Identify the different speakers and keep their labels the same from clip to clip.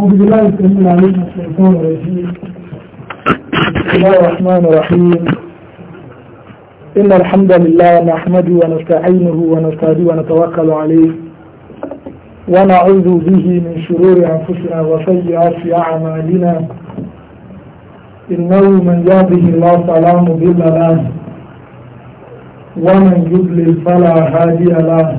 Speaker 1: أعوذ بالله الرجيم بسم الله الرحمن الرحيم إن الحمد لله نحمده ونستعينه ونستهديه ونتوكل عليه ونعوذ به من شرور أنفسنا وسيئات أعمالنا إنه من يهده الله فلا مضل له ومن يضلل فلا هادي له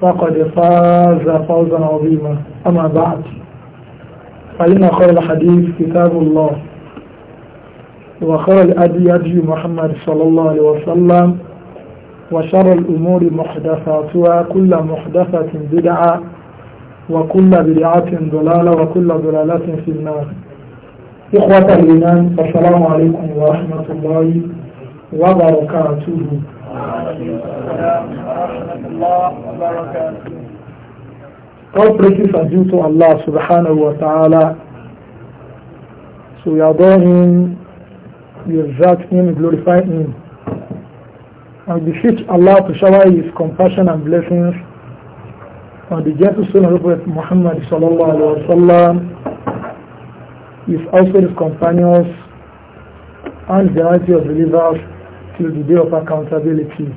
Speaker 1: فقد فاز فوزا عظيما أما بعد فإن خير الحديث كتاب الله وخير الأدي أدي محمد صلى الله عليه وسلم وشر الأمور محدثاتها كل محدثة بدعة وكل بدعة ضلالة وكل ضلالة في النار إخوة الإيمان السلام عليكم ورحمة الله وبركاته All praises are due to Allah subhanahu wa ta'ala. So we adore Him, we exalt Him, we glorify Him. And we beseech Allah to shower His compassion and blessings on the gentle son of Prophet Muhammad sallallahu alayhi wa sallam, his also his companions, and the variety of believers till the day of accountability.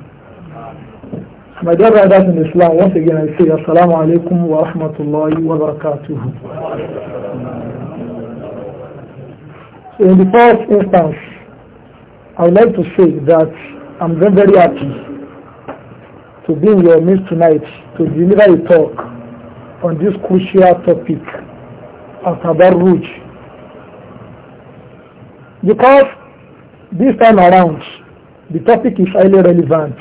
Speaker 1: My dear brothers in Islam, once again I say Assalamu alaikum wa rahmatullahi wa barakatuh. So in the first instance, I would like to say that I'm very, very happy to be in your midst tonight to deliver a talk on this crucial topic of Tabarruj. Because this time around, the topic is highly relevant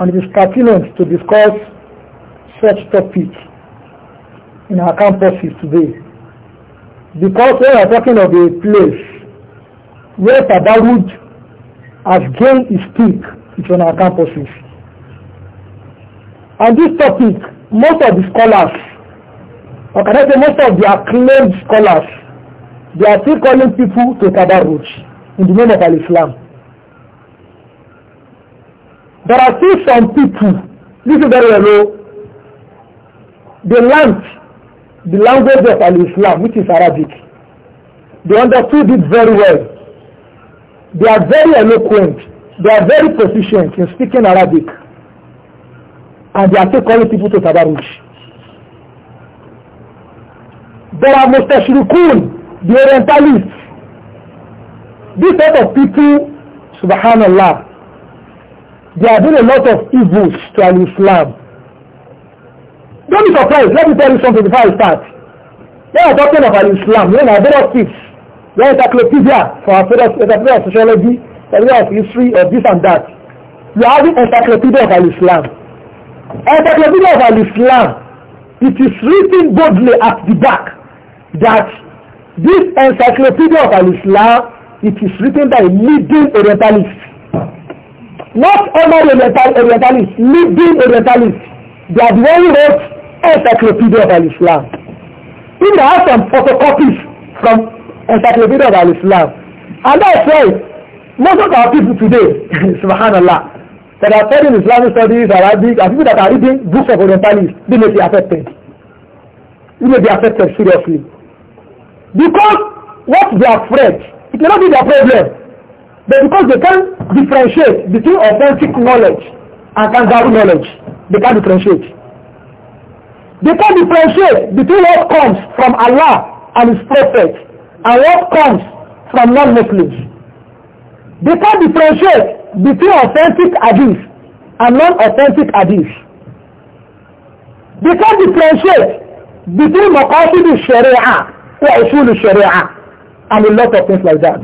Speaker 1: and it is pertinent to discuss such topic in our campuses today. Because we are talking of a place where Tadarud has gained its peak, it's on our campuses. And this topic, most of the scholars, or can I say most of the acclaimed
Speaker 2: scholars, they are still calling people to Tadarud in the name of Al-Islam. There are still some people, this is very low, oh, they learned the language of Al-Islam, which is Arabic. They understood it very well. They are
Speaker 1: very eloquent. They are very proficient in speaking Arabic. And they are still calling people to Tabaruj. There are
Speaker 2: Mustashirikun, the Orientalists. This type of people, subhanallah, There have been a lot of evils to Islam. Don't be surprised. Let me tell you something before I start. When I'm talking about Islam, when I don't teach, when encyclopedia for a fellow encyclopedia of sociology, encyclopedia of history, of this and that, you are having encyclopedia of Islam. Encyclopedia of Islam, it is written boldly at the back that this encyclopedia of Islam, it is written by leading Orientalists. Not only Oriental, Orientalists, leading Orientalists. They are the one who wrote Encyclopedia of Islam. In the house, some photocopies from Encyclopedia of Islam. And that's why most of our people today, subhanallah, that are studying Islamic studies, Arabic, and people that are reading books of Orientalists, they may be affected. They may be affected seriously. Because what they are afraid, it cannot be their problem. But because they can differentiate between authentic knowledge and kangaroo knowledge, they can differentiate. They can differentiate between what comes from Allah and His Prophet and what comes from non-Muslims. They can differentiate between authentic hadith and non-authentic hadith. They can differentiate between maqasid sharia wa usul sharia and a lot of things like that.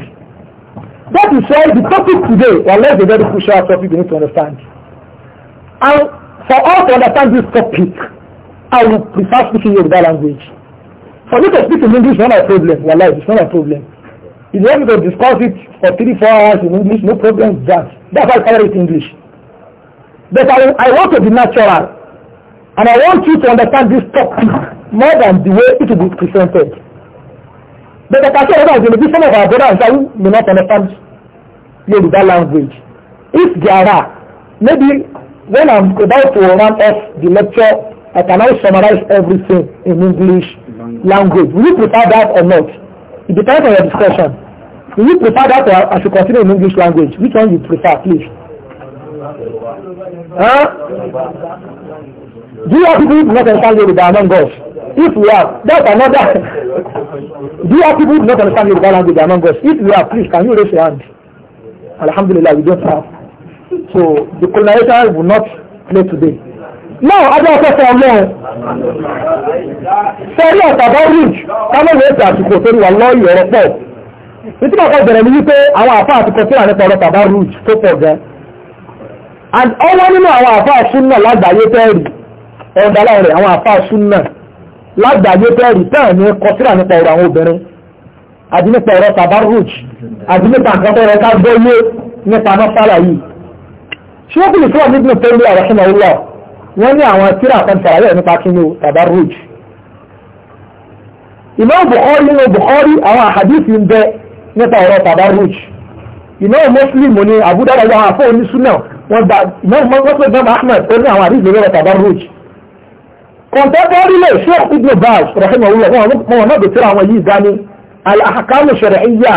Speaker 2: That is why the topic today, unless a very crucial topic we need to understand. And for us to understand this topic, I will prefer speaking that language. For me to speak in English is not a problem. Wallahi, it's not a problem. If you want me to discuss it for three, four hours in English, no problem with that. That's why I call it English. But I, I want to be natural. And I want you to understand this topic more than the way it will be presented. But the Pakistan is going to be some of our brothers who may not understand Yoruba language. If there are, maybe when I'm about to run off the lecture, I can now summarize everything in English language. Will you prefer that or not? It depends on your discussion. Will you prefer that or I should continue in English language? Which one you prefer, please? Huh? Do you have people who do not understand Yoruba among us? If we have, that's another. Do you have people who do not understand Yoruba language among us? If we have, please, can you raise your hand? Alhamdulillah, we don't have. So the colonizers will not play today. Now, Adé Afẹ́fẹ́ Ọlọ́run.
Speaker 3: Sẹ́rí ọ̀tàbá Ridge, Kálọ̀ wọ́n ti
Speaker 2: àsìkò torí wà lọ́ọ̀yì ọ̀rọ̀ pọ̀. Títí bàbá ìbẹ̀rẹ̀ mi wípé àwọn àfáà ti kọ̀tí wà nípa ọ̀rọ̀ tàbá Ridge tó pọ̀ gan. And ọwọ́ nínú àwọn àfáà Súnà lágbàáyé tẹ́rì, ọ̀dàlá rẹ̀ àwọn àfáà Súnà lágbàáyé tẹ́ẹ̀rì tẹ́ẹ̀ ní kọtíra nípa ọ̀rọ̀ àwọn obìnrin àti nípa ọ̀rọ̀ tabarruj àti nípa nǹkan tó rẹ ká gbóyé nípa mọ́sálà yìí ṣíwọ́pù lè fúwà nígbìn tó ń lé àwọn ọlọ́ wọ́n ní àwọn tíra kan sàlàyé nípa kí ni tabarruj Imam Bukhari nínú Bukhari àwọn àhàdìsì ń bẹ nípa ọ̀rọ̀ tabarruj Imam Muslim ní Abu Dawud àwọn àfọ́ onísúnà wọ́n gba Imam Muslim Ahmed ó ní àwọn àdìsì lórí ọ̀rọ̀ tabarruj contemporary lè ṣe ibn baz rahimu allah wọn náà bẹ̀tẹ̀ àwọn yìí dání al-ahkamu shar'iyya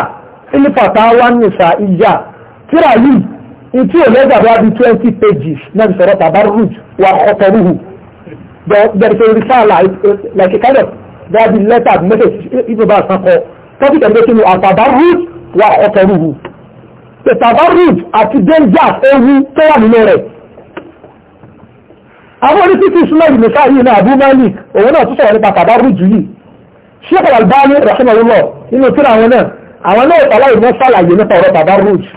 Speaker 2: fil fatawa nisa'iyya tíra yìí ìtí ò lẹ́gbàá bá bí twenty pages náà sọ̀rọ̀ tabarruj wa khataruhu there is a risala like a kind of that be letter message ibn baz kan kọ topic ẹ̀ mẹ́kinu àtàbárùd àwọn onífífí ismail nìka yìí ní abu malik òun náà tún sọ̀rọ̀ nípa tàbárù jù yìí sheikh albani rahimahullah nínú tíra àwọn náà àwọn náà tọ́lá ìmọ̀ sàlàyé nípa ọ̀rọ̀ tàbárù jù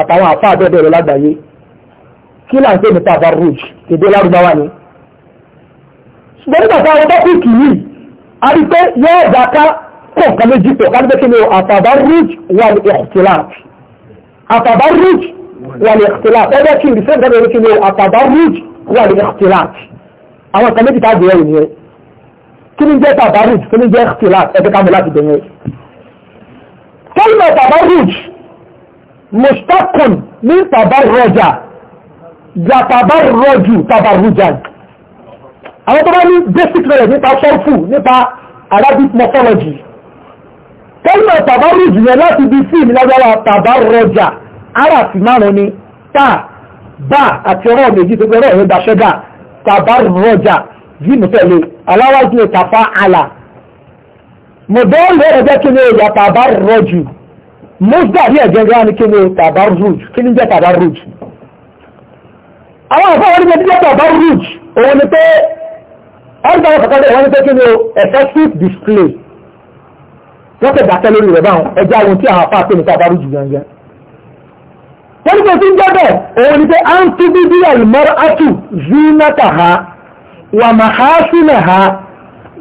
Speaker 2: àtàwọn àfa àbẹ́bẹ̀ rẹ̀ lágbàáyé kí là ń pè ní tàbárù jù èdè lárúbáwá ni. ṣùgbọ́n nígbà tí àwọn tọ́kùkì yìí a rí pé yóò dáká kọ̀ọ̀kan méjì pọ̀ ká àtàbárù wà ní ẹ́kìtìláàt àwọn kan méjì táàbù ẹ̀rù yẹn kí ni jẹ́ tàbárùj kí ni jẹ́ ẹ́kìtìláàt ẹ̀kẹ́ kámọ̀ láti bẹ̀rẹ̀ kẹ́lìmọ̀ tàbárùj mustakun ní tàbárọjà ya tàbárọjù tàbárùjà àwọn tó bá ní basic knowledge nípa sọ́ọ̀fù nípa Arabic morphology kẹ́lìmọ̀ tàbárùj yẹn láti bí fíìmù lágbára tàbárọjà ara márùn ni táà bá àti ọ̀rọ̀ méjì tó gbọ́rọ̀ ẹ̀rọ daṣẹ́dà tàbá rọjà yìí tẹ̀lé aláwájú ìtàfà àlà mọ̀dọ́ọ̀lù ẹ̀rọ jẹ́ kí ni ó tàbá rọjù mọ́sídà rí rẹ̀ ní kí ni tàbá rújù kí ni jẹ́ tàbá rújù àwọn àfọwọ́n ní jẹ́ tàbá rújù òun ni pé ọ̀rọ̀ kọ̀ọ̀kan rẹ̀ wọ́n effective display wọ́n kẹ̀ dàtẹ́ lórí rẹ̀ báwọn ẹjẹ́ àwọn tí àwọn wọ́n ní kò jẹ́bẹ̀ òun ni pé a ń tún ha wà máa ha sínà ha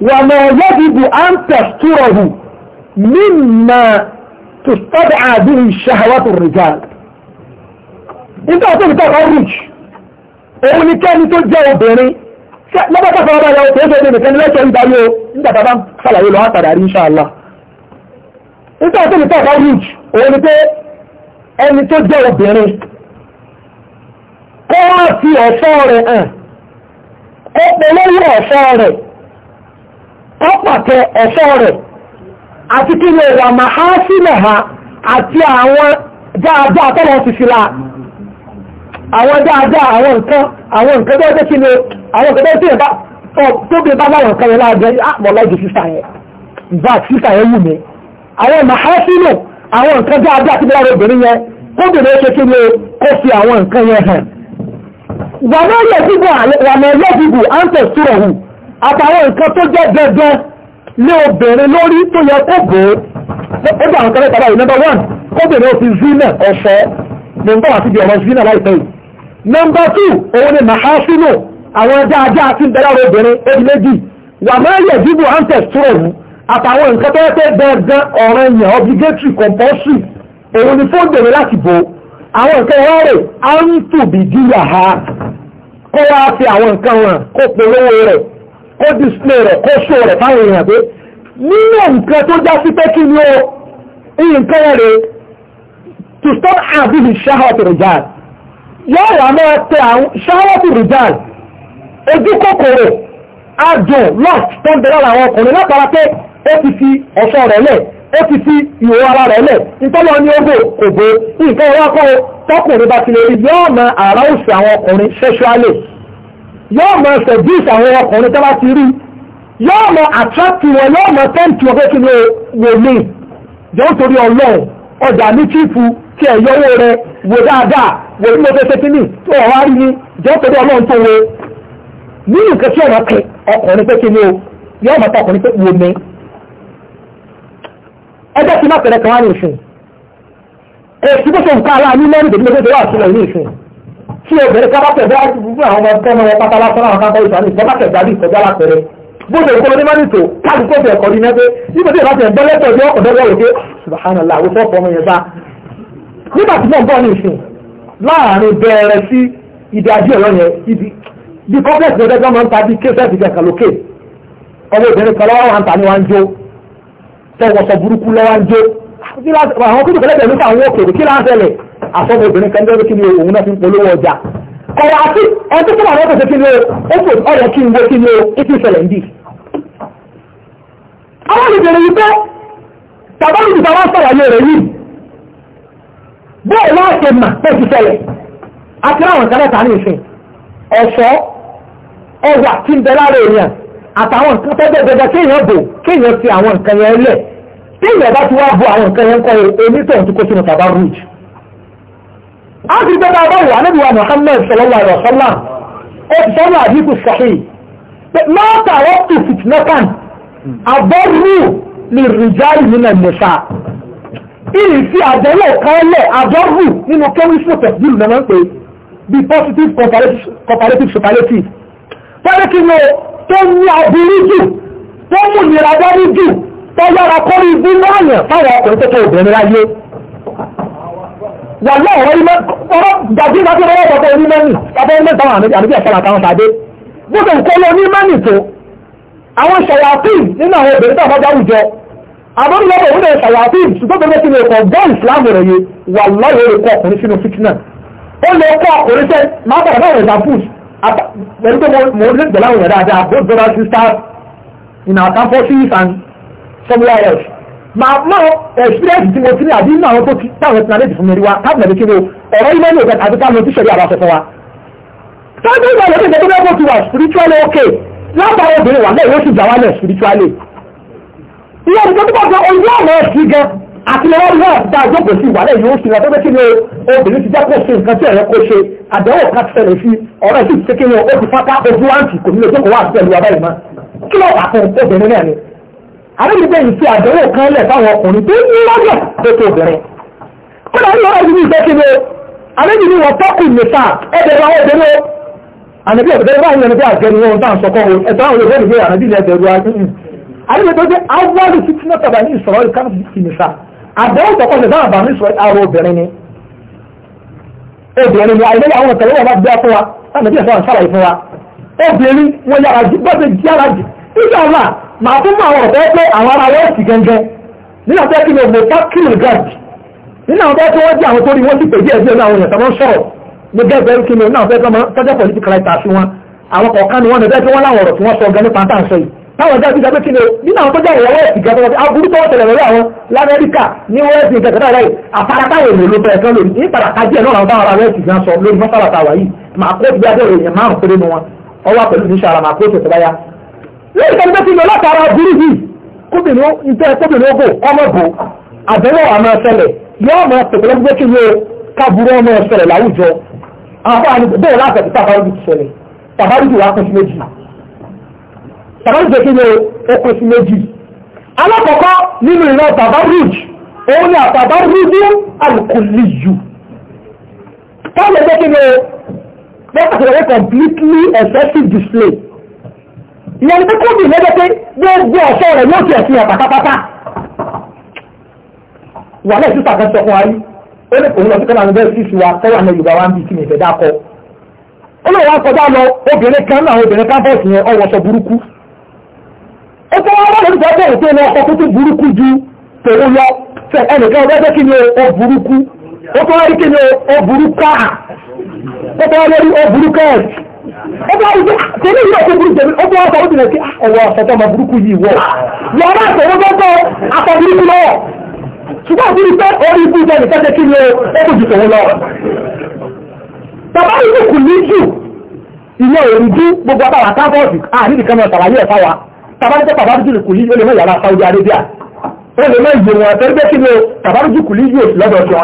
Speaker 2: wà máa yẹ́bìbù a ń tẹ̀sítúrọ̀hù mímà tó sọ́dọ̀ àbí ìṣàwátò rìjà nígbà tó nìkan kan rich òun ni kẹ́ni tó jẹ́ obìnrin lọ́pọ̀tọ̀ ẹni tó jẹ́ obìnrin kó má ọ̀ṣọ́ rẹ̀ hàn ọ̀ṣọ́ rẹ̀ pàtẹ ọ̀ṣọ́ rẹ̀ àti kí ni ìwà àti àwọn dáadáa ti àwọn dáadáa àwọn nǹkan àwọn nǹkan tó jẹ́ kí ni àwọn nǹkan tó jẹ́ tó bí bá láwọn nǹkan ah, yẹn láàjẹ́ àwọn nǹkan tí a dá síbi lára obìnrin yẹn kóbìnrin ṣe kí ni kó fi àwọn nǹkan yẹn hàn wàmọ́ yẹ dìbò àǹtẹ̀ sùrọ̀ hù àtàwọn nǹkan tó jẹ́ dandan lé obìnrin lórí tó yẹ kó bò ó ó dà àwọn kẹlẹ́ tàbí nọ́mbà one kóbìnrin òfin zina ọ̀fẹ́ ní nǹkan àti ibi ọ̀rọ̀ zina láìpẹ́ yìí nọ́mbà two òun ni mahasino àwọn dáadáa ti ń bẹ̀rẹ̀ obìnrin ó di méjì wàmọ́ yẹ dìbò àǹtẹ̀ sùrọ̀ hù àtàwọn nǹkan tó yẹ pé dandan ọ̀rọ̀ ẹ̀yàn obligatory compulsory òun ni fóònù bèrè láti bò àwọn nǹkan wọ́n rè á ń tòbí díyà ha kó wá fi àwọn nǹkan wọn kó polówó rẹ̀ kó display rẹ̀ kó show rẹ̀ fáwọn èèyàn pé nínú nǹkan tó já sí pé kí ni ó nǹkan rẹ̀ to stop having shahwat rijal yóò wà máa tẹ àwọn shahwat rijal ojú kòkòrò adùn lọ́t tó ń bẹ̀rẹ̀ àwọn ọkùnrin látara pé ó ti fi ọ̀ṣọ́ rẹ̀ lẹ̀ ó ti fi ìwò ara rẹ̀ lẹ̀ ìtọ́lọ ní ó bò kò bò nǹkan ọwọ́ akọ́ tọkùnrin bá ti lè rí yóò mọ àrà òsì àwọn ọkùnrin sexually yóò mọ seduce àwọn ọkùnrin tó bá ti rí yóò mọ attract wọn yóò mọ tempt wọn pé kí wò ní jọ nítorí ọlọ́run ọjà ní chifu tí ẹ yọwọ́ rẹ wò dáadáa wò ní mo fẹ́ ṣe kí ni tí wọ́n wá rí ni jọ nítorí ọlọ́run tó wo ní nǹkan tí ọ̀nà kẹ ọkùnrin pé kí ni o yóò mọ tọkùnrin pé wò ní ẹjẹ́ tí má tẹ̀lé kan wá ní ìsìn èsì tó ṣe nǹkan ara ní mẹ́rin tó gbogbo wà sílẹ̀ ní ìsìn tí obìnrin ká bá tẹ̀ bá gbogbo àwọn ọmọ ọmọ ọmọ pátá lásán àwọn kápẹ́ ìsàlẹ̀ ìfọ́ bá tẹ̀ dárí ìkọjá lápẹ̀rẹ̀ bó ṣe ìkọlọ ní má nìtò káàdì tó fi ẹ̀kọ́ ní mẹ́fẹ́ nígbà tí ìbáṣẹ̀ ìbẹ́lẹ́tọ̀ ní ọkọ̀ dọ́gbọ́ òkè subhanallah àwọn fọ́ọ̀fọ́ ọmọ yẹn bá nígbà tí mò ń bọ̀ ní ìsìn láàrin bẹ̀rẹ̀ sí ìdájí ọ̀rọ̀ yẹn ibi bí complex ọdẹ́gbọ́n máa ń ta bí kéṣẹ́ ìdíkẹ̀kẹ̀ lókè ọmọ obìnrin kan lọ́wọ́ wa ń ta ní wá ń jó tọwọ́sọ burúkú lọ́wọ́ ń jó àwọn kúrò kẹlẹ́bẹ̀ẹ́ nípa àwọn òkèèrè kí láń tẹ̀lẹ̀ àsọ́bọ̀ obìnrin kan lọ́wọ́ kí ni òun náà fi ń polówó ọjà kọ̀wá sí ẹni tó kọ́wà lọ́wọ́ kí ni ó fò ọ̀yọ́ kí n wo kí ni ó ìtì ìṣẹ̀lẹ̀ ń dì. àwọn olùbẹ̀rẹ̀ yìí pé tàbá mi ìta wá sàlàyé rẹ̀ yìí bóòlù àti mà tó ti ṣẹlẹ̀ àti láwọn kan náà ta ní ìsìn ọ̀ṣọ́ ọwà tí ń bẹ láàárín ènìyàn àtàwọn nǹkan tẹ́gbẹ́ gbẹgbẹ́ kéèyàn bò kéèyàn fi àwọn nǹkan yẹn lẹ̀ kéèyàn bá ti wá bo àwọn nǹkan yẹn kọ́ èmi tó ń tó kó sínú tàbá rúùj. a ti gbé bá bọ́ọ̀lù anábì wa Muhammad sallallahu alayhi wa sallam ó ti sọ́nà àdínkù sahih pé mọ́tà wọ́n ti fìtìnẹ́kàn àbọ̀rù ni rìjáì nínú ẹ̀mẹ́sà ìrìsí àjọlọ̀ kan lẹ̀ àbọ̀rù nínú kẹ́mísì tẹ̀sílù náà ń pè bí positive comparative superlative. tọ́lá kí ni tó ní aburú jù tó mú nira dání jù tó yára kórí ibú láàyàn fáwọn ọkùnrin tó tó obìnrin láyé wà lọ́wọ́ ilé ọ̀rọ̀ dàbí ìdájọ́ ọ̀rọ̀ ọ̀tọ̀ onímọ́nì tàbí ilé ìtàn àmì àbíbí ẹ̀fọ́ làtàwọn tàbí gbogbo nǹkan lọ onímọ́nì tó àwọn ṣàyàfíìn nínú àwọn obìnrin tó àbájá àwùjọ àbọ̀n lọ́wọ́ òun náà ṣàyàfíìn ṣùgbọ́n bẹ́ẹ̀ kí ni ẹ̀kọ́ gbọ́ ìsìláàmù rẹ̀ yé wà lọ́wọ́ ẹ̀kọ́ ọkùnrin sínú fìtínà ó lè kọ́ ọkùnrin sẹ́ máa bàbá rẹ̀ pẹ̀lú pé mo lè gbẹ̀lá òyìn dáadáa both brothers and sisters in our campuses and somewhere else màá mọ experience tí mo ti ní àbí inú àwọn tó ti táwọn ti nàlejò fún mi rí wa táwọn ẹ̀mí kiri o ọ̀rọ̀ ilé ní òkèta àti káàmù tíṣẹ̀rí àbá sọ fún wa. sáájú ìgbà lókè tó bẹ́ẹ̀ bó ti wà spiritually okay lábàá obìnrin wà lẹ́yìn ó sì gbà wálẹ̀ spiritually. ìyá ìjọba tó bá sọ ojú àwọn ẹ̀sìn gan àti lọ́wọ́ náà dá àjọpọ̀ sí ìwàlẹ̀ yóò sì rà tọ́gbẹ́ kí ni obìnrin ti jápọ̀ sí nǹkan tí ẹ̀rọ kó ṣe àdánwò ká ti ṣẹlẹ̀ sí ọ̀rọ̀ ìsìn ṣe kí ni ó ti fapá ojú àǹtì kò nílò tó kọ̀ wá àti ẹ̀lú abáyé má kí lọ́ọ̀ pàtó obìnrin náà ni. àdébìgbé yìí ṣe àdánwò kan lẹ̀ fáwọn ọkùnrin tó ń lọ́jọ̀ tó tó obìnrin. kódà ń lọ́rọ̀ ìdílé ìfẹ́ kí ni àdébìgbé wọn tọ́kù nìta ẹ̀bẹ̀ wọn ó dénú. ànàbí ọ̀bẹ̀rẹ̀ báyìí lẹ́nu bí àgẹ́ni wọn tá à ń sọ kọ́ wọn ẹ̀tọ́ àwọn olùgbé nìgbé ànàbí ilẹ̀ ẹ̀bẹ̀ wọn. àdébìgbé tó dé àwọn àdìsí tí wọ́n tàbí ní ìsọ̀rọ̀ ìkànnì nìta àbẹ̀wò tọ̀kọ́ ní báwọn bàmí sọ àrò obìnrin ni obìnrin ni àìlẹ́yà àwọn ọ̀tẹ̀wé wọn bá gbé fún wa láti bí ẹ̀fọ́n sára ìfún wa obìnrin wọn yára jù gbọ́dọ̀ jù yára jù nígbà wà màá tún mọ àwọn ọ̀tẹ́ pé àwọn ará wọn sì gẹ́gẹ́ nínú àti ẹ̀kí ni ògbó tákìlì gàdì nínú àwọn ọ̀tẹ́ wọn jẹ́ àwọn tó rí wọn sì pè díẹ̀ díẹ̀ náà àwọn èèyàn tọ́mọ́ sọ̀rọ̀ ní gẹ́gẹ́ kí ni náà fẹ́ tọ́jọ́ political writer sí wọn àwọn kọ̀ọ̀kan ni wọ́n ní bẹ́ẹ̀ tí wọ́n láwọn ọ̀rọ̀ tí wọ́n sọ gan nípa táwọn jáde ìjọba kí ni o nínú àwọn tó jẹ́ ìwọ̀ wẹ́ẹ̀sì gẹ̀ẹ́sì wọn aburú tó tẹ̀lẹ̀ lórí àwọn lamẹ́ríkà ní wẹ́ẹ̀sì gẹ̀ẹ́sì náà láyé àfaratáwọ̀ èèyàn ló fẹ́ẹ̀ kan lórí ní padà kájí ẹ̀ náà báwọn ará wẹ́ẹ̀sì gan sọ lórí mọ́sálà tàwa yìí màá kó ti gbádẹ́ èèyàn márùn péré nu wọn ọwọ́ pẹ̀lú ní sara màá kó ti tẹ̀ báyà. lórí ìtọ́jú tí mo látara burú yìí kóbìnrin ìtẹ́ kóbìnrin ogo ọmọ bẹ́ẹ̀ bàbá rúj kékeré okùn sí méjì alákọ̀ọ́kọ́ nínú ìlọ bàbá rúj òun ni àbàbá rújú alùkùnlìyù táwọn ẹgbẹ́ kékeré lọ́pàá completely excessive display ìyẹn tó kó bì lẹ́gbẹ́ pé gbogbo ọ̀ṣọ́ rẹ̀ yóò ti ẹ̀sìn ẹ̀ pátápátá wà lẹ́yìn sísà kan sọ fún wa yìí ó lè kòun lọ sí kọ́nà àgbẹ̀ sí ìṣúra tẹ́wà ní Yorùbá wa ń bí kí ni ìfẹ́ dákọ ó lè wá kọjá lọ obìnrin kan náà obìnrin kábọ̀ọ̀sì yẹn ọwọ́sọ burúkú ó tọ́ wọ́n lórí ìjọba ìpé ní ọkọ̀ tó burúkú ju tòun lọ fẹ́ ẹnìkan ọgbẹ́ jẹ́ kí ni ó burúkú ó tọ́ wọ́n rí kí ni ó burúká ó tọ́ wọ́n lórí ó burúká ẹ̀ ó tọ́ wọ́n rí kí ni ó burúkú jẹ̀mí ó tọ́ wọ́n sọ ó dìbò kí ọwọ́ ọ̀sọ̀tọ̀ ọmọ burúkú yìí wọ̀ lọ́wọ́ àtọ̀wọ́ gbọ́dọ̀ akọ burúkú lọ́wọ́ ṣùgbọ́n àbúrú pé orí ikú jẹ́ nìkan jẹ́ ju tòun lọ bàbá ìlú kù ní jù ilé òrùjú gbogbo àbáwá tábọ̀ọ̀sì àníbìkan náà ṣàlàyé tabarijẹ́ tabarijẹ́ kùlí ó lè mọ yàrá Saudi Arabia ó lè mọ ìgbè wọn tẹ́lẹ̀ kí ni tabarijẹ́ kùlí yóò sì lọ́dọ̀ tí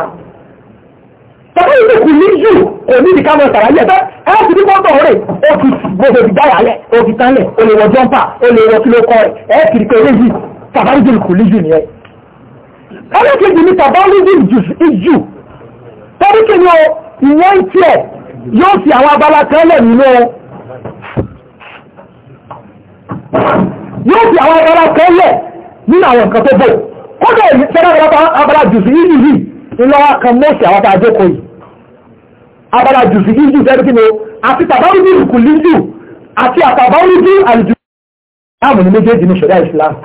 Speaker 2: tabarijẹ́ kùlí yóò kò ní ìdíkà mọ́ sàrà yẹ ẹ ti ní kọ́ńtọ̀ rẹ̀ ó ti gbogbo ìdá yàlẹ̀ ó ti tánlẹ̀ ó lè wọ jọ́mpà ó lè wọ kíló rẹ̀ ẹ kìrìkọ́ eléyìí tabarijẹ́ kùlí yóò nìyẹn. ẹlẹ́kejì ni tabarijẹ́ ìjù tọ́ríkì ni ìwọ́n tí yóò fi àwọn abala kan lẹ̀ nínú yóò fi àwọn abala kan lẹ̀ nínú àwọn nǹkan tó bò kódà ìṣẹ́dá abala jùsù ìlú yìí ńlọ́wọ́ kan mọ́ọ̀sì àwọn tàà jókòó yìí abala jùsù ìlú fẹ́ẹ́ kí ni o àti tàbáwí ní ìkù lílù àti àtàbáwí ní àlùjù láàmù ní méjèèjì ní ṣẹ̀dá ìsìlámù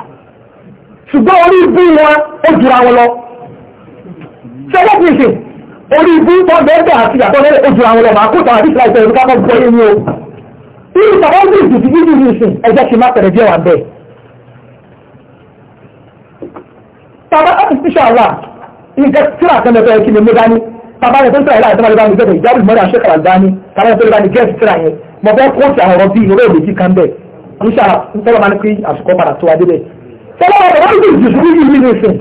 Speaker 2: ṣùgbọ́n orí ibú wọn ó jura wọn lọ ṣẹ́gbẹ́ kìí ṣe orí ibú tó bẹ́ẹ̀ bẹ́ẹ̀ àti ìyàtọ̀ lẹ́lẹ́ ó jura wọn lọ màá kó tàbí ìsìlámù bí ìsàkọ́ bí ìdìdì bí ìdìdì ìsìn ẹ̀jẹ̀ ṣe máa tẹ̀lé díẹ̀ wà bẹ́ẹ̀. bàbá láti ṣíṣà wà nǹkan tí wà sẹ́nu ẹ̀fẹ́ kí ni mo dání bàbá rẹ̀ tó ń tẹ̀lé láti máa lè bá mi gẹ́gẹ́ ìjábù mọ́ra ṣẹ́kàrà dání tàbí ẹ̀fẹ́ lè bá mi gẹ́ẹ̀sì tíra yẹn mo fẹ́ kóòtù àwọn ọ̀rọ̀ bíi ìró èlé kíkà ń bẹ̀ níṣà nítorí máa ní pé àsìkò padà tó wa débẹ̀. tọ́lá ọ̀rọ̀ wọ́n ti jù sí yìí ní ìsìn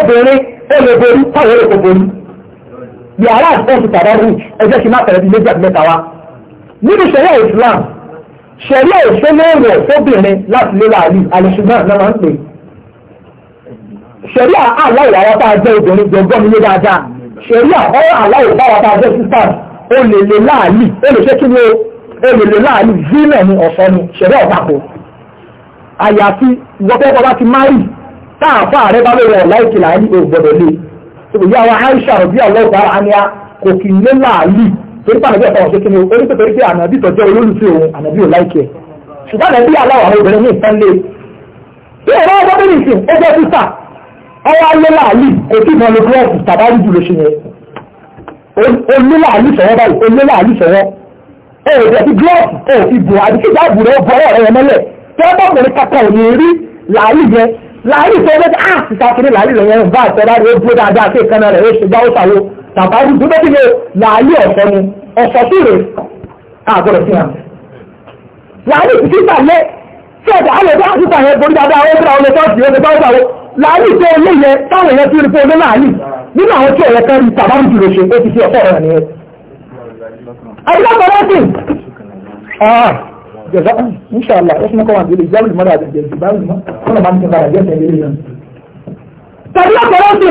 Speaker 2: obìnrin ó lè borí táwọn èrè kò borí. yàrá àti ọ̀sùn tàbá rúùtù ẹjẹ́ ṣe má tẹ̀lé bíi méjì àti mẹ́ta wa nínú ṣẹ̀ríà Islam ṣẹ̀ríà ìṣẹ́lẹ̀wọ̀ tóbìnrin láti lé láàrin àlùṣùgbọ́n náà máa ń pè ṣẹ̀ríà aláìwáwá tá a jẹ́ obìnrin gbọ̀ngbọ́n nílé dáadáa ṣẹ̀ríà ọ̀rọ̀ aláìwáwá tá a jẹ́ sisters ó lè lè láàrin ó lè ṣe kí ni ó lè lè láàrin zílẹ̀ ni ọ̀sán ni ṣẹ̀ríà ọ̀tàkù àyàfi wọ́pẹ́pọ̀ bá ti táàfà rẹ bá lóore ọ̀la ìkìlà ní ògbọ̀dọ̀ lé ṣùgbọ́n yà Aisha rọ̀bí ọlọ́ọ̀tà torí pàdánù ọ̀pọ̀ ọ̀ṣẹ́ kìíní orí pé torí pé ànàbí tọ́jọ́ olólùfẹ́ òun ànàbí ò láìkẹ́ ṣùgbọ́n ànàbí aláwọ̀ àwọn obìnrin ní ìtàn lé bí ọ̀rọ̀ ọgbọ́n bí nìsín ó jẹ́ sísà ọwọ́ ayé láàlì kò tí ìmọ̀ ló gírọ́ọ̀sì tàbárí jù ló ṣe yẹn olú láàlì sọ̀wọ́ báyìí olú láàlì sọ̀wọ́ ẹ ò jẹ́ ti gírọ́ọ̀sì ẹ ò fi bù àdìsí ìdáàbò rẹ̀ bọ́ ọ̀rọ̀ rẹ̀ mọ́lẹ̀ tí wọ́n bọ̀kùnrin kankan ò ní rí láàlì yẹn láàlì sọ̀wọ́ ah, bá àtẹ̀rá rẹ̀ dúró dáadáa sí ìkànnà rẹ̀ ó ṣe gbáwó sàwó tàbárí tó bẹ́ẹ̀ tilẹ̀ láàyè ọ̀sọ́ ni ọ̀sọ́ sí rè àgọ́rọ̀ sí hàn. láàyè ìtìsí ìtàlẹ́ tí ọ̀dà alẹ́ bá àtúntà yẹn borí dáadáa ó bá ọlọ́tọ́ sí ọ̀dà bá ọ̀dà láàyè tó ilé yẹ táwọn èèyàn ti rí pé láàyè nínú àwọn tí ọ̀rẹ́ kan rí tàbárí jùlọ ṣe ó ti fi ọ̀sọ́ rẹ̀
Speaker 1: nìyẹn. جزاء ان شاء الله احنا طبعا بالاجابه المره الجبال المره ما نتبع جنب
Speaker 2: تبي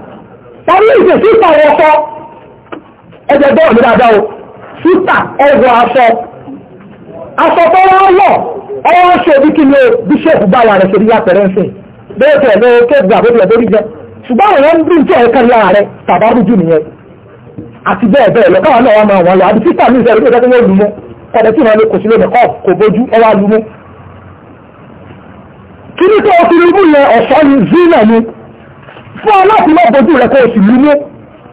Speaker 2: tàbí ìṣe sísà wọ ọkọ ẹ̀jẹ̀ bọ́ọ̀ ní dáadáa o sísà ọwọ́ aṣọ aṣọ tó wá wọ̀ ọwọ́ ṣe bí kí ni o bíṣọ̀pù bá wà rẹ̀ ṣe níyà pẹ̀rẹ́ǹsì bẹ́ẹ̀ tẹ̀ ló kéèkù àbójúlẹ̀ lórí jẹ ṣùgbọ́n àwọn ọmọ bí jẹ́ ẹ̀ka lára rẹ̀ tàbárùjù nìyẹn àti bẹ́ẹ̀ bẹ́ẹ̀ lọ káwọn náà wà máa wà lọ àbí sísà mi ìṣẹ̀lẹ̀ tó tẹ́tẹ́ lù mú kọ̀dẹ̀ tí wọ́n lè kò sí lónìí kọ́ kò bójú ọwọ́ alumú kí ní tó o fi rúbú zina ni fún aláàfin náà bójú rẹ̀ kó o sì lú mú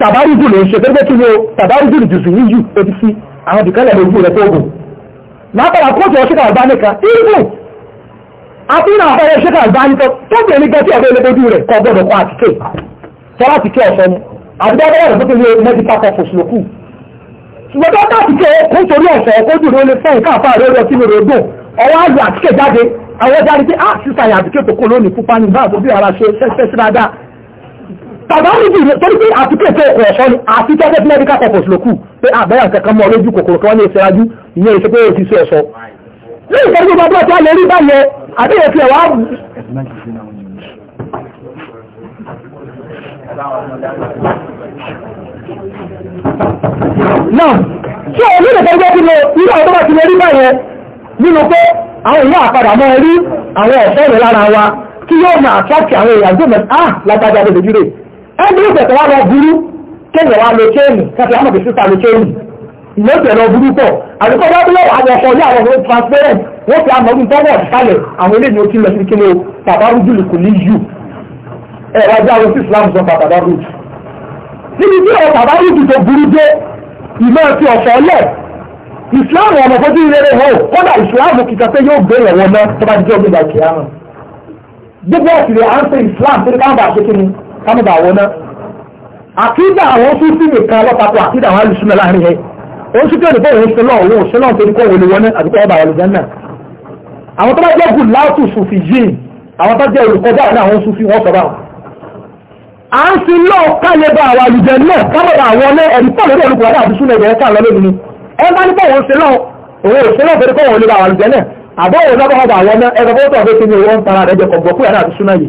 Speaker 2: tàbárùjù ló ń ṣe pé kí wo tàbárùjù jù sí yíyù ó ti sí àwọn ìdìkálẹ̀ lójú rẹ̀ tó gùn látara kóòtù ọ̀ṣẹ́kà àgbá nìkan ìgbò àti ìrìn àfẹ́rẹ́ ọ̀ṣẹ́kà àgbá nìkan tó bẹ̀rẹ̀ nígbà tí ọ̀rẹ́ lójú rẹ̀ kọ́ gbọ́dọ̀ kọ́ àtìkè tọ́lá àtìkè ọ̀ṣọ́ ni àbúdá bẹ́ẹ̀ rẹ̀ tó ti lé mẹ́díkà kọ́fọ̀sì lókù ṣùgbọ́n tó àtìkè kó torí ọ̀ṣọ́ kó jù ló lè fẹ́ nǹkan àfáà rẹ̀ ọtí rẹ̀ dùn ọwọ́ àlù àtìkè jáde àwọn jáde pé ah sísà yà àtìkè tó bí ara ṣe tàbáríjì torí pé àti kéèké ọ̀ṣọ́ ni àti kẹ́kẹ́ tí medical purpose ló kù pé àbẹ́yà kankan mọ́ lójú kòkòrò kan ní ìṣẹ́rajú ìyẹn ìṣe pé òsì sí ọ̀ṣọ́ ní ìtọ́jú gbogbo ọdún ọ̀tún alẹ́ rí báyẹn àbẹ́yẹ fi ẹ̀wà náà tí òun ní ìtọ́jú gbogbo ní irú ọdún bá ti lè rí báyẹn nínú pé àwọn ìyá àpadà mọ́ rí àwọn ọ̀ṣọ́ rẹ̀ lára wa kí yóò máa tọ́kì àwọn èèyàn gbọ́mọ̀ ah lágbájá lójúre ẹgbẹ́ ìtẹ̀tẹ̀ wá lọ burú kéèyàn wá lo chéènì káfí àmọ̀ kì sísá lo chéènì ìlọ́tẹ̀ lọ burú pọ̀ àdúgbò bá bí lọ́wọ́ àwọn ọkọ̀ ní àwọn ọmọ transparent wọ́n fi àmọ́ ọdún tọ́wọ́ ìsàlẹ̀ àwọn eléyìí ó ti lọ sí kí ni o tàbárù jùlù kò ní yù ẹ wá jẹ́ àwọn sí Islam sọ tàbárù jù níbi tí ọ̀rọ̀ tàbárù jù tó burú dé ìmọ̀ ti ọ̀sọ̀ lẹ̀ Islam ọmọ fojú rere hàn kódà Islam kìkà pé yóò gbé ìrọ̀wọ́ náà tó bá jẹ́ ògbé ìgbà kìá hàn gbogbo ọ̀sìn kámọ̀bà àwọn náà àkídà àwọn tó sì nìkan lọ́pàpọ̀ àkídà àwọn alùsùn náà láàrin ẹ̀ ó sì kẹ́rì bọ́ọ̀ ń sọlọ́ òun òṣèlọ́ tó kọ́ wọlé wọn àti kọ́ ọba àlùján náà àwọn tó bá jẹ́ gùn láàtù sùfì yìí àwọn tó jẹ́ olùkọjá àwọn àwọn sùfì wọn sọ báwọn. à ń fi lọ́ọ̀ kálẹ̀bà àwọn àlùján náà kámọ̀bà àwọn náà ẹ̀rí pọ̀ lórí olùkọ́ àti súnlẹ̀ ìbẹ̀rẹ̀ káà lọ́lẹ́ mi ẹ bá ní bọ́ọ̀ ń sọlọ́ òun òṣèlọ́ tó kọ́ wọlé àwọn àlùján náà àbọ̀ òun lọ́bọ̀ àwọn náà ẹ̀rọ bọ́ọ̀ tó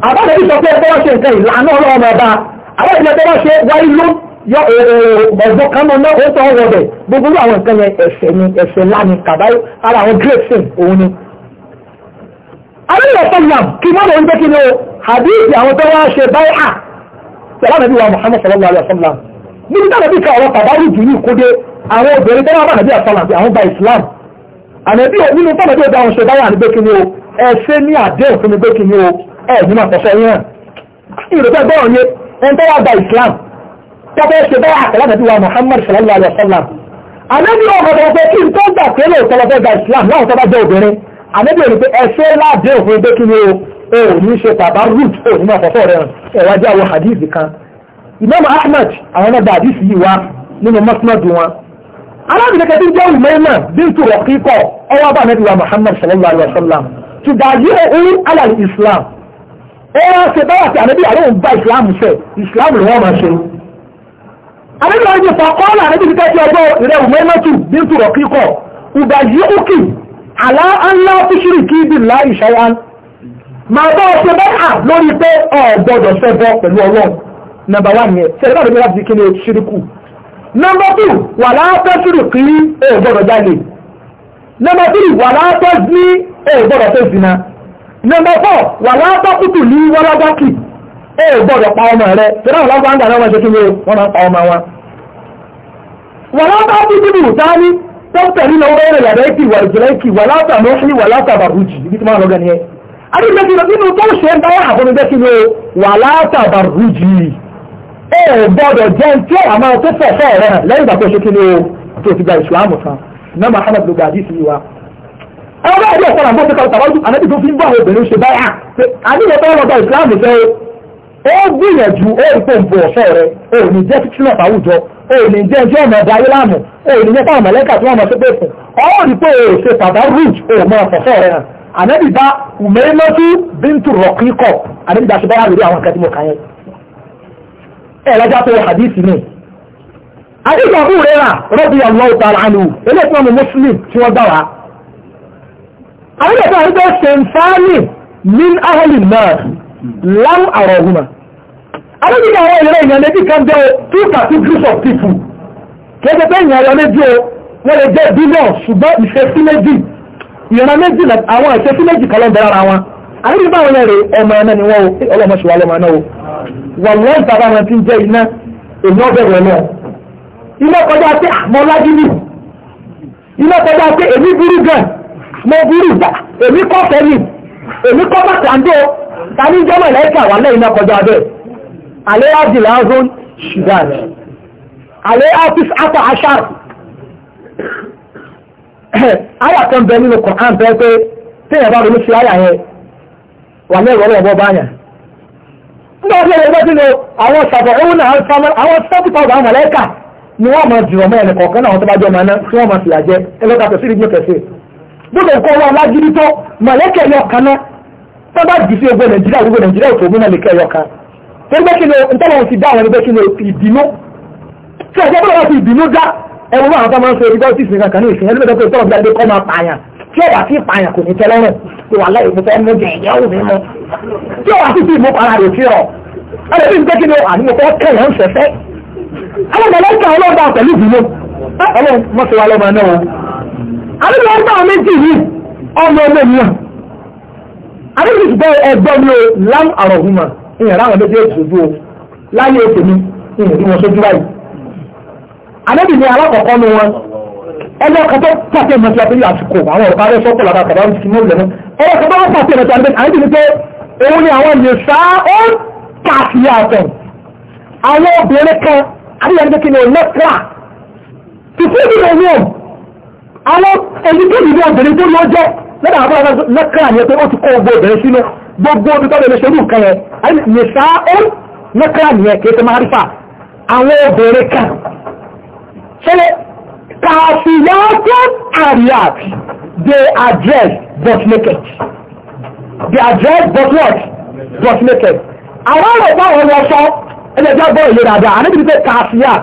Speaker 2: àbára ìsọ pé ẹgbẹ́ wọ́n ṣe nǹkan ìlànà ọlọ́run ọba àwọn ìjọ tó wọ́n ṣe wáyé ló yọ ọ̀gbọ̀n kan mọ́ náà ó tọ́ ọwọ́ bẹ̀ gbogbo àwọn nǹkan yẹn ẹ̀ṣẹ̀ ni ẹ̀ṣẹ̀ ńlá ni kàbáyé ara àwọn great sin òun ni. àríyàn sọ́yàm kí wọ́n lòún jẹ́ kí ni o àbíyèsí àwọn tó wọ́n ṣe báyìí à sọ̀rọ̀ nàbí wa Muhammad sallallahu alaihi wa sallam níbi táwọn bí ká ọ̀rọ̀ kàbáyé jù ní ìkúdé àwọn obìnrin tó wọ́n bá nàbí àsọ̀lá àwọn gba Islam àmì nínú tọ́lọ́dé ọ̀dà àwọn ṣe báyìí à ní bẹ́ẹ̀ kí ni o ẹ̀ṣẹ̀ ní àdéhùn fún mi bẹ́ẹ̀ kí ni o ẹ̀ ní máa pọ̀fẹ́ yẹn ìrètò ẹgbọ́n yẹn ẹni tó wà gba Islam tọ́pẹ́ ṣe bá àkàlà nàbí wa Muhammad sallallahu alayhi wa sallam ànábì ọmọ tó pé kí n tó gbà pé lè tọ́lọ́ fẹ́ gba Islam láwọn tó bá jẹ́ obìnrin ànábì ò ní pé ẹṣẹ́ láàdé òfin pé kí ni o ò ní ṣe bàbá root ò ní máa pọ̀fẹ́ rẹ̀ ẹ̀wá jẹ́ àwọn hadith kan Imam Ahmad àwọn ọmọ hadith yìí wá nínú mọ́sánádù wọn alábìnrin kẹtí jẹ́ ìmọ̀ẹ́mà bíntu rọ̀kíkọ̀ ọwọ́ bá nàbí wa Muhammad sallallahu alayhi ó wá ṣe báwà tí ànábì àlóhùn bá ìsìláàmù ṣe ìsìláàmù ló wọ́n máa ṣe. ànábì àwọn ìjọba kọ́ọ̀lù ànábì fífẹ́ ti ọjọ́ ìrẹ́ òmò ẹ̀mẹ́tù bí tùrọ̀ kíkọ̀ ùgbà yìí ó kì àlá ńlá fíṣírì kí ibi ńlá ìṣẹ́wá máa bá ọṣẹ bẹ́ẹ̀ lórí pé ọ̀gbọ́dọ̀ ṣẹbọ pẹ̀lú ọlọ́run nọ́mbà nọmba fọ́ wà látọ́kùtù ní wọ́lágbákì ó gbọ́dọ̀ pa ọmọ rẹ tẹ́lá wọn lọ́gbà ń gbà lọ́wọ́ ṣe kí wọ́n máa ń pa ọmọ wọn. wà látọ́kùtù ní ìtaní tọ́pẹ̀ nínú owó ẹ̀rẹ̀ yàrá ìkì wà ìjìnlẹ̀ ìkì wà látà mọ́ṣílì wà látà bàrújì ibi tí wọ́n lọ́gà nìyẹn. adígbé ti nínú tó ṣe ń báyà àfọ́nù jẹ́ kí wà látà bàrújì ó gbọ́dọ̀ jẹ́ tí ó àmọ́ tó fọ̀ fọ́ rẹ̀ lẹ́yìn ìgbà tó ṣe kí ni tó ti gba ìṣù wa ẹwọ́n bá yẹ sọ́nà bóṣe kan tàwájú ànábì tó fi ń bọ́ àwọn obìnrin ṣe báyà àníyàn bá wọn gba ìsìláàmù fẹ́ o ó gbìyànjú ó rí pòǹpò ọ̀ṣọ́ rẹ ó ní jẹ́ fífúnà fàwùjọ ó ní jẹ́ ẹjọ́ ọ̀nà ọ̀dà ayé láàmù ó ní jẹ́ fáwọn mọ̀lẹ́kà tí wọ́n mọ̀ sí pé fún ọ́ rí pé o ṣe tàbá rúùj ó mọ ọ̀ṣọ́ rẹ hàn ànábì bá ùmẹ́lọ́tú bíntù rọ̀kíkọ̀ ànábì bá ṣe báyà lórí àwọn akẹ́tìmọ̀ kan yẹn ẹ̀ lọ́jà tó hadith ni àdìgbà búrẹ́rà rọ́bì àlọ́ ọ̀tà àlù eléyìí tí wọ́n mú mùsùlùmí tí wọ́n gbà wá àwọn ìgbà ìgbà sèǹfààní min ahàlì náà lám àrọ̀ ọ̀húnmá àwọn ìgbà àwọn ìrẹ́ ìyàn lẹ́bí kan two thirty groups of people kẹ́kẹ́ pé ìyàn lọ méjì o wọ́n lè jẹ́ billion ṣùgbọ́n ìṣesí méjì ìran méjì àwọn ìṣesí méjì kan ló ń wọn àwọn ìgbà àwọn ọmọ ni wọ́n wọ́n lọ́n tàbá wọn ti jẹ́ iná ọ mo burú ìgbà èmi kọ́ fẹ́mi èmi kọ́ bàtà ń dó tani jọ́mọ̀ lẹ́kà wà lẹ́yìn náà kọjá bẹ́ẹ̀ alẹ́ àdìlà ọdún ṣùgbọ́n alẹ́ àfíìsì àtà àṣàr àyà kan bẹ nínú kọ̀ọ̀kan bẹ pé téèyàn bá ronú sí àyà yẹn wà lẹ́yìn ọ̀rọ̀ ọ̀bọ̀ báyà nígbà tí ẹgbẹ́ sínú àwọn ṣàbọ̀ òun náà àwọn sẹ́kù tàwọn àwọn mọ̀lẹ́kà ni wọ́n mọ̀ jùlọ mọ́ ẹnì kọ̀ọ̀kan náà wọ́n tó bá jẹ́ ọmọ gbogbo nǹkan wọn alágídí tó mọ̀lẹ́kẹ̀ yọ kan náà tó bá jì sí ogun nàìjíríà ogun nàìjíríà òkè ogun náà lè kẹ́ yọ kan tó gbé kí ni ntọ́wọ́n ti dá àwọn ẹgbẹ́ kí ni ìbínú tí ọjọ́ bọ́lá ti ìbínú dá ẹ̀rọ náà tó máa ń sọ ẹgbẹ́ ọtí ìsìn kankan ní ìsìn ẹni mẹ́ta pé tọ́wọ́ gbàgbé kọ́ máa pààyàn tí ọ̀wà sí ìpààyàn kò ní tẹ́ lọ́rùn tó wà láyé ìfẹ́ mú jẹ ìyá òun mímú tí ọ̀wà sí ti ìmú para rẹ̀ sí ọ̀ ẹ̀rọ bí n jẹ́ kí ni àní mo fẹ́ kẹ̀yàn ń ṣẹ̀fẹ́ àwọn mọ̀lẹ́kà àdúgbò ọgbà méjì yìí ọmọ ọmọ ènìyàn àdúgbò ṣùgbọ́n ẹgbọ́n mi ò láwọn àrọ̀húnmá ìyẹn láwọn méjì ètò ojú o láyé ètò mi ìyẹn tí wọ́n sójú báyìí. àdébì ni alákọ̀ọ́kọ́ nu wọn ẹgbẹ́ kan tó pàṣẹ mọ́tí àti àsìkò àwọn ọ̀rọ̀ kárẹ́ sọ́kọ̀ làbà kàdá ti mú lẹ́nu ẹgbẹ́ kan tó pàṣẹ mọ́tí àti àdébì ni pé òun ni àwọn lè sá ó kàṣíyà ọ̀tọ̀ àwọn obìnrin kan àdébì ni pé kí ni àwọn ẹnikẹ́ni ní obìnrin tó lọ jẹ́ lọ́dà àbúrò lọ́kàrà ní ẹgbẹ́ ó ti kọ́ gbogbo obìnrin sínú gbogbo omi tọ́lẹ̀ lè ṣerú nǹkan yẹn nìṣá ó lọ́kàrà ní ẹ̀kẹ́ tó máa rífà àwọn obìnrin kan ṣẹlẹ̀ kàfíyàtọ̀ àríyàt they are dressed naked they are dressed but what but naked àwọn ọ̀rọ̀ pàwọn ọ̀rọ̀ sọ ẹlẹ́jọ́ bọ́ ìlera dáa àníbi pé kàfíyàt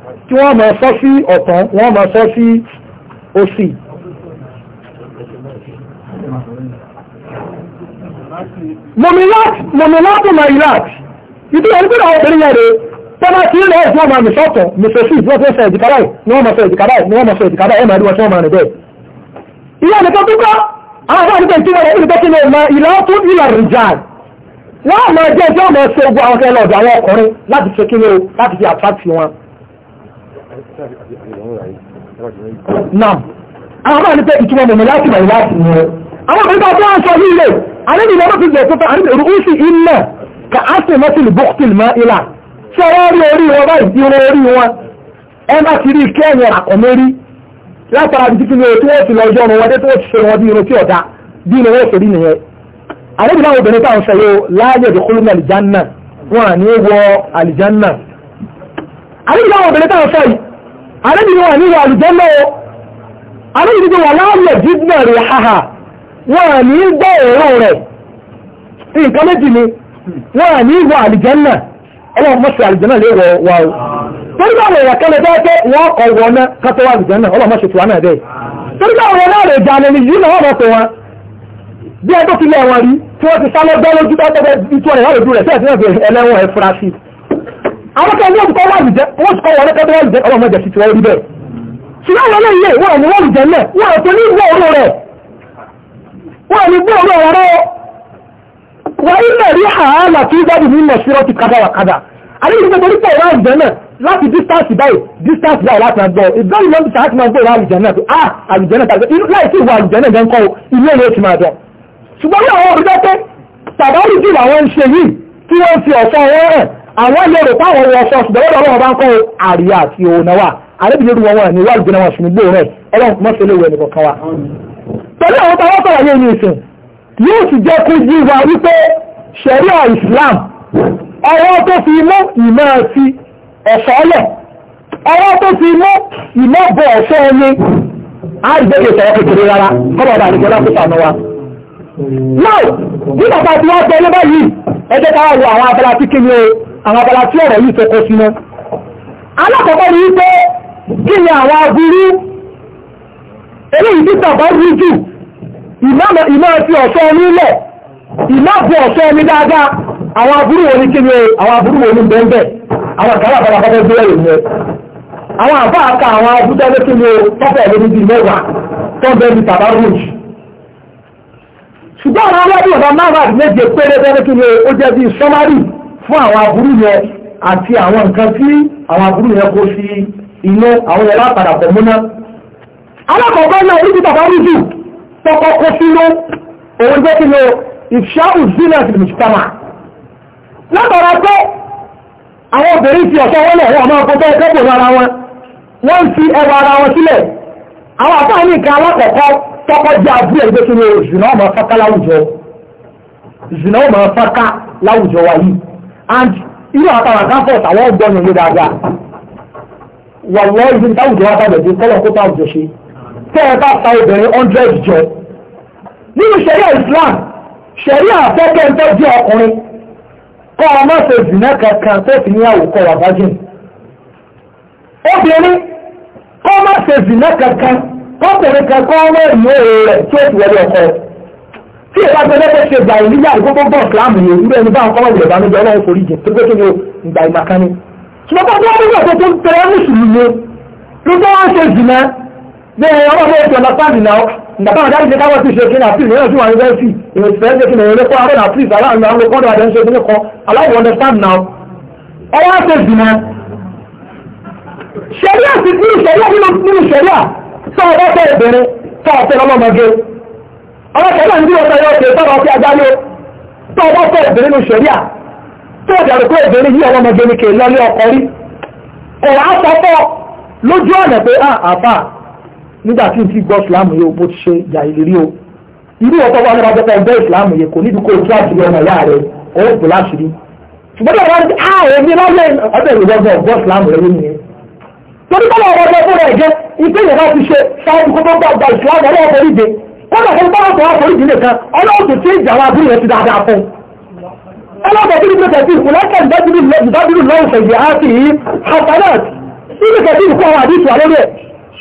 Speaker 2: tí wọ́n máa sọ sí ọ̀tàn wọ́n máa sọ sí òsì mọ̀mílátì mọ̀mílátì ìdí ẹni pé àwọn obìnrin yẹn rèé tọ́lá tí ilẹ̀ ẹ̀sùn ọmọ àmìsọ́tọ̀ mẹ́sẹ̀sì wọ́n fẹ́ sọ ìdìkàrà ni wọ́n mọ̀ sọ ìdìkàrà ni wọ́n mọ̀ sọ ìdìkàrà ẹ̀mà ìdíwọ̀n tí wọ́n máa rìn bẹ́ẹ̀. ìyá mi tó dúpọ́ àwọn àwọn àdúgbò tí wọ́n rẹ̀ nígbà tí wọ́n máa ìlà tó ìlà rìjà wọ́n máa jẹ́ ẹjọ́ máa ṣe ogun àwọn kẹlẹ́ ọ̀dọ̀ àwọn ọkùnrin láti ṣe kí láti fi àtàkì wọn náà àwọn máa ní pé ìtumọ̀ mọ̀mọ́ láti mọ̀ láti mọ̀ àwọn ọmọ ìgbà tó ń sọ yìí rẹ̀ àwọn ènìyàn ló fi gbẹ̀ tó ta àwọn èrò oṣù ilẹ̀ ka á sì mọ́tìlì bókítìlì mọ́ ilà tí wọ́n rí orí wọn báyìí irun orí wọn ẹ bá ti rí kẹ́ẹ̀yìn àkọ́mẹ́rí látara bí kíkí ni o tí wọ́n ti lọ ọjọ́ wọn wọlé tí wọ́n ti ṣe wọn bí irun tí ọ̀dà bí irun wọn ṣèlú nìyẹn àwọn ìlànà obìnrin táwọn sọ yóò láàyè arábìnrin nínú ni mọ́sí lè wọ wa torí báwọn èèyàn kẹlẹ̀ bẹ́ẹ̀ wọ́n ọ̀wọ́ náà kátó wà àlùjànnà ọlọ́run mọ́sí tiwa náà bẹ́ẹ̀ torí báwọn èèyàn náà rẹ̀ jà ní yìí náà wọ́n wọn bí ẹjọ́ ti lẹ̀ rí tí wọ́n ti sálọ́ àwọn kan wọ́n kọ́ wọ́n jẹ́ wọ́n kọ́ wọ́n kọ́ wọ́n jẹ́ ọlọ́mọ jẹ́ fífi wọ́n rí bẹ́ẹ̀ ṣùgbọ́n wọn lẹ́yìn wọ́n ní wọ́n jẹ́ náà wọ́n tó ní gbọ́ ọ̀rọ̀ rẹ̀ wọ́n ní gbọ́ ọ̀rọ̀ rẹ̀ wọ́n ilẹ̀ rí àhálà tí jáde ní mọ̀ṣúrọ̀ ti kadà wàkadà àdéhùn tó torí pọ̀ wọ́n jẹ́ náà láti distance báyìí distance báyìí láti àgbọ̀ ìbẹ́rù lọ́n ti sáàtì máa ń gbọ́ ìwà àlùjẹ́ náà pé ah àlùjẹ́ náà tàbí láì sí ìwà àlùjẹ́ náà gẹ́ńkọ́ ilé ìwé ti máa jọ ṣùgbọ́n ní àwọn òrùjọ́ pé tàbí àlùjẹ́ làwọn ń ṣe yìí tí wọ́n fi ọ̀ṣọ́ wọn hàn àwọn lérò táwọn wọ ṣọ́ọ̀ṣì dọ́wọ́dọ́ ọlọ́wọ́ bá ń kọ́ àríyá àti òun wà àrẹ́bìnrin wọn wọn ni wà lùgbìnà wọn ṣùgbọ́n rẹ̀ ọlọ́run mọ́sẹ̀lẹ̀ ìwẹ̀ nìkan kan wa. pẹ̀lú àwọn táwọn sọ̀rọ̀ yé ní ìsìn yóò sì jẹ́ kó yí wa wípé ṣẹ̀ríà Islam ọwọ́ tó fi mú ìmọ̀ ti ẹ̀ṣọ́lẹ̀ ọwọ́ tó fi mú ìmọ̀ bọ̀ ọ̀ṣọ́ ẹni àìgbẹ́kẹ̀ sọ̀rọ̀ kékeré rárá kọ́bọ̀ bá nìkan láti sànú wa. náà nígbà tá a ti wá gbọ́ yé báyìí ẹ jẹ́ ká wọ àwọn abala tí kí ni o àwọn abala tí ọ̀rọ̀ yìí tọkọ sí náà alákọ̀ọ́kọ́ ni wípé kí ni àwọn aburú eléyìí tí tàbá rí jù ìmọ̀ ti ọ̀ṣọ́ nílẹ̀ ìmọ̀ bu ọ̀ṣọ́ ní dáadáa àwọn aburú wo ni kí ni àwọn aburú wo ni bẹ́ẹ̀ àwọn kàrà bàbá bàbá gbé ẹ̀rọ yẹn àwọn àbá àka àwọn abúdá ní kí ni tọ́pẹ̀ lórí bíi mẹ́wàá tọ́bẹ̀ ní tàbá rí jù ṣùgbọ́n àwọn alábí ọ̀dà márùn-ún méje péré bẹ́ẹ̀ ní kí ni ó jẹ́ bíi sọ́márì fún àwọn aburú yẹn àti àwọn nǹkan tí àwọn aburú yẹn kó sí inú àwọn yẹn látara pọ̀ múná. alákọ̀ọ́kọ́ náà orí ti bàbá rújù tọkọ kó sínú òun jẹ́ kí lo ìfṣà òzínà ti mùsùlùmá. látara pé àwọn obìnrin ti ọ̀ṣọ́ wọlé wọn máa kó bẹ́ẹ̀ kẹ́kọ̀ọ́ lára wọn wọ́n ń fi ẹwà ara wọn sílẹ̀ àwọn àbáyé nìkan alákọ̀ọ́kọ́ tọkọ jẹ́ abúlé ẹgbẹ́ sínú òṣùnà ọmọ fáká láwùjọ òṣùnà ọmọ fáká láwùjọ wa and irú àtàrà káfọ̀ tàwọn ọgbọ́n yẹn dáadáa wà lọ ibi táwùjọ wa bàbẹ̀ dé kọ́lọ̀ kó táwùjọ ṣe tẹ́ ẹ bá ta obìnrin hundred jọ nínú ṣẹ̀ríà Islam ṣẹ̀ríà àfẹ́kẹ́ ń tọ́jú ọkùnrin kọ́ ọ má ṣe zìnà kankan tó fi ní àwòkọ wà virgin obìnrin kọ́ má ṣe zìnà kankan kọ́kùnrin kankan ọmọ ìmú èrè rẹ̀ tí ó ti wọlé ọkọ rẹ̀ tí ìwà tó lẹ́tẹ̀ ṣe gbà ìlú yàrá gbogbo bọ̀ ìsìlámù yẹn irú ẹni báwọn kọ́mọ̀ ìjọba níbi ọlọ́run forí jẹ tó gbé ni ìgbà ìmàkan ṣùgbọ́n tó wọ́n nígbà tó tó ń tẹ̀lé mùsùlùmí ló tó wọ́n ṣe jìnnà bí ẹni ọmọ bẹ́ẹ̀ náà ìgbà táwọn dájú ti ṣe kí ní bẹ́ẹ̀sì ìrètí àwọn àfíìsì aláàánú àwọn understand now ọlọ́kẹ̀ẹ́lá ń ndị ọ̀tọ̀ ṣe sọ́rọ̀ ọtí agbálẹ̀ tó ọba fẹ́ obìnrin ní ṣẹ̀ríà tó ọ̀dàrú pé obìnrin yìí ọlọ́mọdé ní kèé lọ́lé ọkọ rí kò wá sọ lójú ọ̀nà pé ah, nígbà tí n ti gbọ́ ìsìláàmù yìí ti ṣe yà o irú ọ̀tọ̀ wọn kò ní ojú àti ọmọ ìyá ó bù láṣìírí ṣùgbọ́n ah, tó kọ́nà fún báwọn tó wọ́n forí ìdílé kan ọlọ́ọ̀tún tí ìjàwá abúlé rẹ̀ ti dáadáa fún ọlọ́ọ̀tún tí ìjọba ti ìkùnlẹ́kẹ̀ ìdádúró lọ́wọ́ fẹ̀yẹ̀ á sì yí hasanat nínú kẹ̀sí ìkú àwọn àdìsù àlórí ẹ̀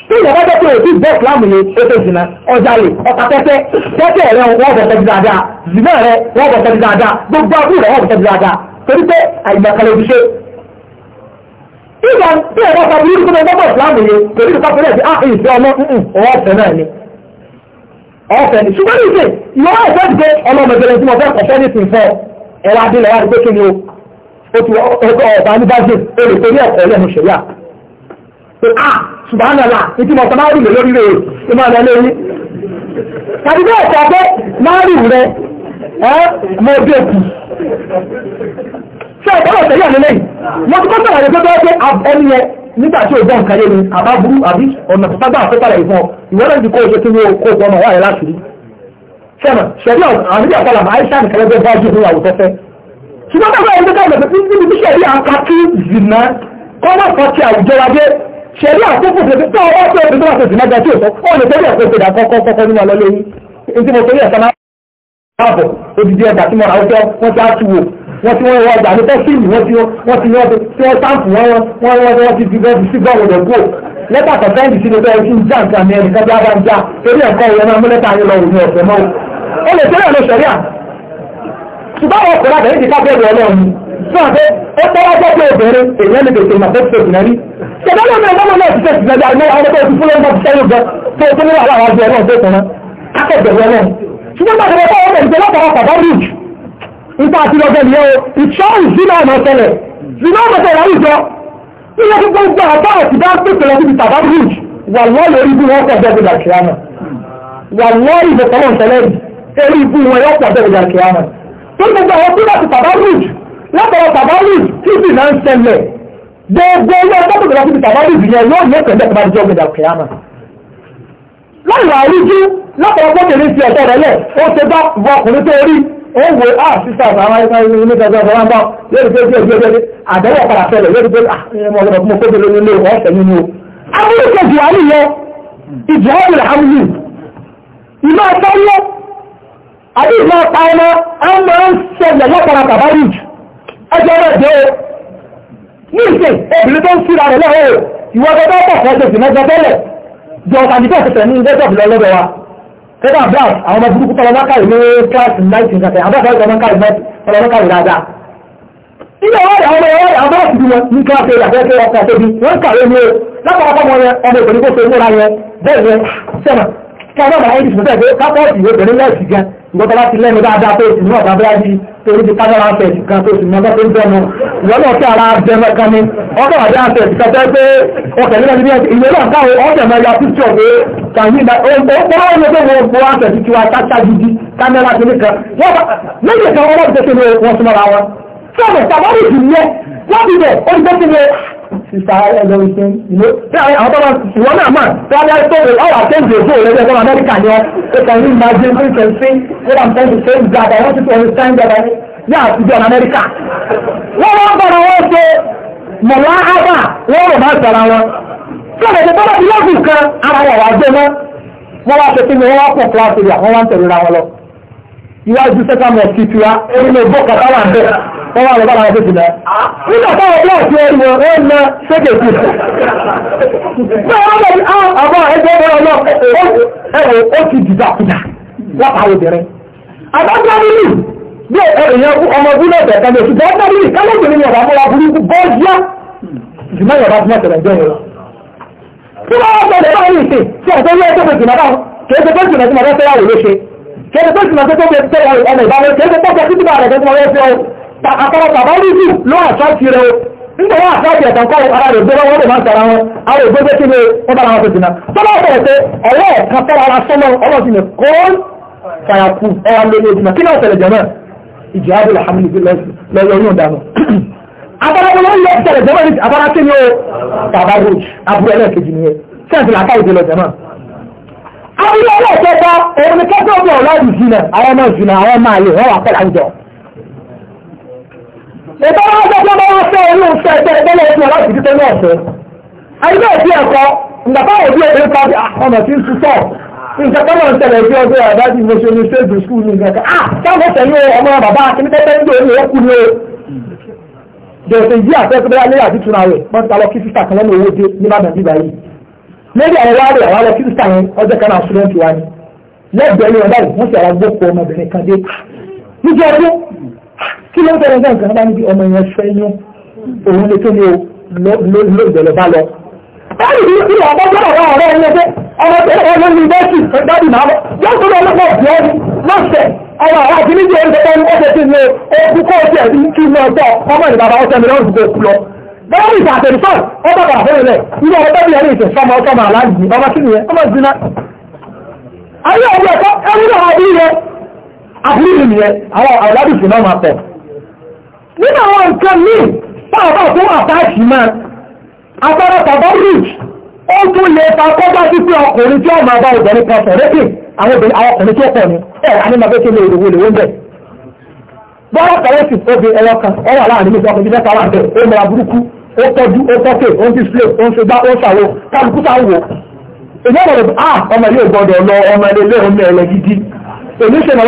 Speaker 2: tí ìjọba jẹ́ pé òtí bẹ́ẹ̀ fúlàmù ni ètò ìsìnà ọjàlè ọ̀pá tẹ́tẹ́ tẹ́tẹ́ rẹ̀ wọ́n bọ̀ tẹ́tí dáadáa zìnà rẹ̀ wọ́n bọ̀ tẹ́tí dáadáa gbogbo abúlé rẹ̀ wọ́n bọ̀ tẹ́tí dáadáa torí pé àìgbàkalẹ̀ òbí ṣe ìgbà tí ẹ̀rọ ọ̀pá burúkú tó ń bọ̀ fúlàmù ni torí ìpapẹ̀lẹ̀ sí àfihàn ọmọ ọ̀ọ́fẹ́ náà ni ọ̀fẹ́ ni ṣùgbọ́n ní ìṣe ìwọ́n ẹ̀fẹ́ ti pé ọlọ́mọdébẹ̀rẹ̀ tí mo fẹ́ kọ̀fẹ́ ní ìsìn fọ́ ẹ̀rọ adílẹ̀ wá rí pé kí ni o ọkọ̀ ọ̀bá ní bájì èrè torí ẹ̀kọ́ lẹ́nu ṣẹ̀yà pé a ṣùgbọ́nàlá ìtí mọ̀ta máa rí lè lórí rẹ̀ tó máa lọ lórí tàbí bẹ́ẹ̀ sọ pé máa rí rẹ̀ ẹ́ mọ́ bẹ́ẹ̀kù
Speaker 3: ṣe ọ̀pọ̀lọpọ̀ ṣẹ̀yà lélẹ́yìn mo ti kọ́
Speaker 2: sọ̀rọ̀ nígbà tí o gbọ́ nǹkan yé mi àbá burú àbí ọ̀nà tó sábà àfẹ́ padà ìfọ̀ ìwọ́n ti kó o ṣe kí ni o kó o pọ̀ wáyé láti rí. sẹ́nà ṣẹ̀rí àwọn ìdí àpàlà máa ń ṣàmì kẹlẹ́gbẹ́ bá jù ní àwùjọ fẹ́. ṣùgbọ́n bàbá yẹn dókè lọ́sẹ̀ níbi tí ṣẹ̀rí àǹkà kí zìnà kọ́ wá sọ ti àwùjọ wa dé ṣẹ̀rí àkókò tètè tó ọwọ́ tó obìnrin tó wà sọ̀tì mẹ́ta tí ò sọ ó lè tẹ́lẹ̀ ẹ̀kọ́ ìpèdà kọ́kọ́ kọ́kọ́ nínú ọlọ́lẹ́ yìí ní tí mo wọ́n ti wọ́n wọ́n ọjà ní tẹ́sílì wọ́n ti wọ́n ti wọ́n ti wọ́n sáǹpù wọ́n wọ́n wọ́n wọ́n ti fi bẹ́ẹ̀ sí bọ́ọ̀lù rẹ̀ kó lẹ́tà kọ̀tẹ́ǹdì sí lóko ẹ̀kí ń já nǹkan ní ẹnìkan bí abá ń já torí ẹ̀kọ́ ìyẹn náà múlẹ́tà yín lọ òun ọ̀sẹ̀ mọ́ ó lè tẹ́lẹ̀ lọ sẹ̀ríà ṣùgbọ́n àwọn ọkùnrin àbẹ̀yìn ti ká bẹ́ẹ̀ wọ̀ fún àbẹ́ ó tọ́wọ́ jẹ́ pé obìnrin èèyàn lè tètè màbẹ́ tètè tìǹà rí ṣẹ̀dá lómi ẹ̀gbọ́n náà ti tẹ̀sí ìgbàgbà àwọn ọmọ tó fún lọ́wọ́ ti sẹ́yìn gan tó tó ní wàhálà àwọn ọjọ́ ọlọ́run tó kàn án akẹ́gbẹ̀rẹ̀ ọlọ́run ṣùgbọ́n bàtà ipa àti lọ́gbẹ́ ni ó ìṣọ́ ìṣúná ọmọ tẹ́lẹ̀ ìṣúná ọmọ tẹ́lẹ̀ àwùjọ tí wọ́n fún gbogbo àbá àti bá pèsè lọ síbi tàbá bridge wà lọ́ lórí bí wọ́n pọ̀jọ́ gbogbo àkíyàmọ̀ wà lọ́ ìbò tọ́lọ̀ tẹ́lẹ̀ eré ibú wọn yọ pọ̀jọ́ gbogbo àkíyàmọ̀ tó gbogbo àwọn tí wọ́n ti tàbá bridge lọ́pọ̀lọ́ tàbá bridge tí sì náà ń ṣẹlẹ̀ gbogbo ilé ọjọ́ gbogbo lọ síbi tàbá bridge yẹn yóò yẹ pẹ̀lẹ́ tàbá jọ gbogbo àkíyàmọ̀ láì wà rí jú lọ́pọ̀lọpọ̀ kèrè ti ọ̀tọ̀ rẹ̀ lẹ̀ ó ṣe bá ìwọ ọkùnrin tó rí ó wo á ah, sísá àwọn ayélujára ní ìgbà ìgbà ìgbà náà lórí pé díẹ̀ díẹ̀ díẹ̀ àdéhùn padà ṣẹlẹ̀ lórí pé ọmọ ah, ọlọ́pàá mo kóbi lórí ilé ọ̀sẹ̀ nínú o. abúlé kejì wà níyọ ìjà ọ̀rẹ́ àmúlù ìmọ̀ ọ̀tọ́lọ́ àbí ìmọ̀ ọ̀pá ọmọ ọmọ ń ṣẹlẹ̀ lọ́pàá bàbá rí jù ẹjọ́ rẹ̀ dé o. ní ìsìn obìnrin tó ń síra rẹ̀ lọ́wọ́ ìwọ́n tó bá pọ̀ fẹ́ kẹ́kẹ́ àbúrà àwọn ọmọ burúkú tọ́lọ lákàrí ní kíláàsì náìtì ìgbàtẹ̀ àbúrà tọ́lọ lákàrí tọ́lọ lákàrí dáadáa ilé ọ̀rẹ́ àwọn ọ̀rẹ́ àbúrà ti bí wọn ní kíláàsì ìyàfẹ́ kí ọkọ̀ tóbi wọ́n kàwé ní o látara fọ́mọ yẹn ọmọ ìgbòní kó so múra yẹn bẹ́ẹ̀ yẹn sẹ́mà kí àwọn ọmọ ayé ti sọ torí ti kájọ́ láti ẹ̀sìn kan tó sì mọ́ tó ń bẹ́nu ìwọ́n náà tí ara bẹ́mẹ́ kan ní ọkọ̀ àti àti ẹ̀sìn pé ọkẹ̀ nílẹ̀ níbi ìwé náà káwọ́ ọ̀tẹ̀ mọ́ ya píṣọ̀ pé kàyí ìgbà ó ń bọ́ gbogbo àti ẹ̀sìn tiwa gidi kámẹ́rà kìíní kan wọ́n bá lẹ́yìn kan wọ́n bá ti tẹ́tẹ́ wọn súnmọ́ra wọn. sọ́ọ̀bẹ̀ tàbí sísá ẹlẹ́wìsìn ìlú tí àwọn bàbá ìwọ náà mà tí wọ́n dáa tó o ọ̀wà kéde èso rẹ̀ lẹ́gbẹ́ ọmọ Amẹ́ríkà ni ọ́ ó kàn ní ìmájí ní ìkẹ́sí ó dà mọ́ ìṣe ń gbàdá wọ́n ti tó ọ̀rẹ́ sáyẹn gbàdá ní àtijọ́ Amẹ́ríkà. wọ́n wá bára wọn ṣe mọ̀lá ábà wọ́n rò máa sara wọn. tí wọ́n lè tó bá ti lọ́ọ̀gù kan ara wà wá gbé mọ́ wọ́n wá ṣe kíni wọ́n wá pọ̀ kíláàsì rẹ̀ wọ́n wá ń tẹ̀lé ra wọn lọ. iwájú sẹ́kàmọ̀ kìtìwá erin lè bọ́ kàtà wà ń bẹ̀rẹ̀ wọ́n wà lọ́gbà àwọn fèsì náà nígbà táwọn
Speaker 3: ọ̀pọ̀ àti ẹ̀rù wọn
Speaker 2: náà ẹ̀rọ ó ti àkọ́kọ́ bàbá rúdù ló àṣáàtì rẹ̀ o nígbà wọ́n àṣáàtì ẹ̀kan kọ́ ara rẹ̀ gbé wọ́n lè máa tara wọn ara rẹ̀ gbé kí ni wọ́n bára wọn tètè náà tó bá bẹ̀rẹ̀ pé ọwọ́ ẹ̀kan tọ́ra ara sọ́mọ́ ọlọ́sìn ní kó fàyàkù ọwọ́ lé ní ojúmọ́ kí náà tẹ̀lẹ̀ jẹ́ náà ìjì ábùl hamid lọ́yọ̀ yóò dànù abarawo ló ń lọ tẹ̀lẹ̀ jẹ́ náà abara kí ni o bàbá làkà ìdè jẹ́mọ́
Speaker 1: abúlé ẹlẹ́ẹ̀kẹta
Speaker 2: òun ni kẹ́kọ̀ọ́ bí ọ̀la ìjìnà àwọn àwọn ọmọ ìbá wọn sọ pé wọn fẹ́ orí oṣù ẹgbẹ́ ìgbẹ́lẹ̀ ìpínlẹ̀ láti fi tẹ́lẹ̀ ọ̀fẹ́ àyíká ìdí ẹ̀kọ́ ìgbàpá òbí èdè pa ah, ọ̀nà tí ń tutọ̀ nǹkan tó lọ́n tẹ̀lé bí ọdún ẹ̀dá ti mo ṣe ní ṣéèdù skul ní nǹkan ah táwọn ọ̀sẹ̀ ní ọmọ bàbá akíníkẹ́kẹ́ ń gbèrú ẹ̀kú ni o jẹ̀sẹ̀ yí àtẹ́kùnrin alẹ́ àti túnra rẹ̀
Speaker 1: wọ́n lọ kí ló ń tẹ́lẹ̀ náà gan-an bá níbi ọmọ yẹn ṣẹ́yún òun lè tó ní o ló ìbẹ̀lẹ̀ bá lọ. báyìí ní ìlú ọmọ tó wà ọ̀rẹ́ ẹni ẹgbẹ́ ọmọ tó wà lọ ní
Speaker 2: bẹ́ẹ̀kì dábì máa lọ yóò tó lọ lọ́pọ̀ ọ̀dì ọdún lọ́sẹ̀ ọmọ àwọn àti níbi ẹni tẹ́tẹ́ ní ọ̀sẹ̀ tí ní ogun kọ́ ọ̀sẹ̀ ẹ̀dí kí ní ọjọ́ ọmọ ìlú bàbá ọ̀sẹ̀ mìíràn ti gbòkú lọ. báyìí ìgbà àtẹ̀lifọ̀n ọba bàbá fẹ́rẹ̀ rẹ̀ ilé ọmọ bẹ́ẹ̀ yẹn ìṣẹ̀ sọmọ ọkọ màá láàyè ọmọ kí nìyẹn ọmọ ìdúná.
Speaker 1: ayé ọmọ ẹ̀kọ́ ẹni náà wà bí
Speaker 2: yẹn àbúrò nìyẹn àwọn àwòrán ìṣúná máa pọ̀ nínú àwọn nǹkan míì pàápàá tó wà táàkì máa agbára tàbá ríjì ó tún lè fa kọ́gbá sí pé ọkùnrin tí ó máa bá obìnrin kan sọ̀rọ̀ pé àwọn ọkùnrin tí ó pọ̀ ní ẹ̀ anímọ̀gbé tó lè rògbò lè wọ́n bẹ̀. bọ́lá kọ̀rẹ́sì obì ẹ̀rọ kan ó wà láàrin méjì ọkùnrin mẹ́ta wà bẹ̀ ó mọra burúkú ó tọ́jú ó tọ́kẹ̀ ó ń display ó ń ṣègbá ó ń ṣàwò kálukú sáwò. ìjọba rẹ̀ ah ọmọ ilé ìgbọ́dọ̀ lọ ọmọ ilé ilé ọmọ ẹ̀rọ gidi èmi ṣe mọ̀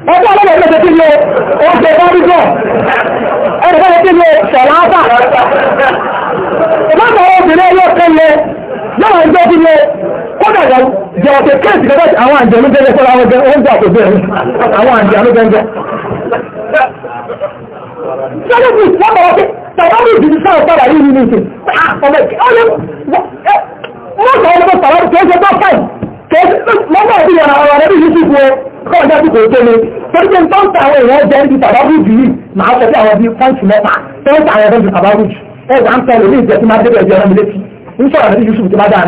Speaker 2: ẹgbẹ́ ọlọ́rọ̀ ẹgbẹ́ tí ní oúnjẹ bọ́rìgọ̀ ẹgbẹ́ tí ní ṣọ̀láta ìbáta obìnrin ẹyọ kẹlẹ̀ náà ẹgbẹ́ tí ní kódà jẹ ọ̀tẹ̀ kéèsì gẹ́gẹ́ àwọn àjẹ́ olóúnjẹ fọ́lá oúnjẹ àkójọ ẹ̀rí àwọn àjẹ́ olóúnjẹ sẹ́lẹ̀bù wọ́n bọ̀ wọ́pẹ́ tàbí ìdìbò sáà padà yìí nínú ìsìn ọmọ ẹ̀kẹ́ ọlọ́rọ̀ wọ́n sọ ọmọ tàbí tó ń ṣe bá fáìlì lọ́gbà tí yàrá ọ̀rọ̀ rẹ̀ bí yusuf wo kọ́ ọjọ́ tí kò tẹ́lẹ̀ torí pé àwọn èèyàn jẹ́ ibi tàbábù jù yìí máa sọ bí àwọn bíi pọ́ǹtì mẹ́ta tó àwọn ẹ̀rọ tàbábù jù ẹ̀ wà ń tọ́lẹ̀ ní ìjẹ́ tí máa débẹ̀ ẹ̀jẹ̀ ọ̀rọ̀ mi létí ń sọ̀rọ̀ rẹ̀ yusuf tó bá dáa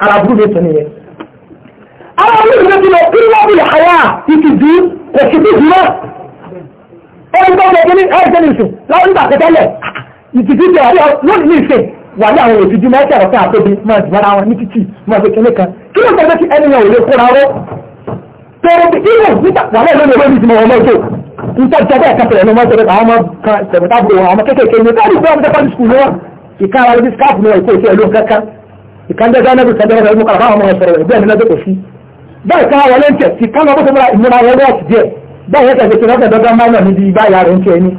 Speaker 2: ara burú mi tún nìyẹn. ara mi ìrìnà ti lọ kí wọ́n bìlẹ̀ àyà ìtìjú kò sí bí ìdúró ẹni tó ṣe kíní ẹni tẹ́lẹ̀ ìsìn láwọn nígbà tẹ́tẹ́lẹ̀ ìtìjú jẹ́ àríyá lónìí ní ìsìn wà ní àwọn ìtìjú mẹ́tẹ̀ ọ̀fẹ́ àtòbí máa jù ara wọn ní títì máa fi kíní kan kí ló tẹ́lẹ̀ tí ẹni yẹn ò lè kóra rọ́ tẹ́lẹ̀ tí kí ló nígbà wà náà lónìí olóyìn ìsìn ọmọ ètò nítorí jẹ́ bẹ́ẹ̀ kẹsẹ̀ ẹ̀nu mọ́tò àwọn ọmọ kan tẹ̀mẹ̀tà bò àwọn ọmọ kékèké ní káàdì fún ọmọ tẹ́kọ̀ọ́ ìkànjẹ́ gánàbì ìkànjẹ́ ọ̀rọ̀ ìmúkàrà fáwọn ọmọ ẹ̀sọ̀rọ̀ ẹ̀gbẹ́ ẹ̀mí lọ́dọ̀ kò sí bẹ́ẹ̀ ká wọlé ń tẹ̀ sí kánà bó sọmọ́ra ìmúra rẹ̀ rọ́ọ̀tì díẹ̀ bẹ́ẹ̀ yẹ́ tẹ̀sí lọ́dọ̀ dọ́gba máa náà níbi ibá ìyá ń tẹ̀ ní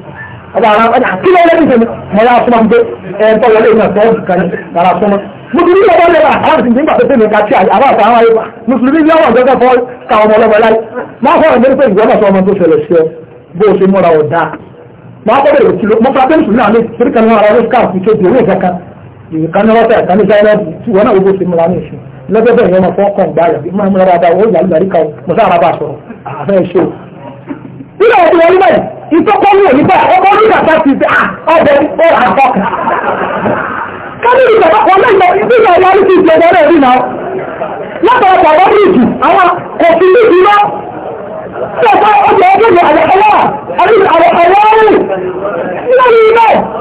Speaker 2: ọba ara ọjà kí ló lẹ́nu ìṣẹ̀lẹ̀ mọ̀ ya fún ọmọdé ẹ̀ ń tọ́ wọlé ìmọ̀ ẹ̀sọ́ kan dára fún wọn. mùsùlùmí lọ́wọ́ lè wà àwọn ìsìnkú nígbà tó tẹ̀lé ká tí àwọn àti àwọn ayépa mùsùlùmí ní ọwọ́ ọ̀gọ́gọ́ fọ́ ká ọmọ ọlọ́mọ láì máa fọ́ ọ̀rọ̀ pé ìjọba sọ ọmọ tó ìkánnọ́tà ìkánnìsáyẹ́lá wọn náà gbogbo sinmi lánàá ìṣù lọ́jọ́ bẹ́ẹ̀ yẹn wọn fọ́ kàn gbáyà bí máa múra dáadáa ó yàrá ìgbàríkà ó mọ̀sá àràbà sọ̀rọ̀ àfẹ́ ṣe o. nígbà tí wọ́n rí bẹ́ẹ̀ ìtọ́kọ́ ní òní bá ọkọ̀ ní bàbá ti ṣe ọbẹ̀ ó rà bọ́kà. kábíyì bàbá kan lẹ́yìn ibi ìyá ìyá ní ti ṣe ọ̀dọ́ rẹ̀ rí náà. látọ̀rọ̀ bàbá ní ìjù àwọn kò fi ní ìjù náà. tí ọ̀pá ọjọ́ ọjọ́ ìjọ àlọ́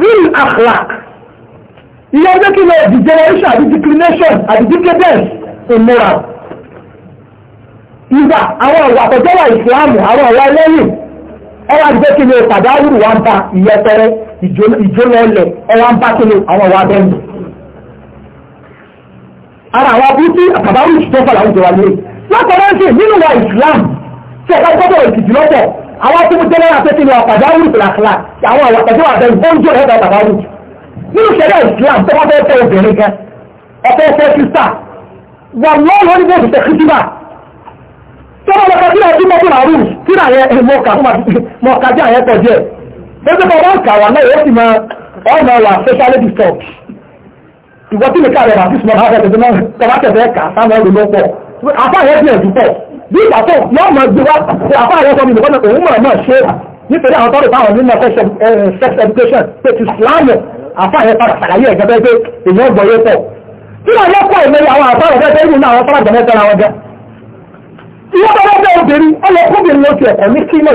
Speaker 2: fíl akhlaq ìyá ẹgbẹ́ kí lọ di generation àti declination àti decadence in moral ìgbà àwọn ọ̀wà àtọ̀jọ́wà ìsìláàmù àwọn ọ̀wà ẹlẹ́yìn ọwọ́ àdìgbẹ́ kí ni pàdáwùrù wa ń ba ìyẹpẹrẹ ìjólọ́lẹ̀ ọwọ́ ń bá kí ni àwọn ọ̀wà abẹ́nu ara àwọn abúrú tí àkàbárù ìṣùtọ́fà làwùjọ wa lé látọ̀rọ̀ ń ṣe nínú wa ìsìláàmù tí ẹ̀ka gbọ́dọ̀ ìkìtì lọ́tọ̀ àwọn tó ń tẹ́lẹ̀ àti kíni ọ̀pàdé àwùjọ làkàlà àwọn àwàpàdé wà bẹ́ẹ̀ bóńjọ ẹ̀dá bàbá àwùjọ nínú ìṣẹ̀lẹ̀ Islam tó bá fẹ́ fẹ́ obìnrin kan ọ̀fẹ́ fẹ́ sísà wà lọ́wọ́ ní bóòsì tẹ̀ kìtìmà tó bá lọ́kọ̀ tí àti mọ́tò àrù tí àyẹ mọ́ka mọ́ka jẹ́ àyẹ tọ́jú ẹ̀ bẹ́ẹ̀ bá wọ́n kà wà náà yóò sì máa ọ̀nà wà specially disturbed ìwọ́n tí mi ká rẹ̀ bá fi sùn bí ìgbà tó yóò mọ̀ gbé wá sí àfá àrẹ sọ mi nìkan náà òun mọ̀ mọ̀ ṣe nítorí àwọn tọ́rọ̀ táwọn nínú sex education pé ti sùlámù àfá àrẹ padà sàlàyé ẹ̀jẹ̀ bẹ́ẹ̀ pé èèyàn gbọ́ yé pọ̀. kí wọ́n lọ́pọ̀ ìmẹ̀yẹ àwọn àfá àrẹ bẹ́ẹ̀ nínú àwọn fọ́nà jẹ̀mẹ́ tẹ́ra wọn jẹ́. ìyá bá bẹ́ẹ̀ obìnrin ọlọ́kùnrin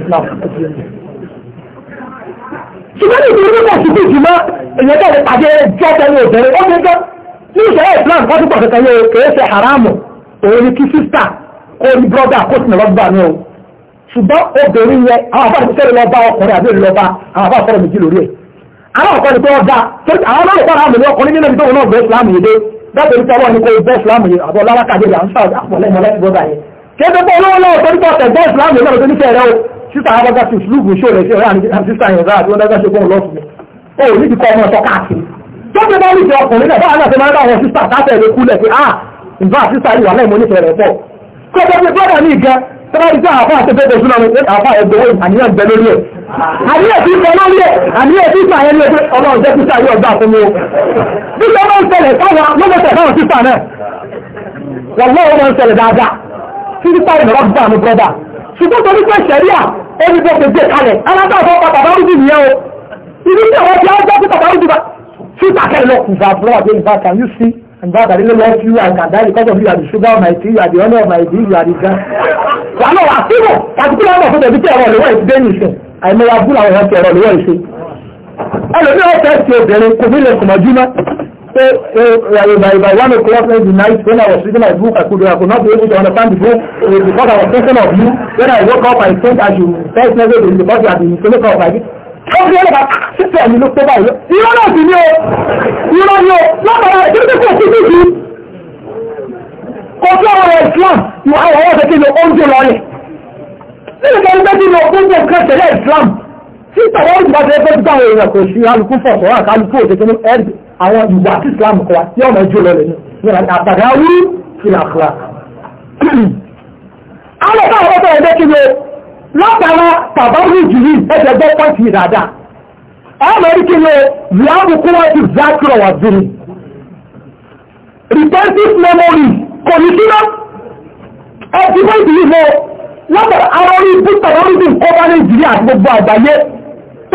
Speaker 2: ló ti ṣùgbọ́n ní ìdílé náà sì bíi jùmọ́ èèyàn tẹ̀lé pàdé jẹ́tẹ̀lé obìnrin ó ní gan ní ìṣẹ̀lẹ̀ islam wọ́n tún pọ̀ kankan yóò kéré ṣe haramu òun ni kí sísà kó ní brọ́dà kó sì ní rọ́bà ní o ṣùgbọ́n obìnrin yẹn àwọn afárá ìṣẹ́lẹ̀ lọ bá ọkùnrin àbí ìlú ọba àwọn afárá sọ̀rọ̀ méjì lórí ẹ̀ àwọn ọkọ ni pé ọba àwọn ọlọ́pàá àwọn ọmọdé ọkùnrin nínú ibi tó wọn náà gbé islam yìí dé bẹ́ẹ̀ torí tọ́wọ́ ni kò gbé islam yìí àbọ̀ lálákàdé yà ń sáà àpọ̀lẹ́mọ̀lẹ́ brọ́dà yẹn kí ẹ sísá abọ́gá ti sùlùkù ṣó rẹ̀ sí ọ̀rẹ́ àti sísá yẹn rárá tí wọ́n dágbà ṣe fún ọlọ́sùn mi ó ò níbi kọ́ ọmọ ẹ̀tọ́ káàkiri tó ti bá wíṣẹ ọkùnrin náà báwọn náà ti máa ń bá àwọn sísá dáfẹ́ rẹ kúlẹ̀ pé ah nfa sísá yìí wà láì mo nífẹ̀ẹ́ rẹ̀ pọ̀ kó o bẹ́ẹ̀ bọ́dà ní ìgẹ tọ́lájú tí àáfà àti bẹ́ẹ̀ bọ́sùn náà àáfà ẹgbẹ̀wé àníyàn bẹ lórí ẹ̀
Speaker 3: àníyàn ti sọ lórí ẹ̀
Speaker 2: àníyàn ti sọ àyẹ̀lú ẹgbẹ́ ọlọ́run jẹ́ sísá yóò gbà fún mi o bí wọ́n máa ń ṣẹlẹ̀ táwọn lọ́gbẹ̀sẹ̀ táwọn sísá náà wọ́n lọ́wọ́ máa ń ṣẹlẹ̀ dáadáa sísá ìnira gbà mí brọ́dà orí bó ṣe gbé kalẹ̀ alábàbọ̀ pa bàbá rúdì nìyẹn o ibi tí àwọn ti á gbọ́ pé bàbá rúdì bá fi pàkẹ́ lọ. ìfà àbúrò àti ìfà can you see and bá àtàrí lọ́wọ́ sí you and àdáyé because of you you are the sugar of my tea you are the honey of my tea you are the You
Speaker 3: I know gan. wà á lọ wà síbò
Speaker 2: àti kí wọ́n mọ̀ fún tẹ̀bí tí ẹ̀rọ ìléwọ́ ìdílé ní ìṣẹ̀ àìmọye abúlé àwọn ẹ̀rọ ìléwọ́ ìṣe. ẹlòmíràn fẹ́ẹ́ ti obìnrin kò ní lè sùnmọ́jú náà pé eh, by by one o'clock in the night when I was reading my book, I could, I could not be able to understand the book uh, because I was thinking of you. When I woke up, I think I should first message the because you had been so up like this. Wọ́n fi ọlọ́pàá títí ẹ̀mí ló pé báyìí. Irọ́ náà sì ni o. know ni o. Lọ́pàá rẹ̀ kí ló kò sí títí.
Speaker 1: Kò sí ọ̀rọ̀ Islam
Speaker 2: ní àwọn ọ̀rọ̀ ṣe kí ni oúnjẹ lọ́rẹ̀. Nínú ìgbà ìgbẹ́ tí mo oúnjẹ kẹsẹ̀ lẹ́ Islam tí ìtàwọn olùgbà tẹ́ fẹ́ gbà àwọn èèyàn kò sí alùpù fọ̀fọ̀ àti alùpù òtẹ́tẹ́ ní ẹ̀d àwọn ìwà tí Islam kọ́ wa tí ọmọ ẹjọ́ lọ lẹ́nu ní àtàrà wí fìlà àkùrà. àwọn ọ̀gá àwọn ọ̀gá ẹgbẹ́ kiri látara tàbáwí jùlí ẹ̀jẹ̀ gbọ́ pọ́ǹtì ìdàdà ọmọ ẹ̀rí kiri ìyáàbùkú wọn ti zákìrọ̀ wà ziri. repentive memory kò ní kí lọ ẹ̀jẹ̀ gbọ́ ìdílé mọ́ látara àwọn orí ibùsọ̀ lórí ìkọ́bá àti gbogbo àgbáyé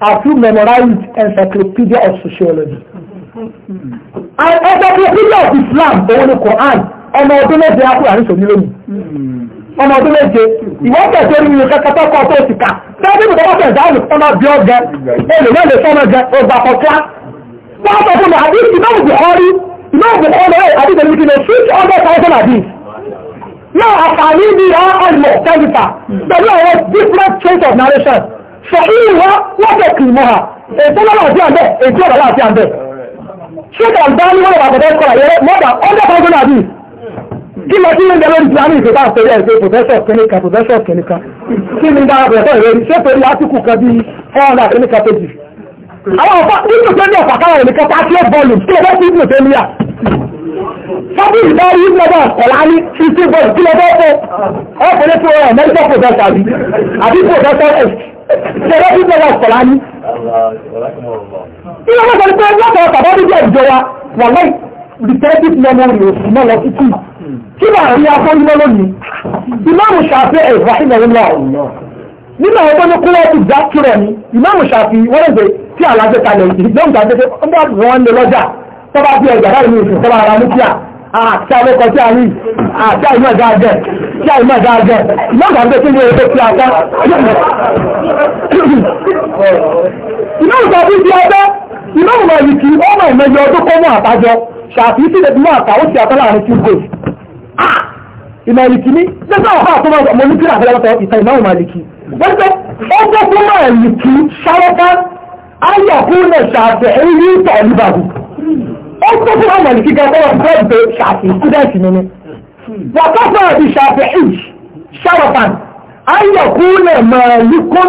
Speaker 2: have
Speaker 1: you memorized encyclopedia of sociology?
Speaker 2: encyclopedia of Islam òun ni Quran ọmọ ọdún méje akúrò àrísọ nílé mi ọmọ ọdún méje ìwọ́n tẹ̀sẹ̀ orí mi kẹ́kẹ́ kọ́ tó ti kà tẹ́lẹ̀ nígbà wọ́n tẹ̀sẹ̀ àwọn olùkọ́ máa bí ọ jẹ olùkọ́ lè sọ́nà jẹ ọgbà kọ̀ọ̀kọ́ wọ́n sọ fún mi àbí ìmọ̀ Bukhari ìmọ̀ Bukhari àbí ìdẹ̀lẹ̀ kí ni six hundred thousand àbí náà àfààní mi rà ọ̀nà tẹ́lifà pẹ̀lú àwọn different traits of narration sọ̀kúnwá lọ́sẹ̀kì mọ́ha ètò lọ́láàfíà ń bẹ̀ ètò ọ̀làláàfíà ń bẹ̀ ṣíkà bá ní wọ́n àbọ̀dẹ́ kọ́ra yẹ mọ́ta ọjọ́ kọ́gbọ́n àbí kí lọ sí ilẹ̀ lórí ìsìlámù ìfẹ́ta àpẹẹrẹ ẹ̀ṣẹ́ pòfẹ́sọ̀ kẹ́nìkà pòfẹ́sọ̀ kẹ́nìkà kí ni dára pẹ̀lẹ́sọ̀ ìrẹ́rí ṣé pẹ̀lú átíkù kan bí ọ̀rọ̀ àkẹ́nìkà péjì àwọn ọ̀fà nínú tó ní ọ̀fà káwọn ènìkan tá
Speaker 3: sábìlì bá rí lọ́dọ̀ ọ̀la ní fifty bọ́ọ̀lù kí lọ́dọ̀ fún ọkùnrin tó rọrùn mẹ́tọ́ pòfẹ́sà bí àbí pòfẹ́sà ẹ̀sì
Speaker 2: ṣẹlẹ́ bí lọ́dọ̀ ọ̀la ní.
Speaker 3: ìyá wọn sọ pé lọ́dọ̀ ọ̀tàbá
Speaker 2: níbi ẹ̀jọ̀ wa wà lẹ́yìn retentive memory òsì mọ́ lọ sí kí kí máa rí afọ́jú mọ́ lónìí
Speaker 3: ìmáàmù ṣàfihàn
Speaker 2: ìfàhìn ọ̀la nínú àwọn tó ní kúrò ti dá kúrò ní ìmáàmù ṣàfihàn wọ́n lè ṣe tí àlàjẹ́ kalẹ̀ ìdíjọ́ ìgbàgbé ọgbà wọn lè lọ́jà tọ́ba bí ẹgbẹ̀ láì ní ìsìn tọ́ba ara nùkíà àti àlẹ́kọ̀ tí a rí àti àìmọ̀ ìdájẹ́ tí àìmọ̀ ìdájẹ́ ìmọ̀gbà ń bẹ kí ní ewé tí a tẹ́ ìmọ̀gbà bí ti ọjọ́ ìmọ̀gbà yìí kì í ọmọ ìmẹ̀yẹ ọdún kọ́ mọ́ àtàjọ ṣàfi sí lè mú àtà ó ti àtọ́ láàrin two goals ìmọ̀lìkì ní lẹ́sẹ̀ ọ̀há àtọ́mọ̀ ọmọ ní kíra àfẹ́lẹ́pọ̀ ìtàn ìmọ̀ ìmọ̀lìkì wọ́n tẹ́ ó jẹ́ fún mọ̀lìkì ṣáwọ́pá ayọ̀kúnlẹ̀ ṣàfẹ́ èyí tọ̀ níbàbù ó tó fún àwọn ìlú kíkà tó wà fún ẹgbẹ́ ṣàfihàn student nínú wàtá fún àti ṣàfihàn ṣàròpàn ayọ̀kúnlẹ̀ màálùkún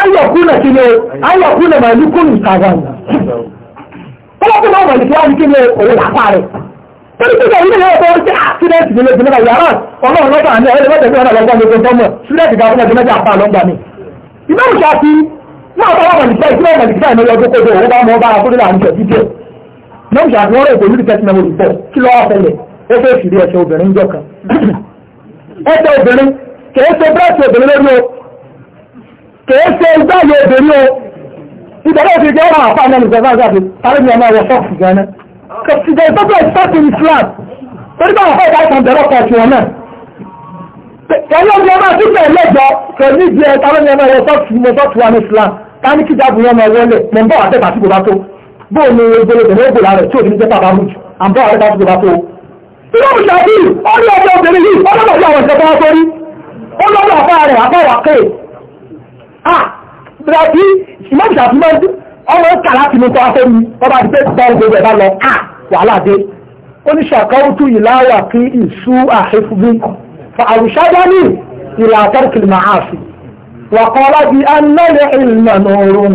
Speaker 2: ayọ̀kúnlẹ̀ kí ni ayọ̀kúnlẹ̀ màálùkún ìtàgàn tọ́lọ́pù náà wọ̀lẹ̀ kíwájú kí ni òwe làpá rẹ̀ torí kí ni ilé ẹ̀kọ́ ṣe àkídẹ́sì nínú ìdílé ìgbìmọ̀ yàrá ọlọ́run lọ́tọ̀ àmì ẹ̀rẹ́ mẹ́tẹ̀ẹ́ fún ọ̀nà lọ́gbọ́n gbogbo tọ́mọ̀ sílẹ̀tì gàfún ẹgbẹ́ mẹ́tẹ̀ àpá lọ́gbà mi ìmọ̀ òṣà ti náà tọ́lọ́pù náà wọ̀lẹ̀ kíwájú kí ni ọ̀nà ìgbìmọ̀ yàrá ọgbọ́n gbogbo òwe bá mọ́ bára tó mẹ́rin àgbọ̀n rẹ̀ kò ní ìfẹ́ sinimá olùgbọ́ kí lọ́wọ́ fẹlẹ̀ ó fẹ́ fìdí ẹsẹ̀ obìnrin jọ kan ẹsẹ̀ obìnrin kìí ṣe bírẹ̀sì obìnrin lórí o kìí ṣe ìgbàlè obìnrin o ìdọ̀rọ̀ ti jẹ́ ọ̀rọ̀ àpá náà nìkan sáà sáàbì tàbí ní ọmọ ẹ̀rọ ṣọ́ọ̀fù gan-an kìí ṣe ìgbàlè ìfẹ́sì Islam torí bá àwọn ọ̀gá ìtàn bẹ̀rẹ̀ ọkọ̀ tiwọn náà pẹ̀lú ọmọ ọmọ àtúntò ẹlẹ́jọ pẹ̀lú ìdí ẹ̀ tàbí ní ọmọ ẹ̀rọ ṣọ́ọ̀fù mọ́ ṣọ́ọ̀fù wa ní Islam ká ní kíjà bùnú ọmọ ẹ̀wọ́lẹ̀ mọ̀ ń bọ̀ wá bóò ni gbogbo tẹ̀lé ògbò rẹ̀ tí ò ní jẹ́ bàbá rújù àbọ̀ àwọn ẹ̀dá ìjọba tó ilé òṣà bí ó ní ọjọ́ obìnrin yìí ó lọ́dọ̀ sí àwọn ìṣẹ̀kọ́ sórí ó lọ́dọ̀ àfá rẹ̀ àfá wà kéè ah bìrọ̀bí ìmọ̀bìṣà fún mọ́ ọmọ ìkà láti mú tọ́wọ́ fẹ́mi ọba ti tẹ́tí tọ́wọ́ gbogbo ẹ̀bá lọ ah wàhálà dé ó ní ṣàkọ́wútú ìláwà kí ìṣú àṣẹfúgbé fa àrùṣájá ní ìlà àtọ́rùkìlì màá fi wà kọ́ láti anáyẹ ìlànà òórùn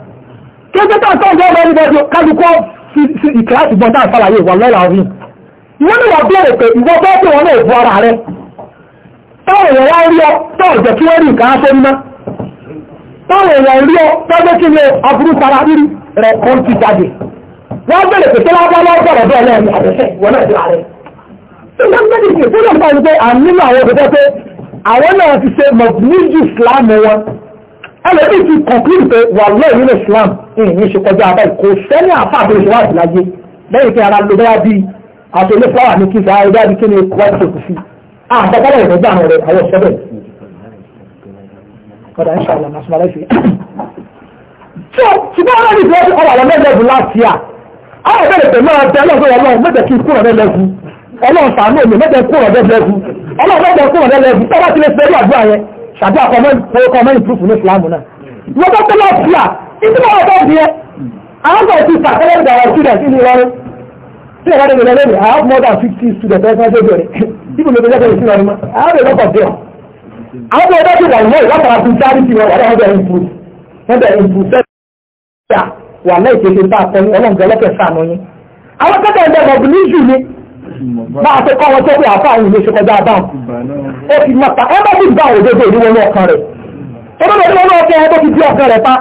Speaker 2: kéjẹ́ tá àtọ́ ìjọba ẹni bọ́dọ̀ kálukọ́ ìkìláàsì bọ́ta àfàlàyé ìwà lọ́la ọ̀rìn ìwọ́n ni wọ́n bẹ̀rẹ̀ pé ìwọ́ bọ́ pé wọ́n náà bu ara rẹ̀ táwọn èèyàn wá rí ọ táwọn jẹ́ kí wọ́n rí nǹkan aṣọ mímá táwọn èèyàn rí ọ tọ́jọ́ kí ni aburú tara rírí rẹ̀ kọ́ ti jáde wọ́n bẹ̀rẹ̀ pé tí wọ́n bá lọ́wọ́ bọ̀rọ̀ bẹ́ẹ̀ lẹ́yìn àbẹ̀fẹ́ wọ́n náà dé ààrẹ àwọn náà ti ṣe mọ̀bùnú ju ìsìlámù wọn ẹlẹ́bí ti kọ̀kúrù pé wà lọ́ọ̀ nínú ìsìlámù ìyìn ṣe kọjá abáyé kò sẹ́ni àfa àbẹ̀rẹ̀ ṣèwádìí láyé lẹ́yìn pé ara lo bẹ́yà bíi àti ilé fúláwà ní kíkà ara ah, bẹ́yà bíi kí ni kọ́ọ̀tì tó kù sí ah, àtọ́kọ́lẹ̀ ìrọ̀jà àwọn rẹ̀ àwọn ṣẹ́bẹ̀ ọ̀dà ìṣàlọ̀ nationalism. so ṣùgbọ́n àwọn ènìyàn ti ọ̀rọ̀ àwọn mẹ́lẹ́gùn láti à àwọn ìbẹ̀rẹ̀ pẹ̀lú ọ̀tẹ́ ọlọ́run mẹ́jẹ̀ kí kúrò lẹ́lẹ́gùn ọlọ́run sàánú èmi mẹ́jẹ̀ kúrò lẹ́lẹ́gùn ọlọ́run mẹ́jẹ̀ kúrò lẹ́lẹ́gùn tọ́wọ́ ti lè fẹ́rù àdúrà yẹn ṣàdúrà kọ́mẹ́ntì proof ní Islam náà. wọ́n tọ́ ìtumọ̀ ọ̀dọ́ ìdíyẹ àwọn kan ti sàkẹ́lẹ̀ ìgbà àwọn students ìlú Ìlọrin tí ẹ̀ka tó gbẹ̀lẹ́ lẹ́nu I have more than 50 students ẹ̀ka tó gbẹ̀lẹ́ ibi lóbi lẹ́kọ̀ọ́ ìsìn Ìlọrin mọ́ I have a lot of them àwọn kan ọ̀dọ́ ti wà lọ́ọ̀ látara fún charity wọn wà láwọn bẹ̀rẹ̀ improve wọ́n bẹ̀rẹ̀ improve sẹ́yà wà láì tètè bá àtọ́ ní ọlọ́ǹgá ọlọ́kẹ̀ sànù yín àwọn kẹ́kẹ́ ẹ̀dẹ́ mọ̀ bìlíjù ni bá a ti kọ́ wọn tó pé àfa àwọn ìlú ṣe kọjá bá ó ti mọ̀ta ẹ bá ti gbà òdodo ìlú wọn ní ọkàn rẹ̀ tó bá lọ́ọ́ ọkàn rẹ̀ tó ti di ọkàn rẹ̀ pa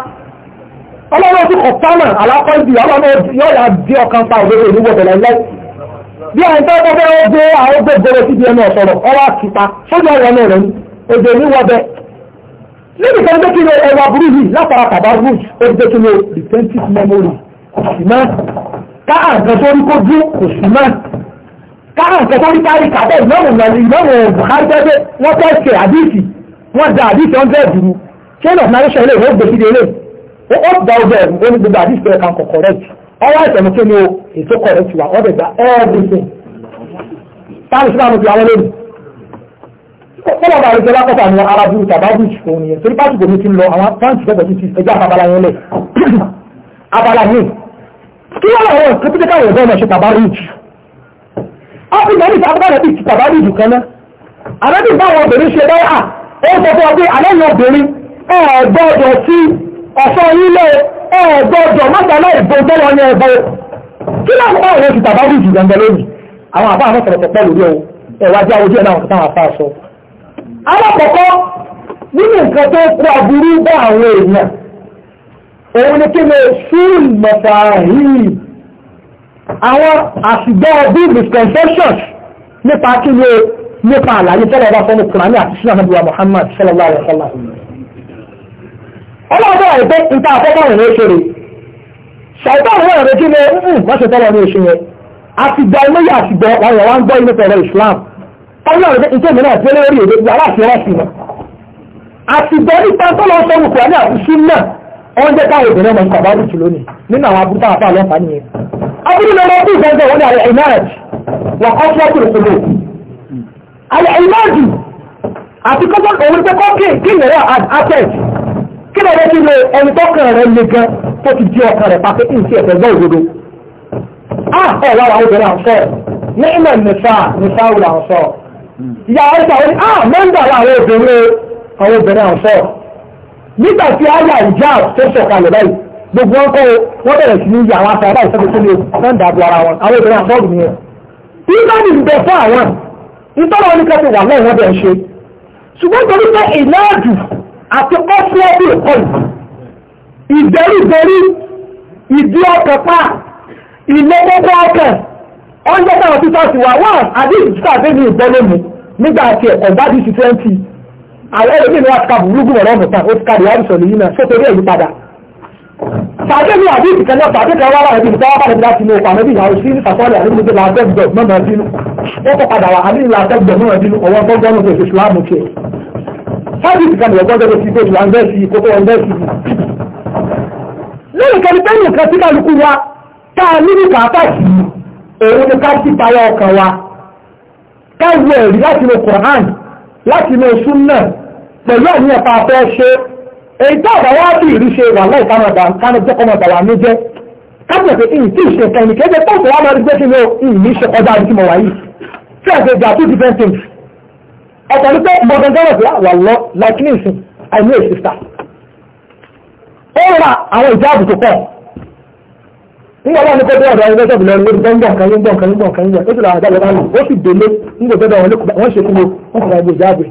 Speaker 2: ọlọ́run tí kò sámà alákọ́ ibi ọlọ́run yóò yà di ọkàn pa òdodo ìlú gbọdọ̀ lẹ́lẹ́ bí àwọn tó gbọ́ bẹ́ẹ̀ gbé àwọn gbé gbèrè síbi ẹnu ọ̀sọ̀rọ̀ ọwọ́ àkìta sójú ọ̀rọ̀ náà rẹ̀ ní èdè ní wọ́bẹ̀ níbi kan dékí ní ẹwà burú yìí látara kàbá rúù ó dékí ní retentive memory kò sí mọ́ káà nǹkan tó rí kójú kò sí mọ́ káà nǹkan tó rí kárí kàbẹ́ ìmọ̀ràn ìmọ̀ràn Buhari tẹ́gbẹ́ wọ́n tẹ́ ṣe àdìsí wọ́n da àdìsí 100 dùrú chain of narration ilé ìwọ́n gbèsè ilé ó dá ọjọ́ ẹ̀rù ó ní gbogbo àdìsẹ́ kan kò correct ọwọ́ ìtẹ̀mú kí ni o ètò correct wa wọ́n dẹ̀gbà everything táàbù síláàmù ti àwọn lónìí fọlọ́ bá rí jọlá kọ́ta àwọn arábù tàbábù ìṣòro nìyẹn torí pàṣẹ gòmí ti ń lọ àwọn táǹtì fẹ́ pẹ̀lú ti ẹjọ́ abala yẹn lẹ̀ abala yìí kí wọ́n lọ àwọn nǹkan tó dẹ́ka ìwọ̀n bẹ́ẹ̀ ṣe tàbábù ìjù áfíríkà ní ìtàkùn bẹ́ẹ̀ bíi tàbábù ìjù kan náà àrẹ́bí báwọn obìnrin ṣe bẹ́ẹ̀ à ó sọ fún ọ pé àlẹ́ yẹn obìnrin ẹ̀ẹ́dọ́dọ̀ sí ọ̀fọ́ nílé ẹ̀ẹ́dọ́dọ̀ mọ́tàlá ìbò tọ́lọ ní ẹ̀bọ́ kí náà fún àwọn oṣù tàbá rújù gbẹ̀ngẹ̀ lónìí àwọn àbá àwọn sọ̀rọ̀ pọ̀ lórí ohun ẹ̀wà jẹ́ ojú ẹ̀nà àwọn àfá sọ. alákọ̀ọ́kọ́ nínú nǹkan tó kó aburú bá àwọn èèyàn òun ni kí ni fún mọ̀tà yìí àwọn àṣìgbọ́ bí misconceptions nípa kí ni nípa àlàyé tọ́lọ̀ bá fọ́nù kùránì àti sílẹ̀ ọlọ́dọ̀ rẹ̀ pé nta àkọ́kọ́ rẹ̀ lóṣù rẹ̀ ṣàìtọ́ rẹ̀ rẹ̀ kí ni ń wọ́n ṣe tọ́lọ̀ ní oṣù yẹn àtìgbà iléyà àtìgbà ọ̀rọ̀ wa ń gbọ́ ilé tọ̀rọ̀ Islam ọlọ́dọ̀ rẹ̀ pé nta èmi náà gbé lórí èdè yàrá àti ẹ̀rọ sí wọn. àtìgbà nípa tọ́lọ̀ sọ wù kúrẹ́ ní àtúnṣe náà wọ́n jẹ́ káwọn obìnrin ọmọ nǹkan bá rúkì lónìí nínú àwọn abúlé àpá àlọ́fà nìyẹn. abúlé lọ́wọ́ bí ìgbàgbọ́ wọn ni àlẹ́ ìmáàjì wọ́n kọ́ fún ọkùnrin kúlò. àlẹ́ ìmáàjì àti kọ́kọ́ òun tẹ́kọ́ kí ìrẹ́wà àtẹ́ẹ̀tì kí lóore kí lo ẹni tọ́kàn rẹ̀ le gan tó ti di ọkàn rẹ̀ pàṣẹ kí n ti ẹ̀fẹ̀ gbọ́ òdodo. a ah, ọ̀ wá àwọn obìnrin àǹsọ̀ ní ìmọ̀ nìfà nìfà wùlà àǹsọ̀ ìyá wọn sọ wọn ah, a mẹ́ńdà wà àwọn obìnrin àwọn obìnrin àǹsọ̀ nígbà tí a yà ìjà tó sọ̀kalẹ̀ báyìí gbogbo wọn kọ́ wọn bẹ̀rẹ̀ sí ní yà wọn aṣọ àbáyé sẹ́kẹ̀ sílẹ̀ mẹ́ńdà àbọ̀ ara wọn àwọn obìnrin àǹsọ̀ nìyẹn. ìgbà ní ìbẹ̀ fún àwọn ìtọ́lọ́ oníkẹ́ ti wà lẹ́yìn wọn ṣe ṣùgbọ́n torí pé ìlẹ́ẹ̀dù àti kọ́síọ́bì ọ̀nà ìdẹ́rìbẹ́rí ìdí ọkàn pa ìlọ́gbọ́gbọ́ ọkàn ọ́njẹ́ta ọ̀tí sọ́ọ̀tì wà wà àbí ìjúkà bẹ́ẹ̀ ní ìbọ́lẹ́mu nígbà àti ẹ̀kọ́ bá di sí twenty àwọn ẹ̀rọ nínú àti kàbù lúgùn ọ̀rọ̀ ọ̀mùta ó ti kàdé àrùsọ̀ nìyí náà sọ́tò orí ẹ̀yí padà pàdé ní àbí ìtìkẹ́ náà pàdé kan wá láti ìtìkẹ́ wá pàdé láti inú ọkọ̀ àmọ́bí ìyàwó sí ní sàkọ́ọ̀lẹ̀ àdébùdó làtẹ́gbẹ̀ẹ́ mọ́mọ́ bínú ó kọ́ padà wà àbí ìlàtẹ́gbẹ̀ẹ́ mọ́mọ́ bínú ọwọ́ gbọ́gbọ́n ní oṣù Islam kẹ́ sáàbìsì kan lọ́gbọ́n tó ti tó ìwà ǹdẹ́ sí kókó ǹdẹ́ sí i lẹ́yìn kan tẹ́lẹ̀ nǹkan tí kálukú wa tá a nínú kàáfà sí òun ni ká sí payá ọkàn wa Quran láti lo sunna pẹ̀lú àníyàn tá a fẹ́ ṣe èyí tó àbá wá sí ìrí ṣe wà láì kánú ọ̀dà kánú tó kọ́mọ̀ ọ̀dà wà ní jẹ́ kápẹ̀ pé ìyìn tí ìṣe kan ní kéde tó ń sọ wá lọ rí gbé kí ni ó ìyìn ní ṣe kọjá ibi tí mo wà yìí tí àgbègbè àti different things ọ̀tọ̀ ní pé mo gẹ́gẹ́ rẹ̀ pé wà lọ like me sin i know a sister ó ra àwọn ìjáàbù tó pọ̀ nígbà wọn ní kó dé ọ̀dọ̀ ẹgbẹ́ ṣọ́ọ̀bù lọ lórí gbọ́ngàn kan gbọ́ngàn kan gbọ́ngàn kan gbọ́ngàn ó sì làwọn àgbàlọ bá lò ó sì délé nígbà tó dọ̀wọ́n lẹ́kọ̀ọ́ wọ́n ṣe kúrò wọ́n kọ̀ọ̀kan gbogbo ìjáàbù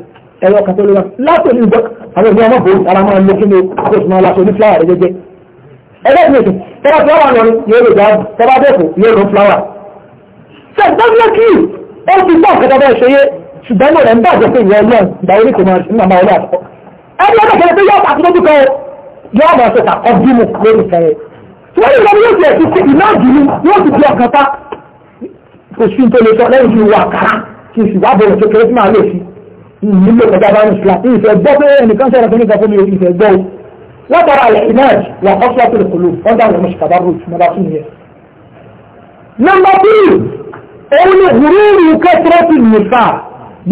Speaker 2: ẹ̀rọ kan tó lọ́wọ́ látò ní ìgbọ́ àwọn ìgbà wọn bò ara máa ń lé kíni kó sì máa laṣọ ní fúláwà rẹ jẹjẹ ẹgbẹ́ ìgbésùn tọ́ba tó wà lọ́rin yóò lò jáàbù tọ́ba dẹ́kù yóò lò fúláwà ṣùgbọ́n mo rẹ̀ ń bàjẹ́ pé ìyẹn ọlọ́run ìgbà orí kò máa ń máa wọlé àkọ́kọ́. ẹni ọ̀dọ̀ kẹrẹ pé yóò pàtó lójú kan o yóò máa ṣe tàkọ́ bímọ lórí kẹrẹ. wọ́n ní ìlànà yóò ti ẹ̀sìn sí ìná ìdùnnú yóò ti fi ọkàn ta oṣù tó lè sọ lẹ́yìn tí wà kára kí n sì wá bọ̀rọ̀ kékeré tí màá lè fi nílò kọjá bá ní ìsìlá ìfẹ́ gbọ́ pé ẹnìkan sọ̀rọ̀ fún ìgbàfọ́ mi ò ìfẹ́ gbọ́ o wọ́n tọrọ àlẹ́ ìnáàjì wà kọ́ sọ́ọ́ pèlè kòló wọ́n dà wọ́n mọ̀ṣẹ̀kà bá rò tún náà fún yẹn. nọ́mbà tíì òun ni ìrírí kẹ́tẹ́rẹ́tì nìfà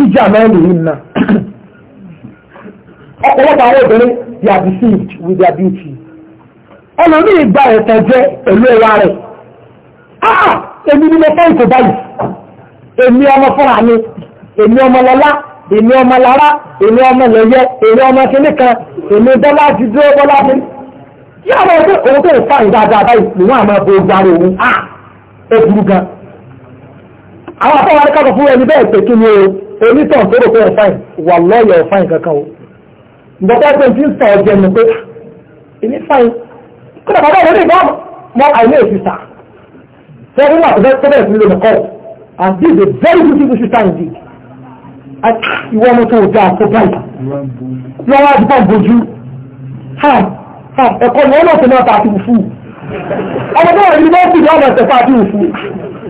Speaker 2: jíjà mẹ́rin yìí nà ọ̀pọ̀lọpọ̀ àwọn obìnrin they are deceived with their beauty ọ̀nà ní ìgbà ẹ̀tẹ̀ jẹ́ pẹ̀lú ẹwà rẹ̀ ah èmi ni mo fẹ́ ìkó báyìí èmi ọmọ fúnra mi èmi ọmọ lọlá èmi ọmọ lára èmi ọmọ lẹyẹ èmi ọmọ kíní kan èmi bọ́lá ti dúró bọ́lá mi kí àwọn ọdún òun tó fà ní dáadáa báyìí nìwọ̀n àmọ́ bo gbàrú òun ah ó burú gan àwọn afọwọ́ adékàtọ̀ fún ẹni bẹ́ẹ̀ pé kí ni o onítàn tó rò pé ẹ̀ fáìn wà lọ́ọ̀yọ̀ ẹ̀ fáìn kankan o ìgbọ́pá pé tí ń sàn ọjọ́ ẹnu pé èmi fáìn kódà bàbá ìwé nìkan mọ àìní èsì sà sẹ́yìn náà tó bẹ̀rẹ̀ sí lónìí kọ́ and this is a very beautiful sister indeed ìwọ ọmọ tó dá tó báyìí lọ́wọ́ àdúgbò bojú ẹ̀kọ́ ni wọ́n náà tó náà ta àti òfú
Speaker 3: ọmọ náà ìlú náà
Speaker 2: sì ní ọmọ ẹ̀sẹ̀ fún àti òfú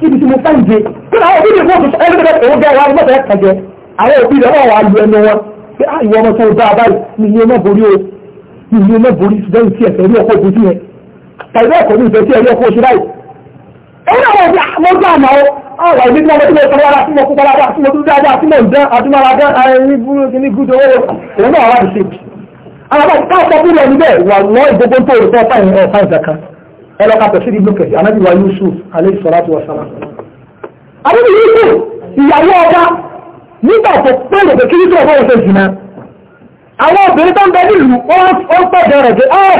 Speaker 2: ibi tí mo fẹ́ ìje kí ni àwọn òbí mi fún ọ̀sán ẹgbẹ́ òun bẹ́ẹ̀ wá mọ́tò ẹ̀ka jẹ àwọn òbí rẹ̀ wọ́n wà á lu ẹnu wọn pé á ah, ìwọ ọmọ tó bá a ni iye náà borí o ni iye náà borí ṣùgbọ́n ti ẹ̀fẹ́ rí ọkọ̀ òbí yẹn tàbí ẹ̀kọ́ ní ìfẹ́ tí ẹ̀rí ọkọ̀ òṣù báyìí. ẹ̀yin àwọn òbí àwọn ọjọ́ àná o ah, àwọn ìdí ẹ lọ́ka tẹ̀sí ìbùn kẹ̀sí anábì wa Yusuf alayhi salatu wa salam. àwọn ìlú ìlú ìyàwó ọba nígbà tó pẹ́ẹ́lẹ̀ pé kírísì ọ̀pọ̀ ọ̀sẹ̀ jìnnà àwọn obìnrin tó ń bẹ nílùú ó ń pẹ̀jọ rẹ̀ pé ah, ẹ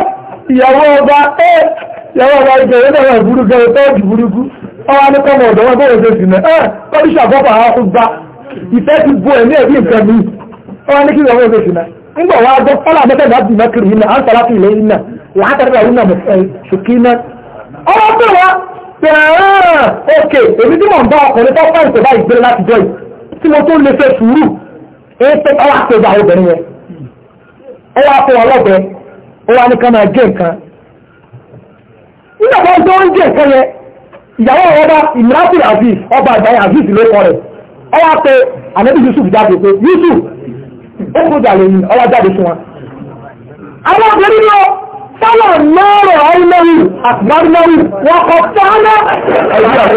Speaker 2: ìyàwó ọba ẹ ìyàwó ọba ìjọ ìjọ ìjọ burú gẹ tọ́jú burúkú ọwọ́ anìkọ́mọ ọ̀dọ́ wọn bọ́ọ̀ ọ̀sẹ̀ jìnnà ẹ ah, kọ́díṣà bọ́pà àwọn gba ìfẹ́ ti bo ẹ̀mí ẹ̀bí nǹkan mi ọwọ́ anìkọ́mọ ọ̀sẹ̀ jìnnà nígbà wàá gbọ́ fọ́lá mẹ́tẹ̀ẹ̀dá bìnnà kiri ọmọ tó wá tẹ̀ẹ̀rẹ̀ òkè ah, èmi tí mò ń bá ọkùnrin tó fẹ́ ìgbélé láti jọ yìí tí mo tó lè fẹ́ sùúrù obìnrin yẹn máa gé nǹkan tó ń gé nǹkan yẹn ìyàwó ọba aziz ọba aziz ló kọ yusuf jáde pé yusuf ó kó jà ọwọ́ jáde طلع النار عينه أكبرنه وقطعنا والله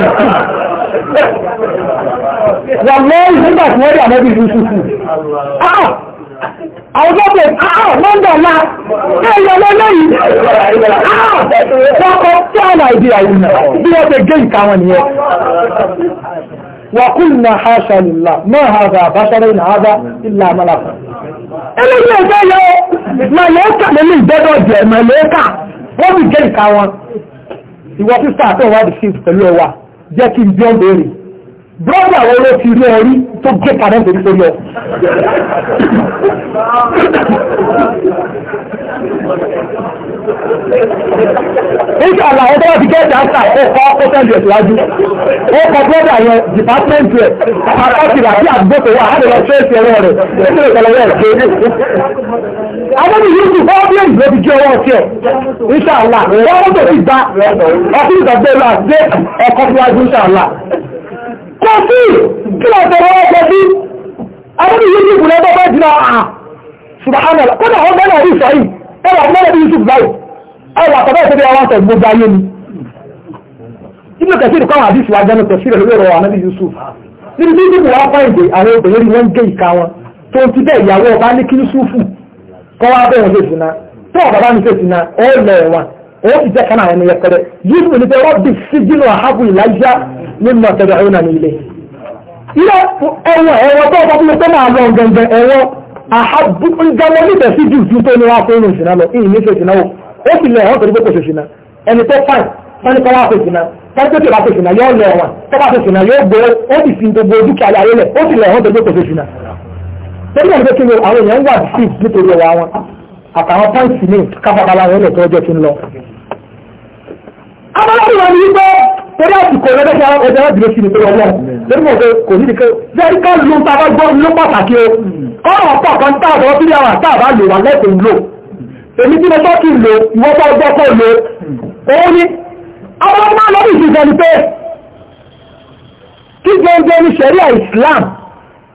Speaker 3: nígbà tí wọ́n rí àmọ́bí ìrúsùsù àà ah,
Speaker 2: àwọ́gbọ́gbẹ̀ àà mọ́ndàlá ẹ̀yọ lọ́lọ́yìn àà ah, wọ́n kọ́ tí a وقلنا حاشا لله ما هذا بشر إن هذا إلا ملك
Speaker 3: eléyìí ẹjọ́ yọ
Speaker 2: màlẹ́kà lélẹ́ ìgbẹ́dọ̀ jẹ́ màlẹ́kà wọ́n fi jẹ́ ìka wọn ìwọ sísá àtọ̀wádìí sí pẹ̀lú ẹwà jẹ́ kí n bí ọ́n béèrè brọ́dà wọn ló ti rí ọrí tó gé padà lórí tó lọ.
Speaker 3: Nígbà làwọn tó wà ti kẹ́ẹ̀dá sà ó
Speaker 2: kọ́ ó tẹ̀lé ẹ̀ síwájú. Ó kọ brọ́dà yẹn dìpátẹ́ǹtì ẹ̀ àpapọ̀ tìlà sí àdúgbò tó wà á lè lọ tẹ́ẹ̀sì ẹ̀rọ rẹ̀ nínú ìpẹ̀lẹ̀ rẹ̀ ké. Àwọn yìí ti fọ́ bí èyí ló fi jẹ́ ọwọ́ tiẹ̀. Inshallah, wọ́n mọ́tò ti gba ọkùnrin ìgbàgbé lọ àti ẹ̀kọ́ síwájú Inshallah kò sí kí lọ sọ̀rọ̀ wọ́n kò sí àwọn ìyẹ́ yìí kùnà bọ́bá jìnà àà ṣùgbọ́n kọ́nà àwọn mẹ́rin àrí ìṣọ́ yìí ẹwà mẹ́rin bí Yusuf báyìí ẹwà àtọ́bẹ́ ìṣẹ́bí àwọn àtọ̀ gbogbo ayé ni ilé kẹsí ìdíkọ́ àwọn àdìsí wájá ní tẹ̀sí ìrẹ̀lú ẹ̀rọ ànábì Yusuf níbi tí Yusuf wá fà ìdè àwọn obìnrin rí wọ́n gé ìka wọn tó ti bẹ́ ìyàwó ọba ní kí Yusuf kọ́ wá bẹ́ẹ̀ wọn lè sìn náà tó ọ̀bàbá mi fèsì náà ó lẹ̀ wọn ó ti jẹ́ kan àwọn ẹniyẹ pẹ̀lẹ́ yìí wò ní pé wọ́n bí síjìnà àhábù ìlàjá nínú ọ̀tẹ̀dẹ̀ ọ̀nà ní ilé ilé ẹ̀wọ̀n ẹ̀wọ̀n tó ọkọ̀ fúnmi tó máa lọ gẹ̀ǹgẹ̀ ẹ̀wọ̀n àhábù ìjọba níbẹ̀ sí jù ju tó ní wá fún ìrìnṣìnà lọ ìyìn níṣẹ́ ìṣìnà wò ó sì lọ ẹ̀wọ̀n torí pé kò ṣe ṣìnà ẹni tó fàìn sani kọ́ wá fèsì náà sani tó ti wá abọ́lọ́dún wọn ni wípé torí àsìkò ẹgbẹ́ta ẹgbẹ́ ìdílé sí ni pé ọlọ́ lórí mọ̀ pé kò ní nìkan very good ló ń ta bá gbọ́ ló pàtàkì o kọ́ọ̀rọ̀ pọ̀ kan tá àbọ̀ sílẹ̀ wà tá àbá lò wà lẹ́kùn lò èmi tí mo tọ́ kí lò ìwọ́ bá gbọ́ kó lò òun ni abọ́lọ́dún máa lọ́dún ìṣẹ̀lẹ̀ ni pé kí gbọ́ngbọ́n ní sẹ́ríà Islam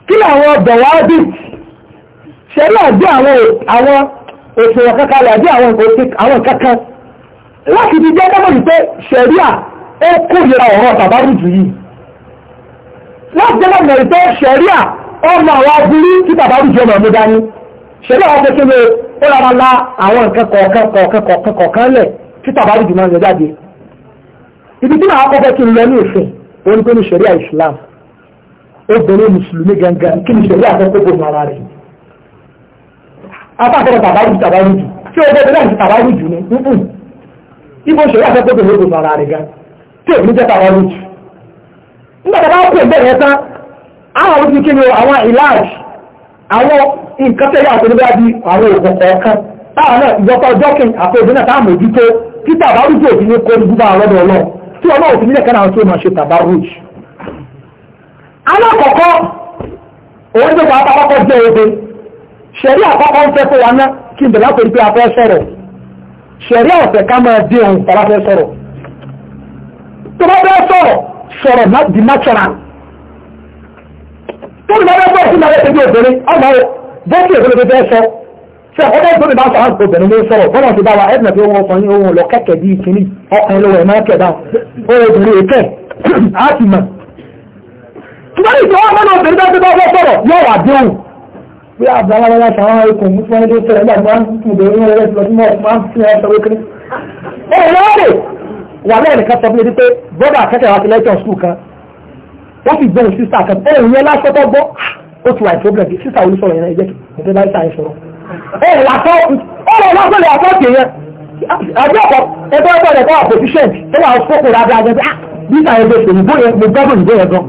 Speaker 2: kí làwọn bọ̀wáàbì sẹ́ríà bí àwọn òṣèlú kankan àbí àwọn kankan láti fi jẹ́ kọ́mọ̀lù pé ṣẹ̀ríà ó kórìíra ọ̀rọ̀ tàbárùjù yìí láti jẹ́ kọ́mọ̀lù pé ṣẹ̀ríà ọmọ àwọn abúlé tí tàbárùjù ọmọ ẹ̀mú dání ṣẹ̀ríà wọn fẹ́ kéde ó rárá la àwọn nǹkan kọ̀ọ̀kan kọ̀ọ̀kan kọ̀ọ̀kan kọ̀ọ̀kan lẹ̀ tí tàbárùjù máa ń yọ jáde ibi tí màá kọ́kọ́ kí n lọ ní òfin ó ní pé ní ṣẹ̀ríà Islam obìnrin
Speaker 1: mùsùlùmí gangan kí ni ṣẹ̀ríà fẹ́ kó gbogbo ara rẹ̀
Speaker 2: afáfẹ́ tàbárùjù tàbárùjù tí ó gbogbo náà ti tàbárùjù ni ibo ṣe wá sẹ́kọ̀ọ́ tòun ló gbogbo ara rẹ̀ gan tí ò ní jẹ́ tàwọn lójú nígbà tó bá kú ìbẹ̀rẹ̀ tán àwọn olójú kí ni àwọn ìlàjì àwọn nǹkan tẹ́lẹ̀ àti oníbẹ̀ bí àwọn òògùn kọ̀ọ̀kan táwọn náà ìjọpọ̀ jọ́kìn àti òbí náà táwọn mójútó kí tàbárùjù òfin ní kó ní búbá lọ́dọ̀ ọlọ́run tí ọlọ́run òfin nílẹ̀ kẹ́nà tó máa ṣe tàbárùjù. alákọ̀ọ́kọ́ òun tó bá apá kọ́kọ́ jẹ́ obe ṣẹ̀rí àkọ́kọ́ ń fẹ́ fún wa ná kí n bẹ̀rẹ̀ láti orí pé a fẹ́ sọ̀rọ̀ ṣẹ̀rí ọ̀fẹ́ ká máa dé ohun tàbá fẹ́ sọ̀rọ̀ tó bá fẹ́ sọ̀rọ̀ sọ̀rọ̀ di natural tó ní bá bọ́ sí máa fẹ́ tẹ́jú obìnrin ọmọ rẹ̀ bọ́ọ̀kì èkó ló fẹ́ sọ ṣe ọ̀pọ̀ tó ní bá sọ̀rọ̀ àti obìnrin ló sọ̀rọ̀ bọ́lá ti bá wa ẹ̀dùn àti ohun ọkùnrin ohun lọ kẹ́kẹ́ bí ìkíní ọkùnrin ló wẹ̀ máa kẹ̀ dáhùn ohun obìnrin èkẹ́ á ti mọ̀ ṣùgbọ́n ìjọba ọmọ náà obìnrin bá ti bá fẹ́ sọ̀rọ̀ yóò wà dé ohun pé àbáláwọ́lá tàwọn ikùn mú fún ẹjọ́ tẹ̀lẹ̀ gbàgbà tún bèèrè ní mọ́ máa ń fi ẹ̀ṣọ́ wékiri. ó lọ́ọ̀rẹ̀ wà lẹ́yìn nìkan sọ fún mi pé bọ́dà akẹ́kẹ̀ẹ́ wa ti lẹ́tọ̀ skul kan ó sì gbóhùn sísà kan ó ìyẹn lásọ́tọ́ gbọ́ ó ti wà ní problem sísà wo ní sọ̀rọ̀ yẹn ẹ̀jẹ̀ kì í ṣe báyìí sáyẹn sọ̀rọ̀. ó lásán ó lọ lásán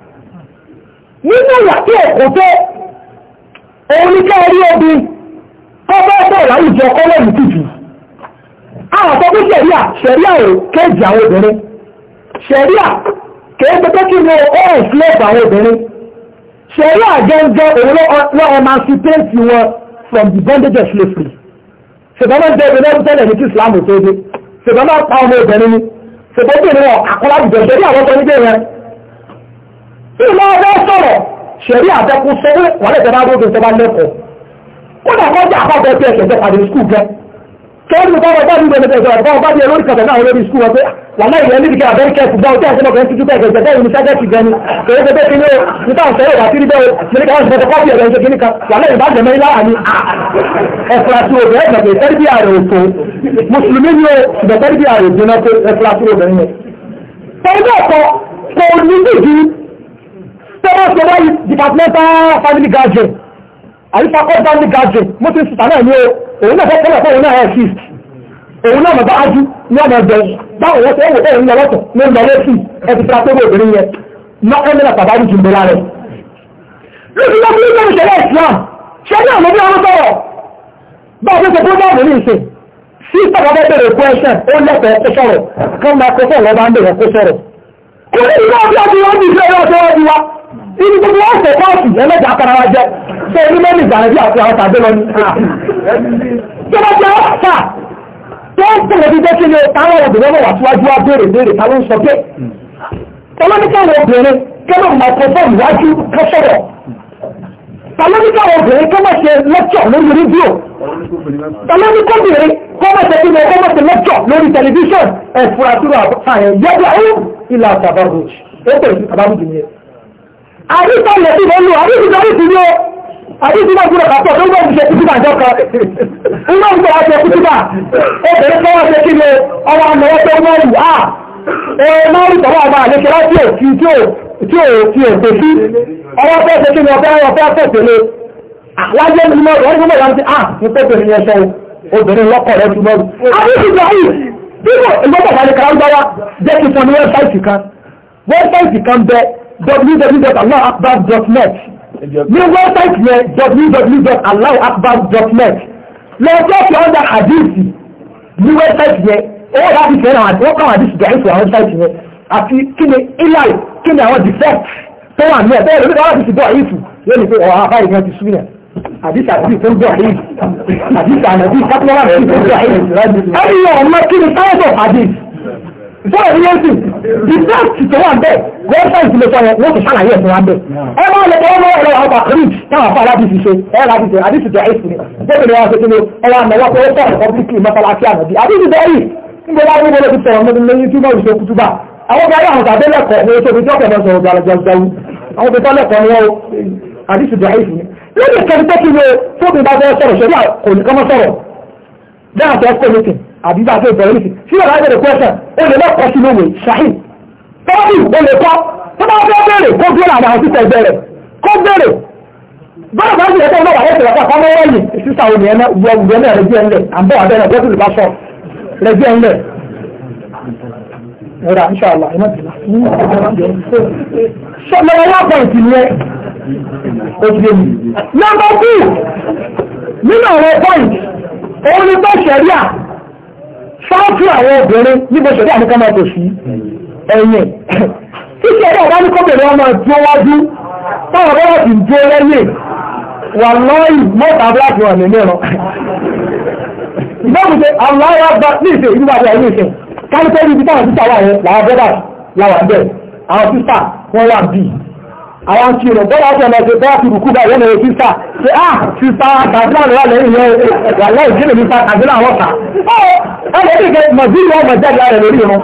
Speaker 2: nínú ìwà tí ẹ̀kọ́ tó òun ní ká rí obi kọ́bọ́ ọ̀pọ̀ láwùjọ kọ́lọ̀mù tìtù àwọn tó ṣẹ̀ríà ṣẹ̀ríà ò kéèjì àwọn obìnrin ṣẹ̀ríà kéè pẹ́pẹ́ kí ni ó ń flẹ́pù àwọn obìnrin ṣẹ̀ríà gẹ́gẹ́ òun lọ́ emancipate wọn from the bondage of slavery ṣèbọ́nà jẹ́ ìbí lọ́dún tẹ́lẹ̀ ní kí Islam tó dé ṣèbọ́nà pa ọmọ obìnrin ni ṣèbọ́nà ìlọ ọwọ́ sọ̀rọ̀ ṣẹ̀rí àbẹ́kú sọ pé wọ́n lẹ́tẹ̀ bá rógbé tẹ́ bá lẹ́kọ̀ọ́ kódà kọ́ jẹ́ àpapọ̀ ẹgbẹ́ ẹ̀ṣẹ̀ jẹ́ pàdé skul jẹ́ kẹ́rin bá wọ́n bá ní ìgbẹ́lẹ̀ ẹ̀ṣẹ̀ ọ̀dọ́ bá ní olórí kàtà náà olórí skul wọn pé wà náà ìrẹ́ níbi kí abẹ́ríkẹ́ ti gbọ́ tí àṣẹ lọ́kẹ́ ti dúpẹ́ ẹ̀ṣẹ̀ bẹ́ẹ̀ ìmúṣẹ́ jẹ́ ti gẹni kẹ́rin bẹ́ẹ̀ kí ní o níta ọ̀sẹ̀ yóò o níbi káwọn ìṣẹ̀ṣẹ̀ kọ́pì ẹ̀rẹ́ ìṣẹ̀ kíníkà wà náà ìbá jẹ̀mẹ́ ilá àní ẹ̀fra tí o bẹ̀ẹ́ gbẹ̀gbẹ̀ tẹ́lí bí ààrẹ òfo mùsùlùmí o ìgbẹ̀ tẹ́lí bí o bẹ̀ẹ́ yẹn parents lọ wáyé departmental family gathering àyíkakọ́ family gathering mo ti ń sùtà náà ní o òun náà fọ́pọ́ náà òun náà ẹ̀ sí òun náà mọ̀gbá ajú ní ọmọ ẹgbẹ́ báwọn wọ́n tẹ́ wò ẹ̀rùn lọ́wọ́tọ̀ ní ọmọ lẹ́sìn ẹ̀sìn tí a tó obìnrin yẹn lọ́kọ́ mẹ́lá tàbí jù mẹ́lá rẹ̀ lóṣù lọ́pù nígbà ìṣẹ̀lẹ̀ Islam ṣe ní àwọn ọmọdé ọmọ sọ̀rọ̀ bá ọdún tó bá ọdún ní ìṣe sí ìtàkọ́fẹ́ bẹ̀rẹ̀ question ó lẹ́fẹ̀ẹ́ kó sọ̀rọ̀ kán máa kó sọ̀rọ̀ bá ń bẹ̀rẹ̀ kó sọ̀rọ̀ kò ní ìgbà ọdún ọdún wọn ní ìṣẹ́ ọdún wa ibi gbogbo wọn fẹ́ káàkì ẹlẹ́jà apara wa jẹ sọ orí mẹ́rin ìgbàlejò àti àwọn tàbí lọ ní. tó bá jẹ́ ọ̀sà tó ń tẹ̀lé bí jẹ́ kí ni táwọn obìnrin náà wà síwájú wa béèrè béèrè táwọn ń sọ pé tọ́lọ́nìkàwọn obìnrin kẹ́lọ́ microphone wájú kẹ́sọ̀rọ̀ tọ́lọ́nìkàwọn obìnrin kọ́ mọ̀ ṣe lẹ́kṣọ̀ lórí rédíò
Speaker 3: tọ́lọ́nìkọ́bìnrin
Speaker 2: kọ́ mọ̀ ṣe kí ni kọ́ mọ̀ ṣe lẹ́kṣọ̀ lórí tẹlifíṣọ̀n ẹ̀fúrasúrò àfààyàn yẹ́dọ̀ ẹ̀yìn ìlà àtàbàrùjì ó pè é àbábùjì nìyẹn àríkà lẹ́bí ló lù àríkà lórí ti yóò àríkà náà gbúdọ̀ kàpọ̀ tó gbọ́dọ̀ ṣe kúkúbà jọ kan iná ń gbọ́dọ̀ ṣe kúkúbà obìnrin kan wá ṣe kí ni ọwọ́ àmọ́wọ́ tó mọ́ lù á ẹ̀rọ máa ń tọ́wọ́ ọba àlejò láti òkú tí ò tí ò tí ò pè sí ọwọ́ fẹ́ ṣe kí ni ọfẹ́ ọfẹ́ pẹ̀tẹ̀lẹ̀ wájẹ́ ní mọ́rù wọ́n ní mọ́rù láti à ní pẹ̀tẹ̀lẹ̀ yẹn sọ obìnrin lọ́kọ̀ rẹ̀ ju mọ́rù. àríkà ìgbàlù bí ìgbọ́dọ̀ bá ní kàrágbáwá jẹ́ kí sọ ní wẹ́bsáìtì kan wẹ́bsáìtì kan bẹ́ẹ̀ www.allahakbar.net ní website yẹn www.allahakbar.net lọ sọ́ọ̀kì ọ̀dà àdìsí ní website yẹn owó láti fẹ́ náà àti wọ́n kọ́ àwọn àdìsí gẹ̀ẹ́ fún àwọn website yẹn àti kí ni ilai kí ni àwọn defect tó wà ní ẹ̀bẹ́ ìlú láti ti bọ̀ ìfù yóò ní pé ọ̀hà àbáyé yẹn ti súnmọ́ àdìsí àdìsí tó ń bọ̀ ìfù àdìsí àdìsí kápẹ́lá àdìsí tó ń bọ̀ bẹ́ẹ̀ ni ó sì dìbẹ́ẹ̀tì tó wà bẹ́ẹ̀ gọ́ọ̀fẹ́ǹtì lè sọ̀rọ̀ wọ́n ti ṣàlàyé ẹ̀sìn wa bẹ́ẹ̀. ẹ máa lọ ọmọ ẹ̀rọ àwọn àkàríj táwọn afọ aláàbìsì ṣe ẹ̀ aláàbìsì àdìsìtì àìsìn bẹ́ẹ̀ ni wọ́n ṣe kíni ẹwà àmọ́wọ́ pé ó sọ̀rọ̀ pọ́blíkì mọ́sálásí àmọ́bí àdìsì bẹ́ẹ̀ níbo wá níbo ló ti sọ̀rọ̀ mọ́tò lẹ́yìn tí wọ́n ṣe kútúbà àwọn bí ayé àwọn tàbí lẹ́kọ̀ọ́ ní àbí bá a fẹ́ bẹ̀rẹ̀ nìsín sí ọ̀rọ̀ àgbẹ̀rẹ̀ kwẹ́sàn ó lè lọ́kọ́ sí lóòwò ṣáhìn tọ́bí ó lè kọ́ tó bá fẹ́ bẹ̀rẹ̀ kó bí ọ̀rọ̀ àwọn àtúntẹ̀ bẹ̀rẹ̀ kó bẹ̀rẹ̀ bọ́ọ̀ bá sì yẹ kó ń lọ́wọ́ àwọ̀tẹ̀ wọ́pá fáwọn wọ́ọ̀yì sísà òní ẹ̀nà ìgbẹ́ náà rẹ̀ díẹ̀ ńlẹ̀ à ń bọ̀ àbẹ́rẹ̀ bọ́ọ̀tù lè bá sọ rẹ̀ díẹ̀ ńlẹ̀ ẹ̀rà ń ṣàlà iná bìlá sọ lọ́wọ́ wá pọ̀ǹtì yẹn ó ti lé mi. nọ́mbà two
Speaker 3: nínú àwọn pọ́ǹtì
Speaker 2: òun ni bẹ́ẹ̀ ṣẹ̀ríà sáàtì àwọn obìnrin níbo ṣẹ̀dá àmì kọ́mọ̀ tó sí ẹ̀yìn tí ṣẹ̀dá ọ̀dá ní kọ́bẹ̀rẹ̀ ọmọ tó wájú táwọn bọ́lá ti jó lẹ́yìn wà lọ́yìn mọ́ta bláàkì wà nínú ẹ̀rọ ìbámu àwọn ará ní ìṣe ìlú àti àwọn ìṣe kálífẹ́ ibi táwọn títà wà yẹn làwọn bẹ́ẹ̀ àwọn títà wọ́n wà bíi àwọn ti rẹ̀ bọ́lá ọ̀tọ̀ lọ sí bọ́lá ti rùkú bá ìyẹn lẹ́yìn sísá ṣe á sísá tàbílà lọ́wọ́ lẹ́yìn yẹn wà lẹ́yìn jẹ́ lèmi pa tàbílà wọ́n ta. ọ̀rọ̀ ẹ̀dẹ̀ kẹ mọ̀bí ni wọ́n mọ̀ jáde lára lórí irun.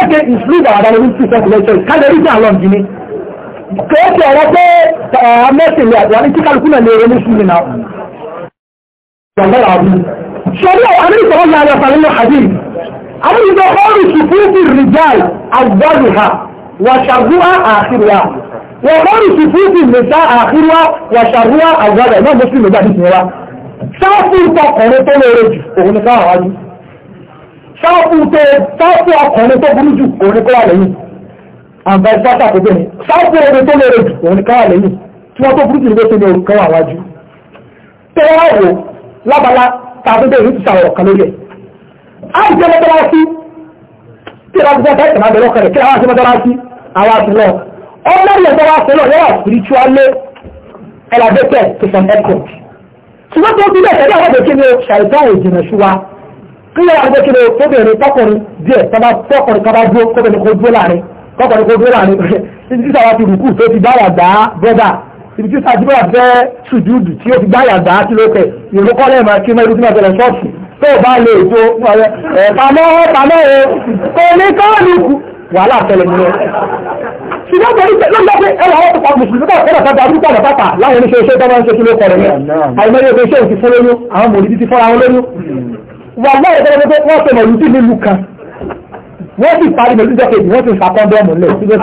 Speaker 2: ẹ̀jẹ̀ ìṣúlù ìdàgbàdà lórí sí sẹ́kùlẹ́ṣẹ̀ kálẹ̀rí jà lọ́n jìnnì. kẹ́ẹ̀kẹ́ ọ̀rọ̀ pé mẹ́sìlẹ̀ àti àní kíkálukú náà lè ronú sí mi náà. ṣọlá àwọn àmì ìṣòro yàrá ìfàlẹ́ àwọn ìjọ ọrùn ṣùfúùfì rìjáì àgbọ́dùhà wàṣàrúwà àṣírùwà wọ́n ọrùn ṣùfúùfì nìta àṣírùwà wàṣàrúwà àgbọ́dùhà náà mọ́sí lọ́gbà ní ìsinmi wa sáàpù ọkùnrin tó lóore jù òun ni káwà wájú sáàpù ọkùnrin tó burú jù òun ni káwà lẹ́yìn àǹfà ìfásà kò bẹ̀rẹ̀ sáàpù ọkùnrin tó lóore jù òun ni kan lórí ẹ̀ àìsí mọ́tọ́lásí tí wọ́n gbọ́ tẹ́tẹ̀ máa bẹ̀rẹ̀ ọkọ̀rẹ̀ kí àwọn àti mọ́tọ́lásí àwọn àti lọ ọmọ ilẹ̀ tó wá sí náà yóò spiritually elevated to some extent ṣùgbọ́n tó bí bẹ́ẹ̀ tẹ́lẹ̀ àwọn ọ̀dọ̀ kíni ṣàìtàn ìjìnà ṣúwa kí wọ́n àgbẹ̀ kíni tóbìnrin tọkùnrin díẹ̀ tọ́ba tọkùnrin kaba dúró kóbìnrin kó dúró láàrin kọkùnrin kó dúró láàrin ibi tí sàwọn ti rùkú tó ti báyà dá bọ́dà ibi tí sàdúrà fẹ́ sùdúdù tí ó ti báyà dá kí ló kẹ̀ ìrùkọ́lẹ̀ máa kí mọ́ irú tí máa bẹ̀rẹ̀ ṣọ́ọ̀ṣì tó bá lè tó pàmọ́ pàmọ́ o kò ní káàlù wàhálà tẹ̀lẹ̀ mú lọ. ṣùgbọ́n torí lọ́gbà pé wọ́n sì parí mọ̀lú jẹ́ wọ́n sì ṣàkọ́ndọ́ọ̀mù lẹ̀ sí wọ́n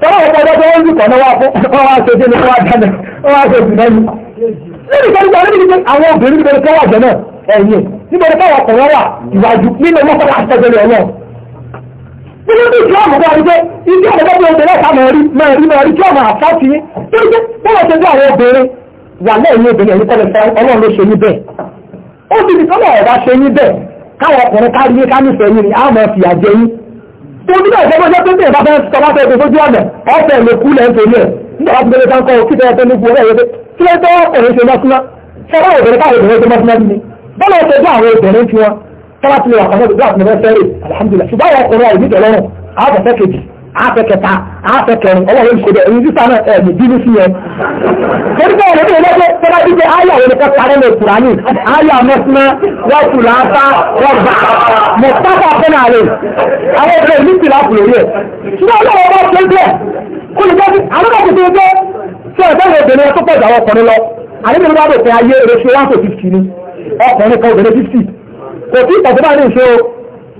Speaker 3: tọ́lá ọ̀pọ̀ ọjọ́ tó
Speaker 2: ń rúkọ̀ wọ́n wá ṣe délé wọ́n wọ́n wá ṣe ẹ̀yìn níbo ni káwọn ọkùnrin wà ìwájú nínú mọ́tàlá àtẹ̀gbẹ̀rẹ̀ ọlọ́run nínú bí ìsìlámù bá rí pé ibi ọ̀dọ́ bí obìnrin ọ̀sán máa rí máa rí máa rí kí ọ̀nà àfáàtì yín torí pé bọ́lá ṣe bí àwọn obìnrin wà lẹ́yìn obìnrin ẹ̀yìn kọ́lẹ̀ fún ọlọ́run ló ṣe ní bẹ́ẹ̀ ó sì ní kọ́lẹ̀ ọ̀dà ṣe ní bẹ́ẹ̀ káwọn ọkùnrin kárí yín kánífẹ̀ẹ́ yín ni á máa fìyà jẹ yín torí náà ìjọba jẹ́ pé bẹ́ẹ̀ bá fẹ́ sọ láti ẹgbẹ́ sójú ọ̀nà ọ̀fẹ́ ló kú lẹ́ nítorí ẹ̀ nígbà wọn gbẹlẹ́ sáńkọ́ kí ṣe mọ́síná ṣọwọ́ káwọn òbẹ̀rẹ̀ ṣe mọ́síná ní bọ́lá ọ̀tọ̀ bá àwọn obìnrin tí wọ́n tọ́lá ti lè wà pàṣẹ ìgbà àti ìrẹsẹ̀ rè alhamdulillah ṣùgbọ́n àwọn ọkùnrin àìní ìdọ̀lọ́rùn àáfẹ́fẹ́ kejì àáfẹ́kẹta àáfẹ́kẹrin ọlọ́run kò dẹ̀ èyí sísá náà ẹ̀mí bínú sí yẹn. torí pé ọ̀rẹ́ bíi lọ́jọ́ tọ́lá ti jẹ́ ayé àwọn olùkọ́ parí ní kùránì ayé àmọ́síná wọ́ọ̀tù làásá rọ́bà mọ̀tàkà fẹ́nà rẹ̀ àwọn obìnrin ní tìlá kù lórí ẹ̀. ṣùgbọ́n ọlọ́run ọba ṣe ń bẹ̀ kó lè jẹ́ àwọn ọkùnrin tó jẹ́ tí ọ̀sẹ̀ obìnrin tó pọ̀ jù àwọn ọkùnrin lọ àdébìnrin bá bẹ̀ fẹ́ ayé eré ṣe one to fifty ni ọkùnrin kan obìnrin fifty kò tí ìtàkùn bá ní ìṣó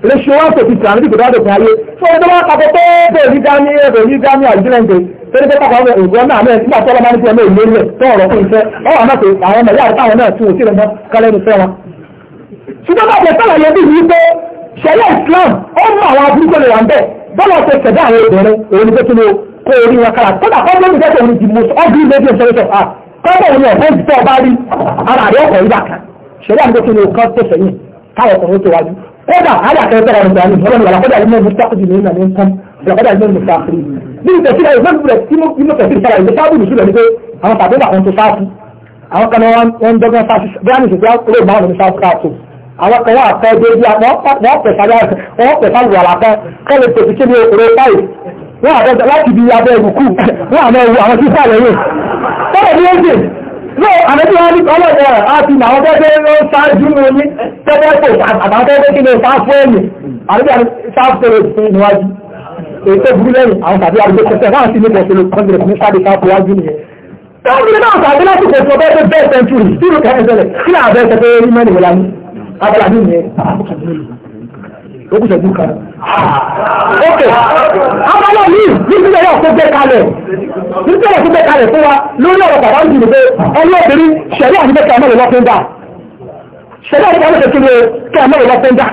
Speaker 2: lẹ́ṣọ́ wá tòkì tí a ní ìgbòdá àdòkùn ayé tó ọdún wá papọ̀ tó bẹ̀rẹ̀ ní dání ẹ̀rọ ní dání àjílẹ̀ǹdẹ̀ tẹ́lẹ̀ pẹ́ pàpọ̀ ọmọ ìgbọ́n náà mẹ́rin nígbà tọ́lọ́ máa ń tiẹ̀ mẹ́rin lórí rẹ̀ tó ọ̀rọ̀ fún iṣẹ́ ọwọ́ àmọ́ pé àwọn ọmọ ìyá àti àwọn náà tún òsì rẹ̀ mọ́ kálẹ̀ ní fẹ́ wọn. ṣùgbọ́n bá jẹ sọ́lá yẹn bí yìí pé ṣẹlẹ̀ Islam ó mú àwọn aburúkọ lè wà ń bẹ̀ bọ́lá ṣe ṣẹ̀dá àwọn obìnrin òun ni pé kó orí wọn kára kódà kọ́ńtà ní jẹ́ òun di most ugly lady of solution ah kọ́ńtà òun ni ọ̀fẹ́ ti tọ́ rí ara rẹ̀ ọkọ̀ yìí bàkan ṣẹlẹ̀ àti kí ni nǹkan tó sẹ́yìn káwọn ọkùnrin tó wájú kódà alákẹ́rẹ́ tọ́ra nígbà ní ọlọ́run wà lápẹ́dà ilé ìmọ̀ sáfì ní ìlànà nǹkan lápẹ́dà ilé ìmọ̀ sáfì ní ìtẹ̀sí náà ìfẹ́ ìbúrẹ̀ tí mo tẹ̀sí sára ìgbé sábù nìṣú lẹ́ni pé àwọn tàbí wà wọn tó sáfù àwọn kan wọn dọ́gbọ́n sáfì bí wọn ìṣèjọ́ olè máa wọn sáfù káàtó àwọn kan wà No, àmẹ́bí wọ́n ní ọwọ́ ẹ̀ àti ìlànà tẹ́tẹ́ ló ń ṣáájú ní omi tẹ́tẹ́ pò àtàwọn tẹ́tẹ́ kí ni sáfù ẹ̀mì àbíbí sáfù tẹ́lẹ̀ fún níwájú. Ètò burú lẹ́yìn àwọn tàbí àdúgbò kẹsẹ̀ náà sí ní pọ̀sẹ̀lẹ̀ kọ́ndìrẹ̀ fún sáde sáfù wájú nìyẹn. Táwọn náà tàbí láti kò sọ bẹ́ẹ̀ bẹ́ẹ̀ sẹ́ńtúrì sírù kẹ́kẹ́ sẹ́lẹ̀ kí àbẹ́ sẹ́kẹ́ rí mẹ́rin wọlá ní
Speaker 1: abala ní ìyẹn lókùsẹ̀jú kan. ok abala yìí nígbìlẹ̀ yóò tó gbé kalẹ̀ nígbìlẹ̀ yóò tó gbé kalẹ̀ fún wa lórí ọ̀rọ̀
Speaker 2: bàbá yìí pé ẹni obìnrin ṣẹ̀rí àdúgbò kí a mọ̀lẹ̀ lọ́pẹ́ ń dà
Speaker 1: ṣẹ̀rí àdúgbò kí
Speaker 2: a mọ̀lẹ̀ lọ́pẹ́ ń dà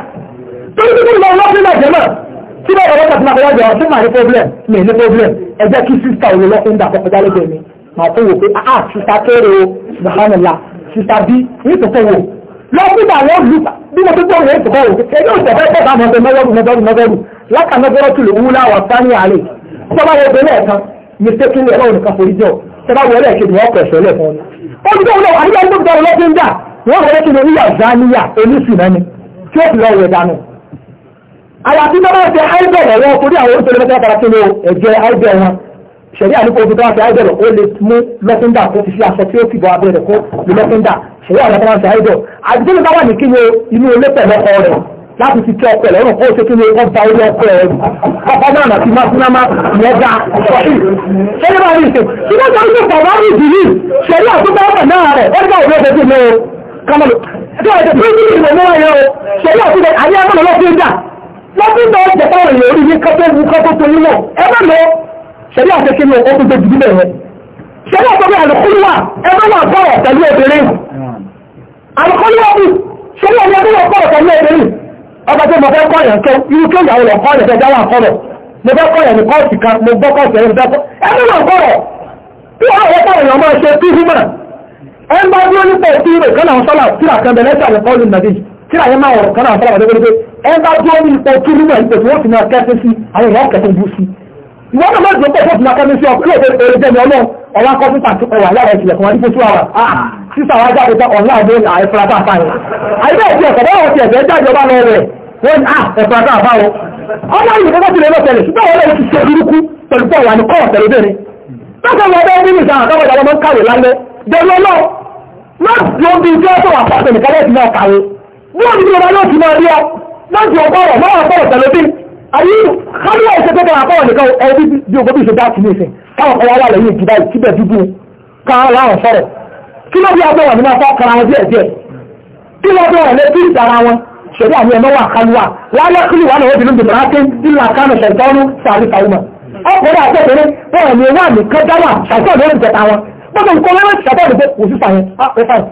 Speaker 2: torí pé kí lọ́wọ́ lọ́pẹ́ náà jẹ́ náà tí bá ọ̀rọ̀ tàbí àbúrò àjọ tí màá ní problem mi ní problem ẹ jẹ́ kí sísá òun lọ́pẹ́ ń dà kọ́kọ́ dálẹ́gbẹ̀ẹ́ mi màá tó wò pé ah sísá kéré o subhanallah sísá bí ní tòkòwò lọ́kùnrin àwọn olùkà bí mo tó tó rèé tó báwò ẹgbẹ́ òṣèlú ẹgbẹ́ bá mọ̀ọ́dẹ mọ́gọ́rù mọ́gọ́rù mọ́gọ́rù láka mọ́gọ́rù tó lè wú láwà sani àlè sọba wo bẹ́ẹ̀ lẹ́ẹ̀kan mistake ní ẹlọ́run kan forí jọ sọba wo ẹlẹ́ẹ̀kì ni wọ́n pẹ̀sẹ̀ lẹ̀ fún ọ. olùkọ́ wọn wà nígbà tó gbọ́dọ̀ lọ́sẹ̀ ń dà wọ́n wọlé kí ni wíyà zaniya elúsì mẹ́ni tí ó fi lọ wẹ̀ dànù. àyàfi bá bá jẹ àìbẹ̀rẹ̀ ṣẹ̀rí àníkó omi tó wá fi áìdọ̀lù ó lè mú lọ́fíńdà kó fi sí aṣọ tí ó fi bọ̀ abẹ́rẹ́ kó lu lọ́fíńdà ṣẹ̀rí àwọn tó wá fi áìdọ̀lù àdìgbò ló bá wà ní kí ni inú ilé pẹ̀lú ọkọ rẹ̀ láti fi tẹ ọpẹ lọ́rùn kó o ṣe kí ni ó ba orí ọkọ ẹ̀ ọkọ náà àti máfúnámá yẹn dá ṣọ́ọ̀ṣì ṣẹlẹ̀ bá rí ìṣe tí wọ́n sọ wípé bàbá rí ìdílé ṣẹlẹ̀ àtúntà ọkọ̀ náà rẹ̀ ó ní báwo ló ṣe dùn mọ́ o kamalu tí wọ́n ṣe pé ní ìlú mọ́ ẹ̀yọ́ o ṣẹlẹ̀ àtúntà àyè àmọ́ lọ́fíńdà lọ́fíńdà ọ̀jẹ̀ táwọn èèyàn orí ní kọ́tó wù kọ́tó tó yín wọ̀ ẹ bá lọ ṣẹlẹ̀ àtẹ́kẹ́ ní ọkọ̀ tó jù bẹ̀rẹ̀ ṣẹlẹ̀ àtọ́bẹ̀ àlùkúlùwà ẹgbẹ́ wà bọ̀rọ̀ pẹ̀lú obìnrin àlùkúlùwà bù ṣẹlẹ̀ ní ẹgbẹ́ wà bọ̀rọ̀ pẹ̀lú obìnrin ọba tó mọ̀ fẹ́ kọ́ yẹn kẹ́ irú kí ìyàwó lọ kọ́ yẹn fẹ́ dáwà kọ́rọ̀ mo fẹ́ kọ́ yẹn ní kọ́ọ̀sì kan mo gbọ́ kọ́ọ̀sì ẹ̀rọ dákọ́ ẹgbẹ́ wà bọ̀rọ̀ tí wọ́n wọ́n kọ́ yẹn máa ṣe tí húmà ẹ ń bá dúró nípa òtí rẹ̀ kọ́nà àwọn sọ́là tíra kan bẹ̀rẹ̀ sí wọ́n dẹ́gbẹ́dẹ́gbẹ́ wọ́n fi máa kẹ́sí sí àwọn ìyàwó kẹ́sí bú sí ìwọ́n náà lọ́dún tó fọ́tún akẹ́mi sí ọkùnrin òfin èrè jẹ́mi ọlọ́run ọ̀wá kọ́sítà tó wà lára ìṣẹ̀lẹ̀ fún adífò tó wà sísà wá jáde tán ọ̀nà àwọn ohun àìfúrata àfáàyè àìbẹ́ ẹ̀sìn ẹ̀kọ́ bá wọ́n ti ẹ̀fẹ́ jáde ọba lọ rẹ̀ wọ́n à ah, ẹ̀fúrata àfáàwọ̀ ọmọ yìí tó ti lè lọ tẹ̀lé ṣùgbọ́n wọ́n lè ti ṣe burúkú pẹ̀lú pọ̀ wà ní kọ́ ọ̀tẹ̀lẹ̀ bẹ̀rẹ̀ tọ́kọ̀ wọ́n bẹ́ẹ̀ nínú ìjà àtàwọn ìjà ọmọ ń kàwé lálẹ́ dẹ̀rù ọlọ́ náà tí ó bí jẹ́ tó wà fún àtẹ̀mìkálẹ̀ ti máa kàwé bí wọ́n ti lè máa lọ́ọ̀tì máa rí ọ náà ti ọgbọ́rọ̀ máa wà fọ́ọ̀tẹ̀lẹ̀ bíi ayé káríwá ìṣe tó dára fáwọn nìkan ẹbí bí ògbóbí ìṣe dáàtì ní ìsìn káwọn kan wá wà lẹ́yìn ìjìbá ìtìbẹ̀ dúdú káàlà àwọn sọ̀rọ̀ kí ló bí agbẹ́ wà nínú afọ́ kara wọn díẹ̀ díẹ̀ kí ló bí wà ní bí ìdára wọn ṣẹ̀dí àmì ẹ̀mọ́ wà káríwá lálẹ́ kí wà lọ́wọ́ bìnú bìnú rákẹ́ nínú àkánù ṣẹ̀tọ́nù sàrí sàrúmà ọkùnrin àtẹ́kẹ́rẹ́ bọ́ọ̀ ni wà ní kẹ́dáwà ṣàtọ́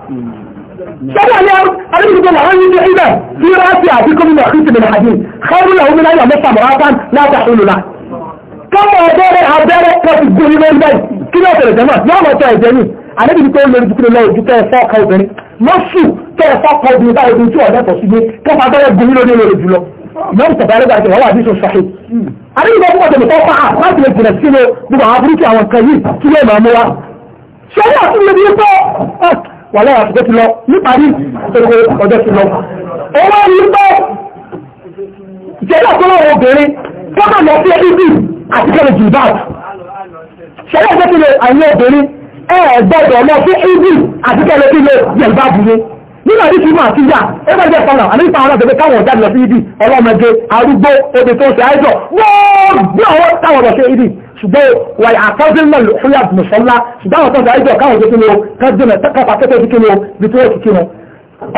Speaker 2: sọ́wọ́ ní arúgbó làwọn yìí ní ibẹ̀ bí ráàsì àti gómìnà àti tìmìnà àdín káwọn làwọn mi láyà mẹ́ta mọ̀ra fán láta olùlà kọ́mọ abẹ́rẹ́ abẹ́rẹ́ pọ̀sì gbóni lórí bẹ́ẹ̀ kí ló tẹ̀lé tẹ̀mọ̀ yóò mọ̀ tẹ̀ ẹ̀jẹ̀ ní àdébìí tó lórí dúkúrò lọ ojú tẹ́ ẹ̀fọ́ ọkọ obìnrin mọ́sù tẹ́ ẹ̀fọ́ ọkọ obìnrin báyìí ojú tí ọ̀dẹ́ tọ̀ sí gbé tó fa abẹ́rẹ́ gbóni lórí lórí jùlọ mọ́rù tẹ̀bà ẹ̀rẹ́gbà àti wàhálà àdíṣe sọ́hìn àdébìí tó kọ́ tẹ̀lé wà láyà àkókò ti lọ níparí ìṣòro ọjọ́ ti lọ. owó nígbà jẹ́lá tó lọ́wọ́ obìnrin tọ́kà lọ sí ibi àti kẹrì jù bá ṣẹlẹ̀ tó kílẹ̀ àwọn obìnrin ẹ̀ẹ́dọ́dọ̀ lọ sí ibi àti kẹrì kílẹ̀ yẹ̀lbá bùrẹ́ nínú àdíṣì mú àtijá ẹgbẹ́ jẹ́ fọ́nà àmìta àwọn àgbẹ̀gbẹ̀ káwọn ọ̀jáde lọ sí ibi ọlọ́mọdé arúgbó obì tó ń ṣe àìsàn gbọ́ọ̀gbọ́ àwọn táwọn lọ sí ibi ṣùgbọ́n wàyà àtọ́jú náà ló fúyà mùsọ́lá ṣùgbọ́n àwọn tọ́jú àìjọ káwọn jẹ́ kíni o kájú náà kápá kẹ́kẹ́ sí kíni o bí tí ó ti kíni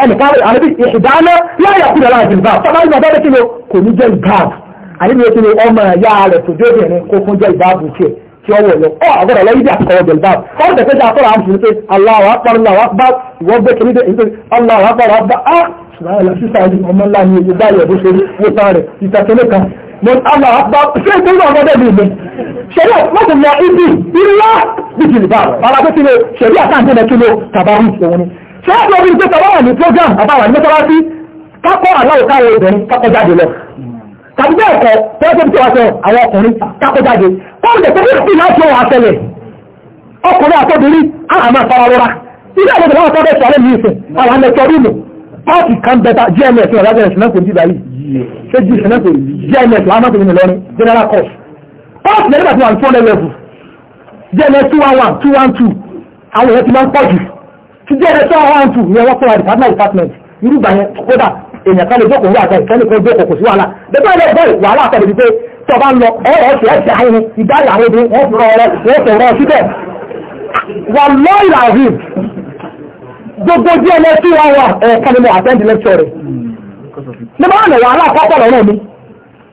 Speaker 2: ẹnì káwọn àlebi ìdáná láyà kúrò láàjì bá tọ́lá ìgbà bẹ́ẹ̀ kíni o kò ní jẹ́ ìbáàbù àlebi kíni ọmọ ẹ̀yà rẹ̀ tó dé obìnrin kó fún jẹ́ ìbáàbù tiẹ̀ tí ó wọ̀ lọ ọ àgọ́dọ̀ lọ yídí àtọwọ́ jẹ̀lbá ọ dẹ̀ pé àtọ́rọ̀ àmì ṣe Allahu Akbar Allahu mọ̀tàlá àgbà ṣé ìpínlẹ̀ ọ̀gọ́dẹ̀ mi ìgbẹ́ ṣẹlẹ̀ láti mọ ibi ńlá bíjì nìbà ara tó kílò ṣẹlẹ̀ àtàǹtẹ̀lẹ̀ kílò tàbárù òun ni ṣé àti ọdún tó tàbá wà ní program àbáwà ní mọ́sálásí kákọ́ aláwọ̀ káwọ̀ obìnrin kákọ́ jáde lọ tàbí bẹ́ẹ̀ kọ́ tẹ́lẹ̀ tó wá sọ àwọn ọkùnrin kákọ́ jáde kọ́ọ̀dẹ̀ tó bí ìpínlẹ̀ tó wà sẹlẹ̀ ọkùnrin àtọ́bìnrin àmà àfararora ilé àwọn ọ̀dọ́ páàkì kan bẹ́ta gms ní ọ̀dájọ́ ìṣúná kò dìbà yìí ṣé jí GMs. kò gms wàá mọ́tò nínú lọ́rin general cost páàkì lẹ́yìn àti one two hundred level gms two one one two one two àwọn èèyàn ti máa ń pọ̀ jù tí gms two one one two ni wọ́n fọwọ́ department department irú ìgbà yẹn kódà èèyàn kan lè jókòó wà àtẹ ìkẹ́ni kan jókòó kò sí wàhálà bẹ́ẹ̀ bẹ́ẹ̀ bẹ́ẹ̀ wàhálà àtẹ̀lẹ̀ wípé tó bá ń lọ ọ̀rọ̀ ọ̀sẹ̀ ẹ̀sẹ̀ àyẹn ìdáyà àwọn obìnrin wọ́n fi rọ ọ̀rọ̀ wọ́n fi rọ ọ síbẹ̀ wà lọ́ọ̀yà rìn gbogbo díẹ̀ lọ sí wa wà lecture ní bá wàhálà mi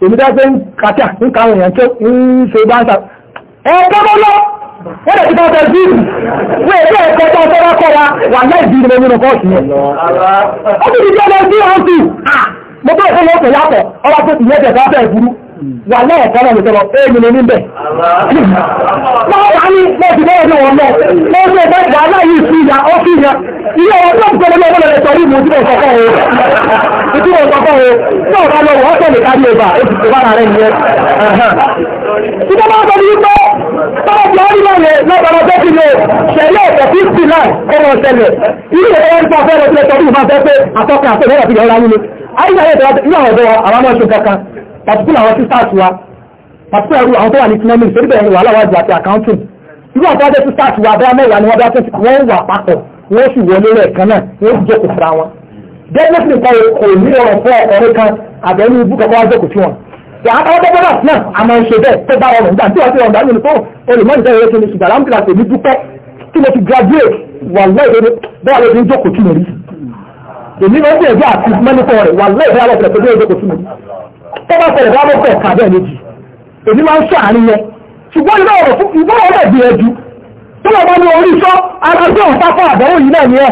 Speaker 2: èmi dá pé ń ń tó ń ṣe bá ń lọ
Speaker 3: wọ́n lè bá ọ̀tẹ̀ bíi wọ́n èdè
Speaker 2: ẹ̀kọ́ tó wà nínú yẹn ó díẹ̀ mo bá yàtọ̀ wà náà kọ́nà mi níbẹ̀. Wọ́n wà ní lọ́ọ̀tì bọ́ọ̀ ní wọn náà. Wọ́n ṣe ẹgbẹ́ ìgbà náà yìí sí ìyá ó sí ìyá. Ilé wọn náà gbọ́dọ̀ ní ọgbọ́dọ̀ rẹ̀ sọ ní ìmúdí ọ̀sọ̀ fọ́ o. Ìdí ọ̀sọ̀ fọ́ o. Náà bá lọ wọ́n tẹ̀lé kárí ọba èsì tó bára rẹ̀ Ìjọba máa sọ ní pé báwo ti ọ́rí náà yẹ lọ́gbọ̀dọ̀ bẹ́ẹ̀ ti lè ṣẹlẹ̀ ẹ̀kọ́ fífì náà kọ́nà ọ̀sẹ̀lẹ̀ pàtùkù làwọn tí sáàtù wa pàtùkù ẹrú àwọn tó wà ní economics torí bẹ̀rẹ̀ wà láwájú àti accounting irú àwọn tó wájú tí sáàtù wa bẹ́ẹ̀ mẹ́wàá ni wọ́n bá tún ti wọ́n wà papọ̀ wọ́n sì wọlé rẹ̀ kan náà wọ́n sì jókòó fúra wọn. definitely kan kò ní ọ̀rọ̀ fún ọ̀rẹ́ kan àbẹ̀rù ibú kankan wá jókòó sí wọn. àwọn ọgbẹ́ náà náà a máa ń ṣe bẹ́ẹ̀ tó bá ọrùn gbà tí wọ́n ti rọrùn dání nìkan olùmọ́ni tẹ́lẹ̀ tó ní ṣùgbọ́n àmì kìlá tèmi dúpẹ́ tí mo ti graduate wà lẹ́yìn bẹ́ẹ̀ ló ti ń jókòó tì mí rí. èmi ló ń gbìyànjú àti mẹ́nìkọ́ rẹ̀ wà lẹ́yìn bẹ́ẹ̀ ló ti rẹ̀ tó dé ìjókòó tì mí rí tó bá ṣẹlẹ̀ bá bọ́kọ̀ ọ̀ka bẹ́ẹ̀ méjì èmi máa ń sọ àárín yẹn ṣùgbọ́n iná ọ̀rọ̀ fún ìgbọ́n ọ̀rọ̀ gbìyànjú tó lọ́ bá ní orí sọ alájọ́ òǹtafọ́ àbẹ̀wò yìí náà ni ẹ̀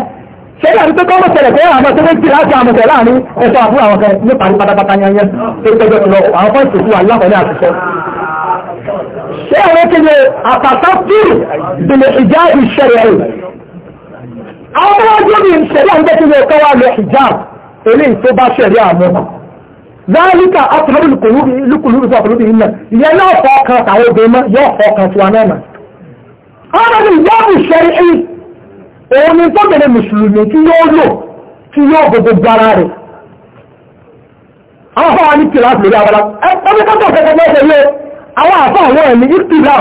Speaker 2: ṣe ní àdúgbò kọ́mọ̀ ṣẹlẹ̀ pé àwọn tó méjì láti àwọn ọ̀sẹ̀ láàrin ẹ̀sọ́ àbúrò àwọn ọ̀sẹ̀ ní parí pátápátá yẹn yẹn tó gbẹgbẹ lọ àwọn fọ́ọ̀sì fún wa lákọ̀ọ́lẹ̀ àtúnṣe ṣé àwọn ti lè àtàtà fíìrì bìlẹ̀ ìjà ìṣẹ̀rẹ̀ rẹ̀ àwọn ọmọ ọjọ́ bíi ìṣẹ̀lẹ̀ àwọn tó ti lè kọ́ wa lọ ìjà èlé ìtó bá ṣẹ̀rí àmọ́ dáríkà ọkùnrin lùkùlù ìfọ̀ ọkùnrin ìlú ìyẹn náà fọ́ ọkàn àtàwọn obìnrin mọ́ yóò fọ́ ọkàn tiwa náà ọ̀rọ̀ ni ìyáàbù ṣẹ́rí ẹ̀yìn òun ni tó bẹ̀rẹ̀ mùsùlùmí tí yóò lò tí yóò gbogbo ara rẹ̀ àwọn afọ́ wa ní kìláàsì lórí abala ẹgbẹ́ tó tọ̀ kẹ́kẹ́ lọ́sẹ̀ yẹ àwọn afọ́ àwọn ẹ̀mí lórí àwọn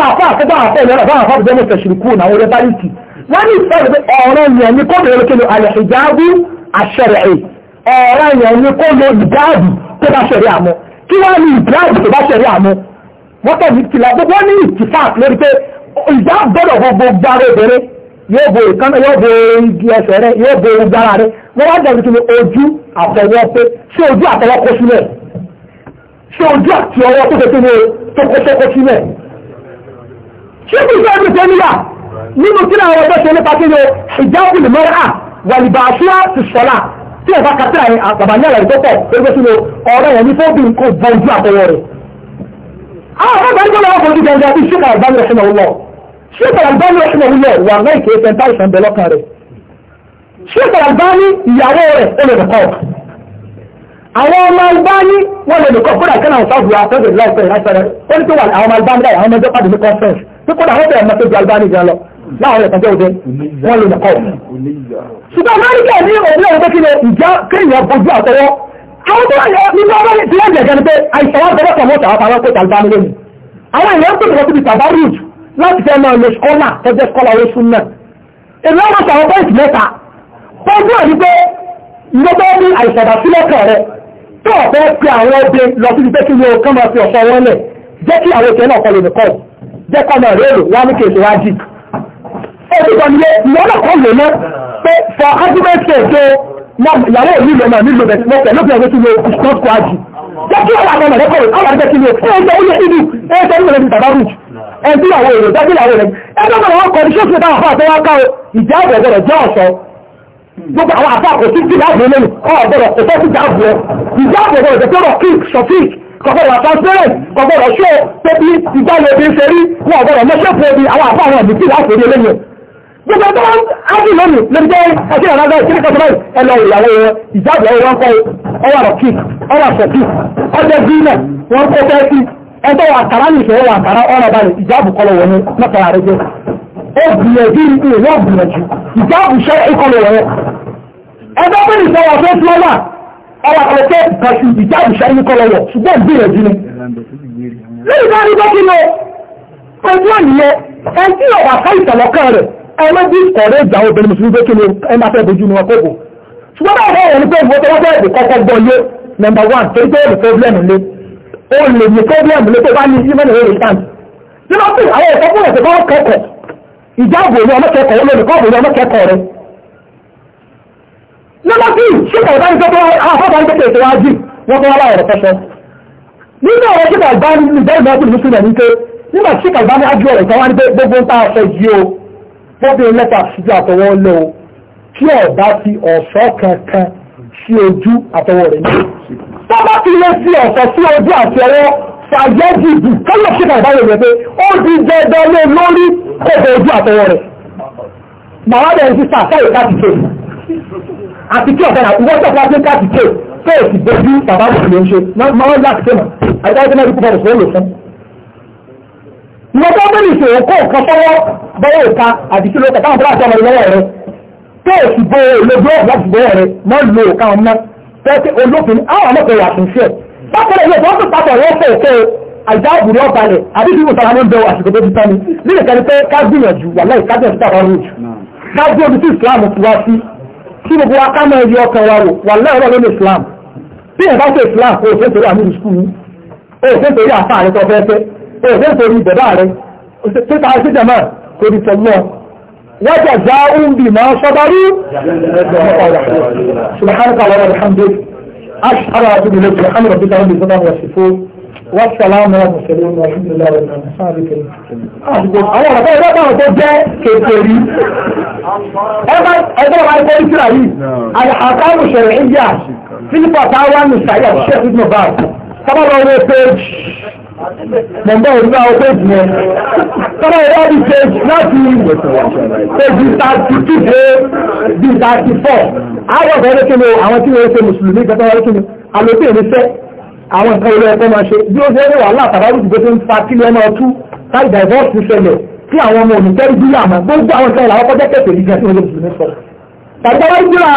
Speaker 2: afọ́ àkọ́kọ́ afọ́ ìlú àwọn ọ̀rẹ́ ní ìfẹ́ ọ̀rọ̀ èèyàn ni kó lo ìdáàbò tó bá ṣẹ̀rí àmọ́ kí wọ́n ní ìdáàbò tó bá ṣẹ̀rí àmọ́ wọ́n tẹ̀ ní tìlà gbogbo ní ìtìfáàk lórí pé ìdáàbò gbọ́dọ̀ gbogbo gbára obìnrin yóò bo ìkánná yóò bo igi ẹsẹ̀ rẹ yóò bo gbára rẹ wọ́n wá dẹ̀ tuntun ojú àtọwọ́ pé ṣé ojú àtọwọ́ kó sílẹ̀ ṣé ojú àti ọwọ́ tó tẹ̀sí ní tó kó sókó sílẹ̀ ṣé kí ìjọba ìgbésẹ̀ níyà nínú kí ni àwọn ọjọ́ ṣe nípa kí ni ìjábùlù mẹ́rà wàlìbàṣíà ti sọ́lá tí ẹ̀fà kàtà ẹ̀ àgbàbà ní àlàyé tó pọ̀ pẹ̀lú sínú ọ̀rọ̀ ẹ̀ ní fóbi kò bọ ojú àtọwọ́ rẹ̀. àwọn ọ̀gá ìjọba wọn fojú jẹjẹ bí ṣíkà àgbáyé ọ̀ṣun ọ̀wọ́ ṣíkà àgbáyé ọ̀ṣun ọ̀wọ́ wà náà ìkéyè sẹ́ńtà ìṣàn bẹ̀ lọ́kàn rẹ̀ ṣíkà àgbáyé ìyàwó rẹ̀ ó lè dùkọ́ àwọn ọmọ àgbáyé wọn lè dùkọ́ kódà kí náà sáfù àtọ́jú láìpẹ́ ìrásẹ̀rẹ̀ ó ní tó wà àwọn ọmọ àgbáyé àwọn ọmọ ẹgbẹ́ pàdé ní conference tó kódà wọ́n tẹ̀ ẹ̀ mọ́tò ju àgbáyé gan lọ láwọn ẹ̀kan jẹ́ òde wọ́n lè nìkọ́ ṣùgbọ́n amẹ́ríkà ní òde òde kí ni ìjà kéèyàn bojú àtọwọ́ àwọn tó wáyé nínú ọmọ ní ìpínlẹ̀ ìjẹ̀gẹ́ ni pé àìsàn wọn tọwọ́ tọwọ́ tàwọn àwọn kò tàbí lónìí àwọn èèyàn tó tọwọ́ síbi tàbá rúd láti fẹ́ máa lo skọ́là tọ́jẹ́ skọ́là owó sún náà èmi ọmọ sàwọn bọ́ìsì mẹ́ta tọ́jú ẹ̀ ní pé ìjọba ní àìsàn àsílẹ̀ kan rẹ tó ọ̀fẹ́ pe àwọn ọdẹ lọ síbi pé kí ni o kán máa fi ọ̀ṣọ́ wọn lẹ̀ jẹ́ kí àwọn ìkẹ́ náà kọ lè nìkọ́ jẹ́ kọ́ náà rẹ́rò wá ní kèsè wájì ẹgbẹ̀gbọ̀nlé ìyọ́nà kan lè mọ́ pé for argument ṣe ìyàwó ìlú ìlú ọmọ ìlú mẹ́tẹ̀ lópin ọjọ́ sílé ìṣọ́ kwájì
Speaker 3: jẹ́kí ọ̀rọ̀ àwọn ọ̀rẹ́ kọ̀rọ̀ kọ́wàá
Speaker 2: jẹ́ sílé ẹgbẹ́ ilé ìlú ẹgbẹ́ ìlú ẹgbẹ́ bàbá rújù ẹgbẹ́ ìyàwó ìlú ẹgbẹ́ ìyàwó rẹ̀ ẹgbẹ́ ọmọ wọn kọ̀ ní ṣé ìṣẹ́ta àfáà tó wá ká o ìjà ọ̀gbẹ̀gbẹ̀rẹ̀ jẹ́ ọ̀ṣọ́ gbogbo àwọn àfáà kò sí ìjà àbúrò lẹ́nu ọ̀gbẹ̀rẹ̀ kò fẹ́ sí ìjà àbúrò ìjà àbúrò jẹ́ tọ́rọ̀ kík sọfíìk kọ̀gbọ̀rọ̀ transparent kọ̀gbọ̀rọ̀ ṣó pé bí ìgbà lóbi ń ṣe rí wọn ọ̀gbọ̀rọ̀ mọ́ṣẹ́fù omi àwọn àfáà wọn àbùkù láti orí eléyìí gbogbo ẹgbẹ́ wọn ágì lónìí lórí pé ẹtí ìrànlá bẹ́ẹ̀ kí ní báyìí ẹlọ ìyàwó wọn ìjáde ọwọ́ wọn kọ́ ọwọ́ rọ̀kì ọwọ́ àṣẹ̀kì ọjọ́ gíínà wọn kọ́ fẹ́ sí ẹgbẹ́ wọn àkàrà ní wọn àkàrà ọ̀rọ̀ balẹ̀ ìjáàbù kọlọ̀ wọn ní mẹ́ta rẹ̀ jẹ́ ó gbìyànjú ní ìwọ́n gbìyànjú ìjáàbù ṣẹ́ ìkọlọ̀ wọn ẹgbẹ́ bí ìṣẹ́ wọn fẹ́ ẹlẹ́bí kọ̀ọ̀rẹ́ ìjà obìnrin mùsùlùmí pé kí ni ẹ máa fẹ́ bojú ni wọn kókò ṣùgbọ́n bá wọ́n wọ́n ní pé ìwọ tó wọ́n fẹ́ẹ̀ kọ́kọ́ gbọ́ yé nọ́mbà wán torí pé òní pọ́blẹ́mù lé o lè ní pọ́blẹ́mù lé tó bá ní ìmọ̀nà rẹ̀ ìtàn nínú pé àwọn ẹ̀kọ́ fún ẹ̀sẹ̀ bá kẹ́kọ̀ọ́ ìjáàbò ní ọmọkẹ́kọ̀ọ́ olóòlùkọ́ ọ̀bùn ní ọmọkẹ́kọ̀ọ́ rẹ̀ nínú bí ṣùgbọ́n bá ń tọ́ bá àfọ́bà ń tẹ́kẹ̀ẹ́ síwájú wọ́n tó wá láwọ̀rọ̀ fẹ́fẹ́ nínú ọ̀rọ̀ ṣùgbọ́n bá ń bẹ́ẹ̀ bá ń bẹ́ẹ̀ bá nígbà ṣùgbọ́n bá ájú ọ̀rọ̀ ìtọ́wá ní gbogbo ń ta ọ̀fẹ́ yìí o bóbi lẹ́tà síjú àtọwọ́ lọ o tí ọba
Speaker 1: ti ọ̀ṣọ́
Speaker 2: kankan sí ojú àtọwọ́ rẹ̀ ní. tó bá ti lé sí ọ̀ṣọ́ sí ojú àti ọwọ́ fàyẹ́ dìbò kọ́lọ̀ ṣe kàìbá rẹ̀ pé ó di dandan lé lórí kòkò ojú àtọwọ́ rẹ̀. màmá bẹ̀rẹ̀ sí sàkáyè káàtì ké àti kí ọ̀sán àti wọ́sọ̀ fún akéka ti ké fẹ́ẹ̀sì bójú bàbá mi ló ń ṣe máa ń láti ké mọ̀ àti lọ́jọ́ mẹ́rin ṣe òkú ọ̀kan sọ́wọ́ bọ́wọ́ ìka àti kí ló kà táwọn fúláṣí ọmọ rẹ tó o sì bo olójú ọ̀hún láti bọ́wọ́ rẹ mọ́ lo òkà wọn mọ́ tẹ́tí olófin àwọn ọmọkùnrin yà fún iṣẹ́ bákan náà wọ́n tún papọ̀ wọ́n fẹ́ òkè àìdá òbúrò ọ̀balẹ̀ àbí kí ìwòsàn àwọn bẹ̀rù àsìkò tó ti tán ni nílẹ̀ kẹ́ni pé ká gbìyànjú wà láì ká gbìyànjú tàwọn rúùjù ká gbé omi sí ìsìláàmù ti wá sí kí gbogbo wa ká máa yọ o ò fẹ́ o ò fẹ́ torí àfáà òun torí bàbá rẹ̀ títà síjà máa torí tọ́lọ́ wájà já ń bì máa sọ́bárú
Speaker 1: subhanaka wa alhamdulilayi ashhadu an la ilaha illa anta rabbika rabbil izzati wa sifun wa salamu ala mursalin wa alhamdulillahi rabbil alamin sabi kiri àwọn ọ̀rọ̀ bẹ́ẹ̀ bá wọn tó jẹ́ kékeré
Speaker 3: ẹgbẹ́ ẹgbẹ́ wa ẹgbẹ́ ìtura yìí alhakamu
Speaker 2: shari'iyya fílípọ̀ táwọn nìsàyà ṣẹ́ẹ̀fì nù báà sábà lọ́wọ́ page Mọ̀mọ́ ìlú àwọn péjì yẹn. Tọ́lá ìwọ́n ti ṣe láti péjì thirty two dé bí thirty four. Àwọn ọ̀gá ẹni kíni àwọn tí wọ́n ṣe Mùsùlùmí gbẹ́tọ́ wọlé kíni. Àlòkè ìrìnsẹ́ àwọn nǹkan ilé ẹ̀kọ́ máa ṣe. Bí ó ṣe ní wàhálà tàbárù ti gbé tó ń fa kílẹ̀ ọmọ ọtú táì divorce ń ṣẹlẹ̀ tí àwọn ọmọ òní tẹ́rí bíyà mọ́ gbogbo àwọn nǹkan ìlàwọ́ kọjá kẹfẹ́ nígbà tí wọ́n lè Mùsùlùmí sọ. Tàbí wọ́n jíra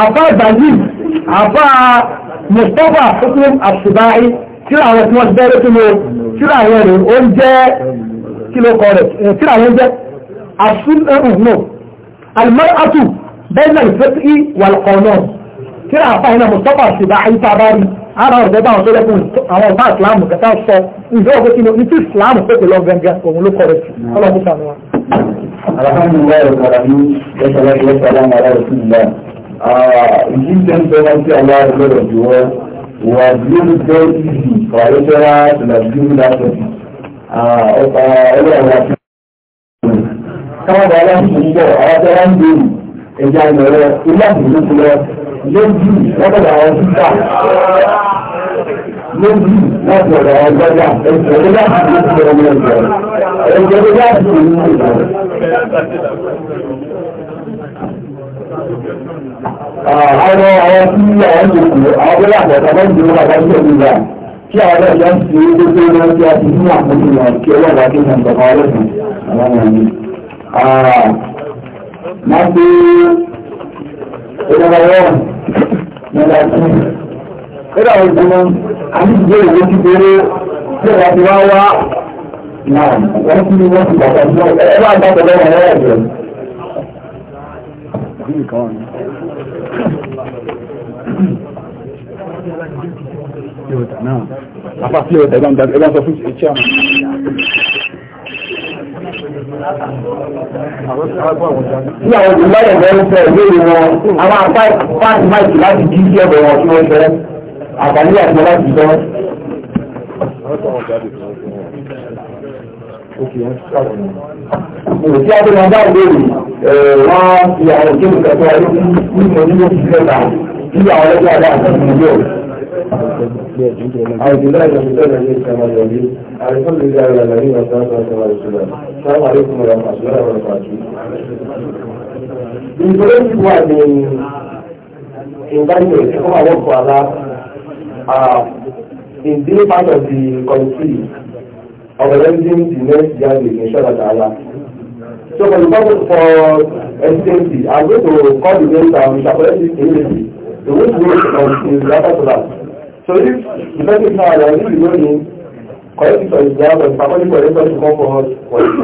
Speaker 2: àbá ìbàjì àbá Mustapha Fúnfún Àṣùbáyé tíra àwọn tí wọ́n ti bẹ́rẹ̀ sínú tíra àwọn rẹ̀ ó ń jẹ́ kílókọ rẹ̀ eh, tíra àwọn jẹ́ asúnẹ̀rùn almaratu bẹ́ẹ̀nà ìfẹ́tí wàlọ́kọ̀ọ́nà tíra àfáà iná mustapha ṣùgbọ́n àyíká bá rí ara ọ̀rọ̀ bá wọn tó lẹ́kùn àwọn ọba ìsìláàmù kẹta sọ ìjọ ọgbẹ́ kí ni tí ìsìláàmù pépè lọ gẹ́gẹ́ òun ń sọ sí aláwọ̀ lọ́dọ̀ jù o وجودي قائدها لجودة ọlọ́run káwọn aláṣẹ ìgbọ́ àwọn ọ̀rọ̀ ń bèèrè ẹ̀yà ìrọ̀rọ̀ ìlànà tó lọ lójú lọ́dọ̀ àwọn títà lójú
Speaker 3: láti ọ̀dọ̀ àwọn gbọ́dá ẹ̀jẹ̀ láti lójú ọmọ ẹ̀jẹ̀ ẹ̀jẹ̀ láti lójú ọmọ ẹ̀jẹ̀ àwọn àwọn tí àwọn tó kù àwọn tó lápẹ̀ ọ̀tọ̀ lẹ́yìn tó lápẹ̀ tó kù àwọn
Speaker 2: náà yọ ń fi gbogbo wọn tí a ti ní àkókò wọn kí ọlọ́run bá kéwọn ìjọba ọlọ́sìn àwọn ọmọ mi. má pé ìjọba nígbà tí nígbà wọn ti mọ àti ìwé ti
Speaker 3: péré tí ìwà ti wá wá náà wọ́n Apá sí ọ̀tẹ̀
Speaker 1: ẹgbẹ́ sọ fún ìṣẹ́ àmà. Ní àwọn ìgbìmọ̀ ẹ̀gbẹ́ ń fẹ́ lórí wọn, àwọn apá
Speaker 3: fáàtì máìkì láti jí sí ẹ̀bẹ̀ wọn tí wọ́n fẹ́, àtàlẹ́ àti láti jọ. Òtí Adéwọ̀dá ìbéèrè
Speaker 2: wọ́n fi àwọn òkèlè kẹta ayé nínú ti mẹ́ta
Speaker 1: tí àwọn ọlọ́jọ́ adá àti ìlú yóò. Àwọn ìdílé àjọ ìṣẹ́lẹ̀ ní ìṣẹ́lẹ̀ yọrí, àrífọ́ lè rí ara rẹ̀ ní ọ̀sán ọ̀sán ìṣẹ́lẹ̀. Sáwọn àríkùn rẹ̀ pàṣẹ lọ́wọ́ pàṣẹ.
Speaker 2: Ìgbèrè ti wà ní
Speaker 3: invited to come and work for Allah
Speaker 1: organizing the next gathering inshallah ta'ala. So for the purpose for STMC, I'm going to call the names and we shall collect this
Speaker 2: immediately. The which way is referred to that. So if the person is not allowed, if you don't know, collect it for yourself and family for everybody to come for us for it.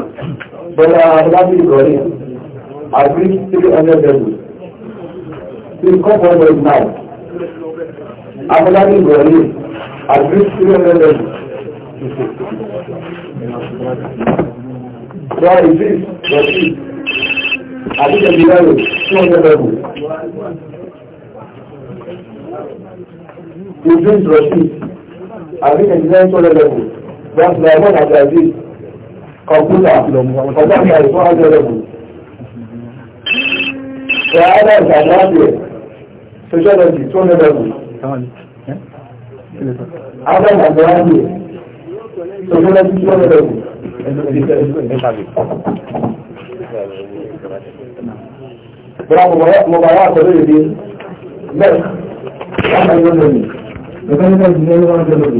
Speaker 2: But uh, I'm happy to go in. I bring 300 devils. Please
Speaker 1: come for us now. I'm not to go in. I bring 300 devils. Ra Idris,
Speaker 3: Rafi, Adéjẹ́ Bilaro, tí wọ́n tẹ́lẹ̀ bù. Idris Rafi,
Speaker 2: Adéjẹ́ Bilaro tó lẹ́lẹ̀ bù. Gbọ́nsìlá ẹ̀mọ́n àti Aziz, kọ̀mpútà, ọ̀gá ìgbà ìfọ́n àti ẹ̀lẹ̀ bù. Ra Adams àti Adéjẹ́, Sociology, tó lẹ́lẹ̀ bù. Adams àti Adéjẹ́. مباراة غير دي بس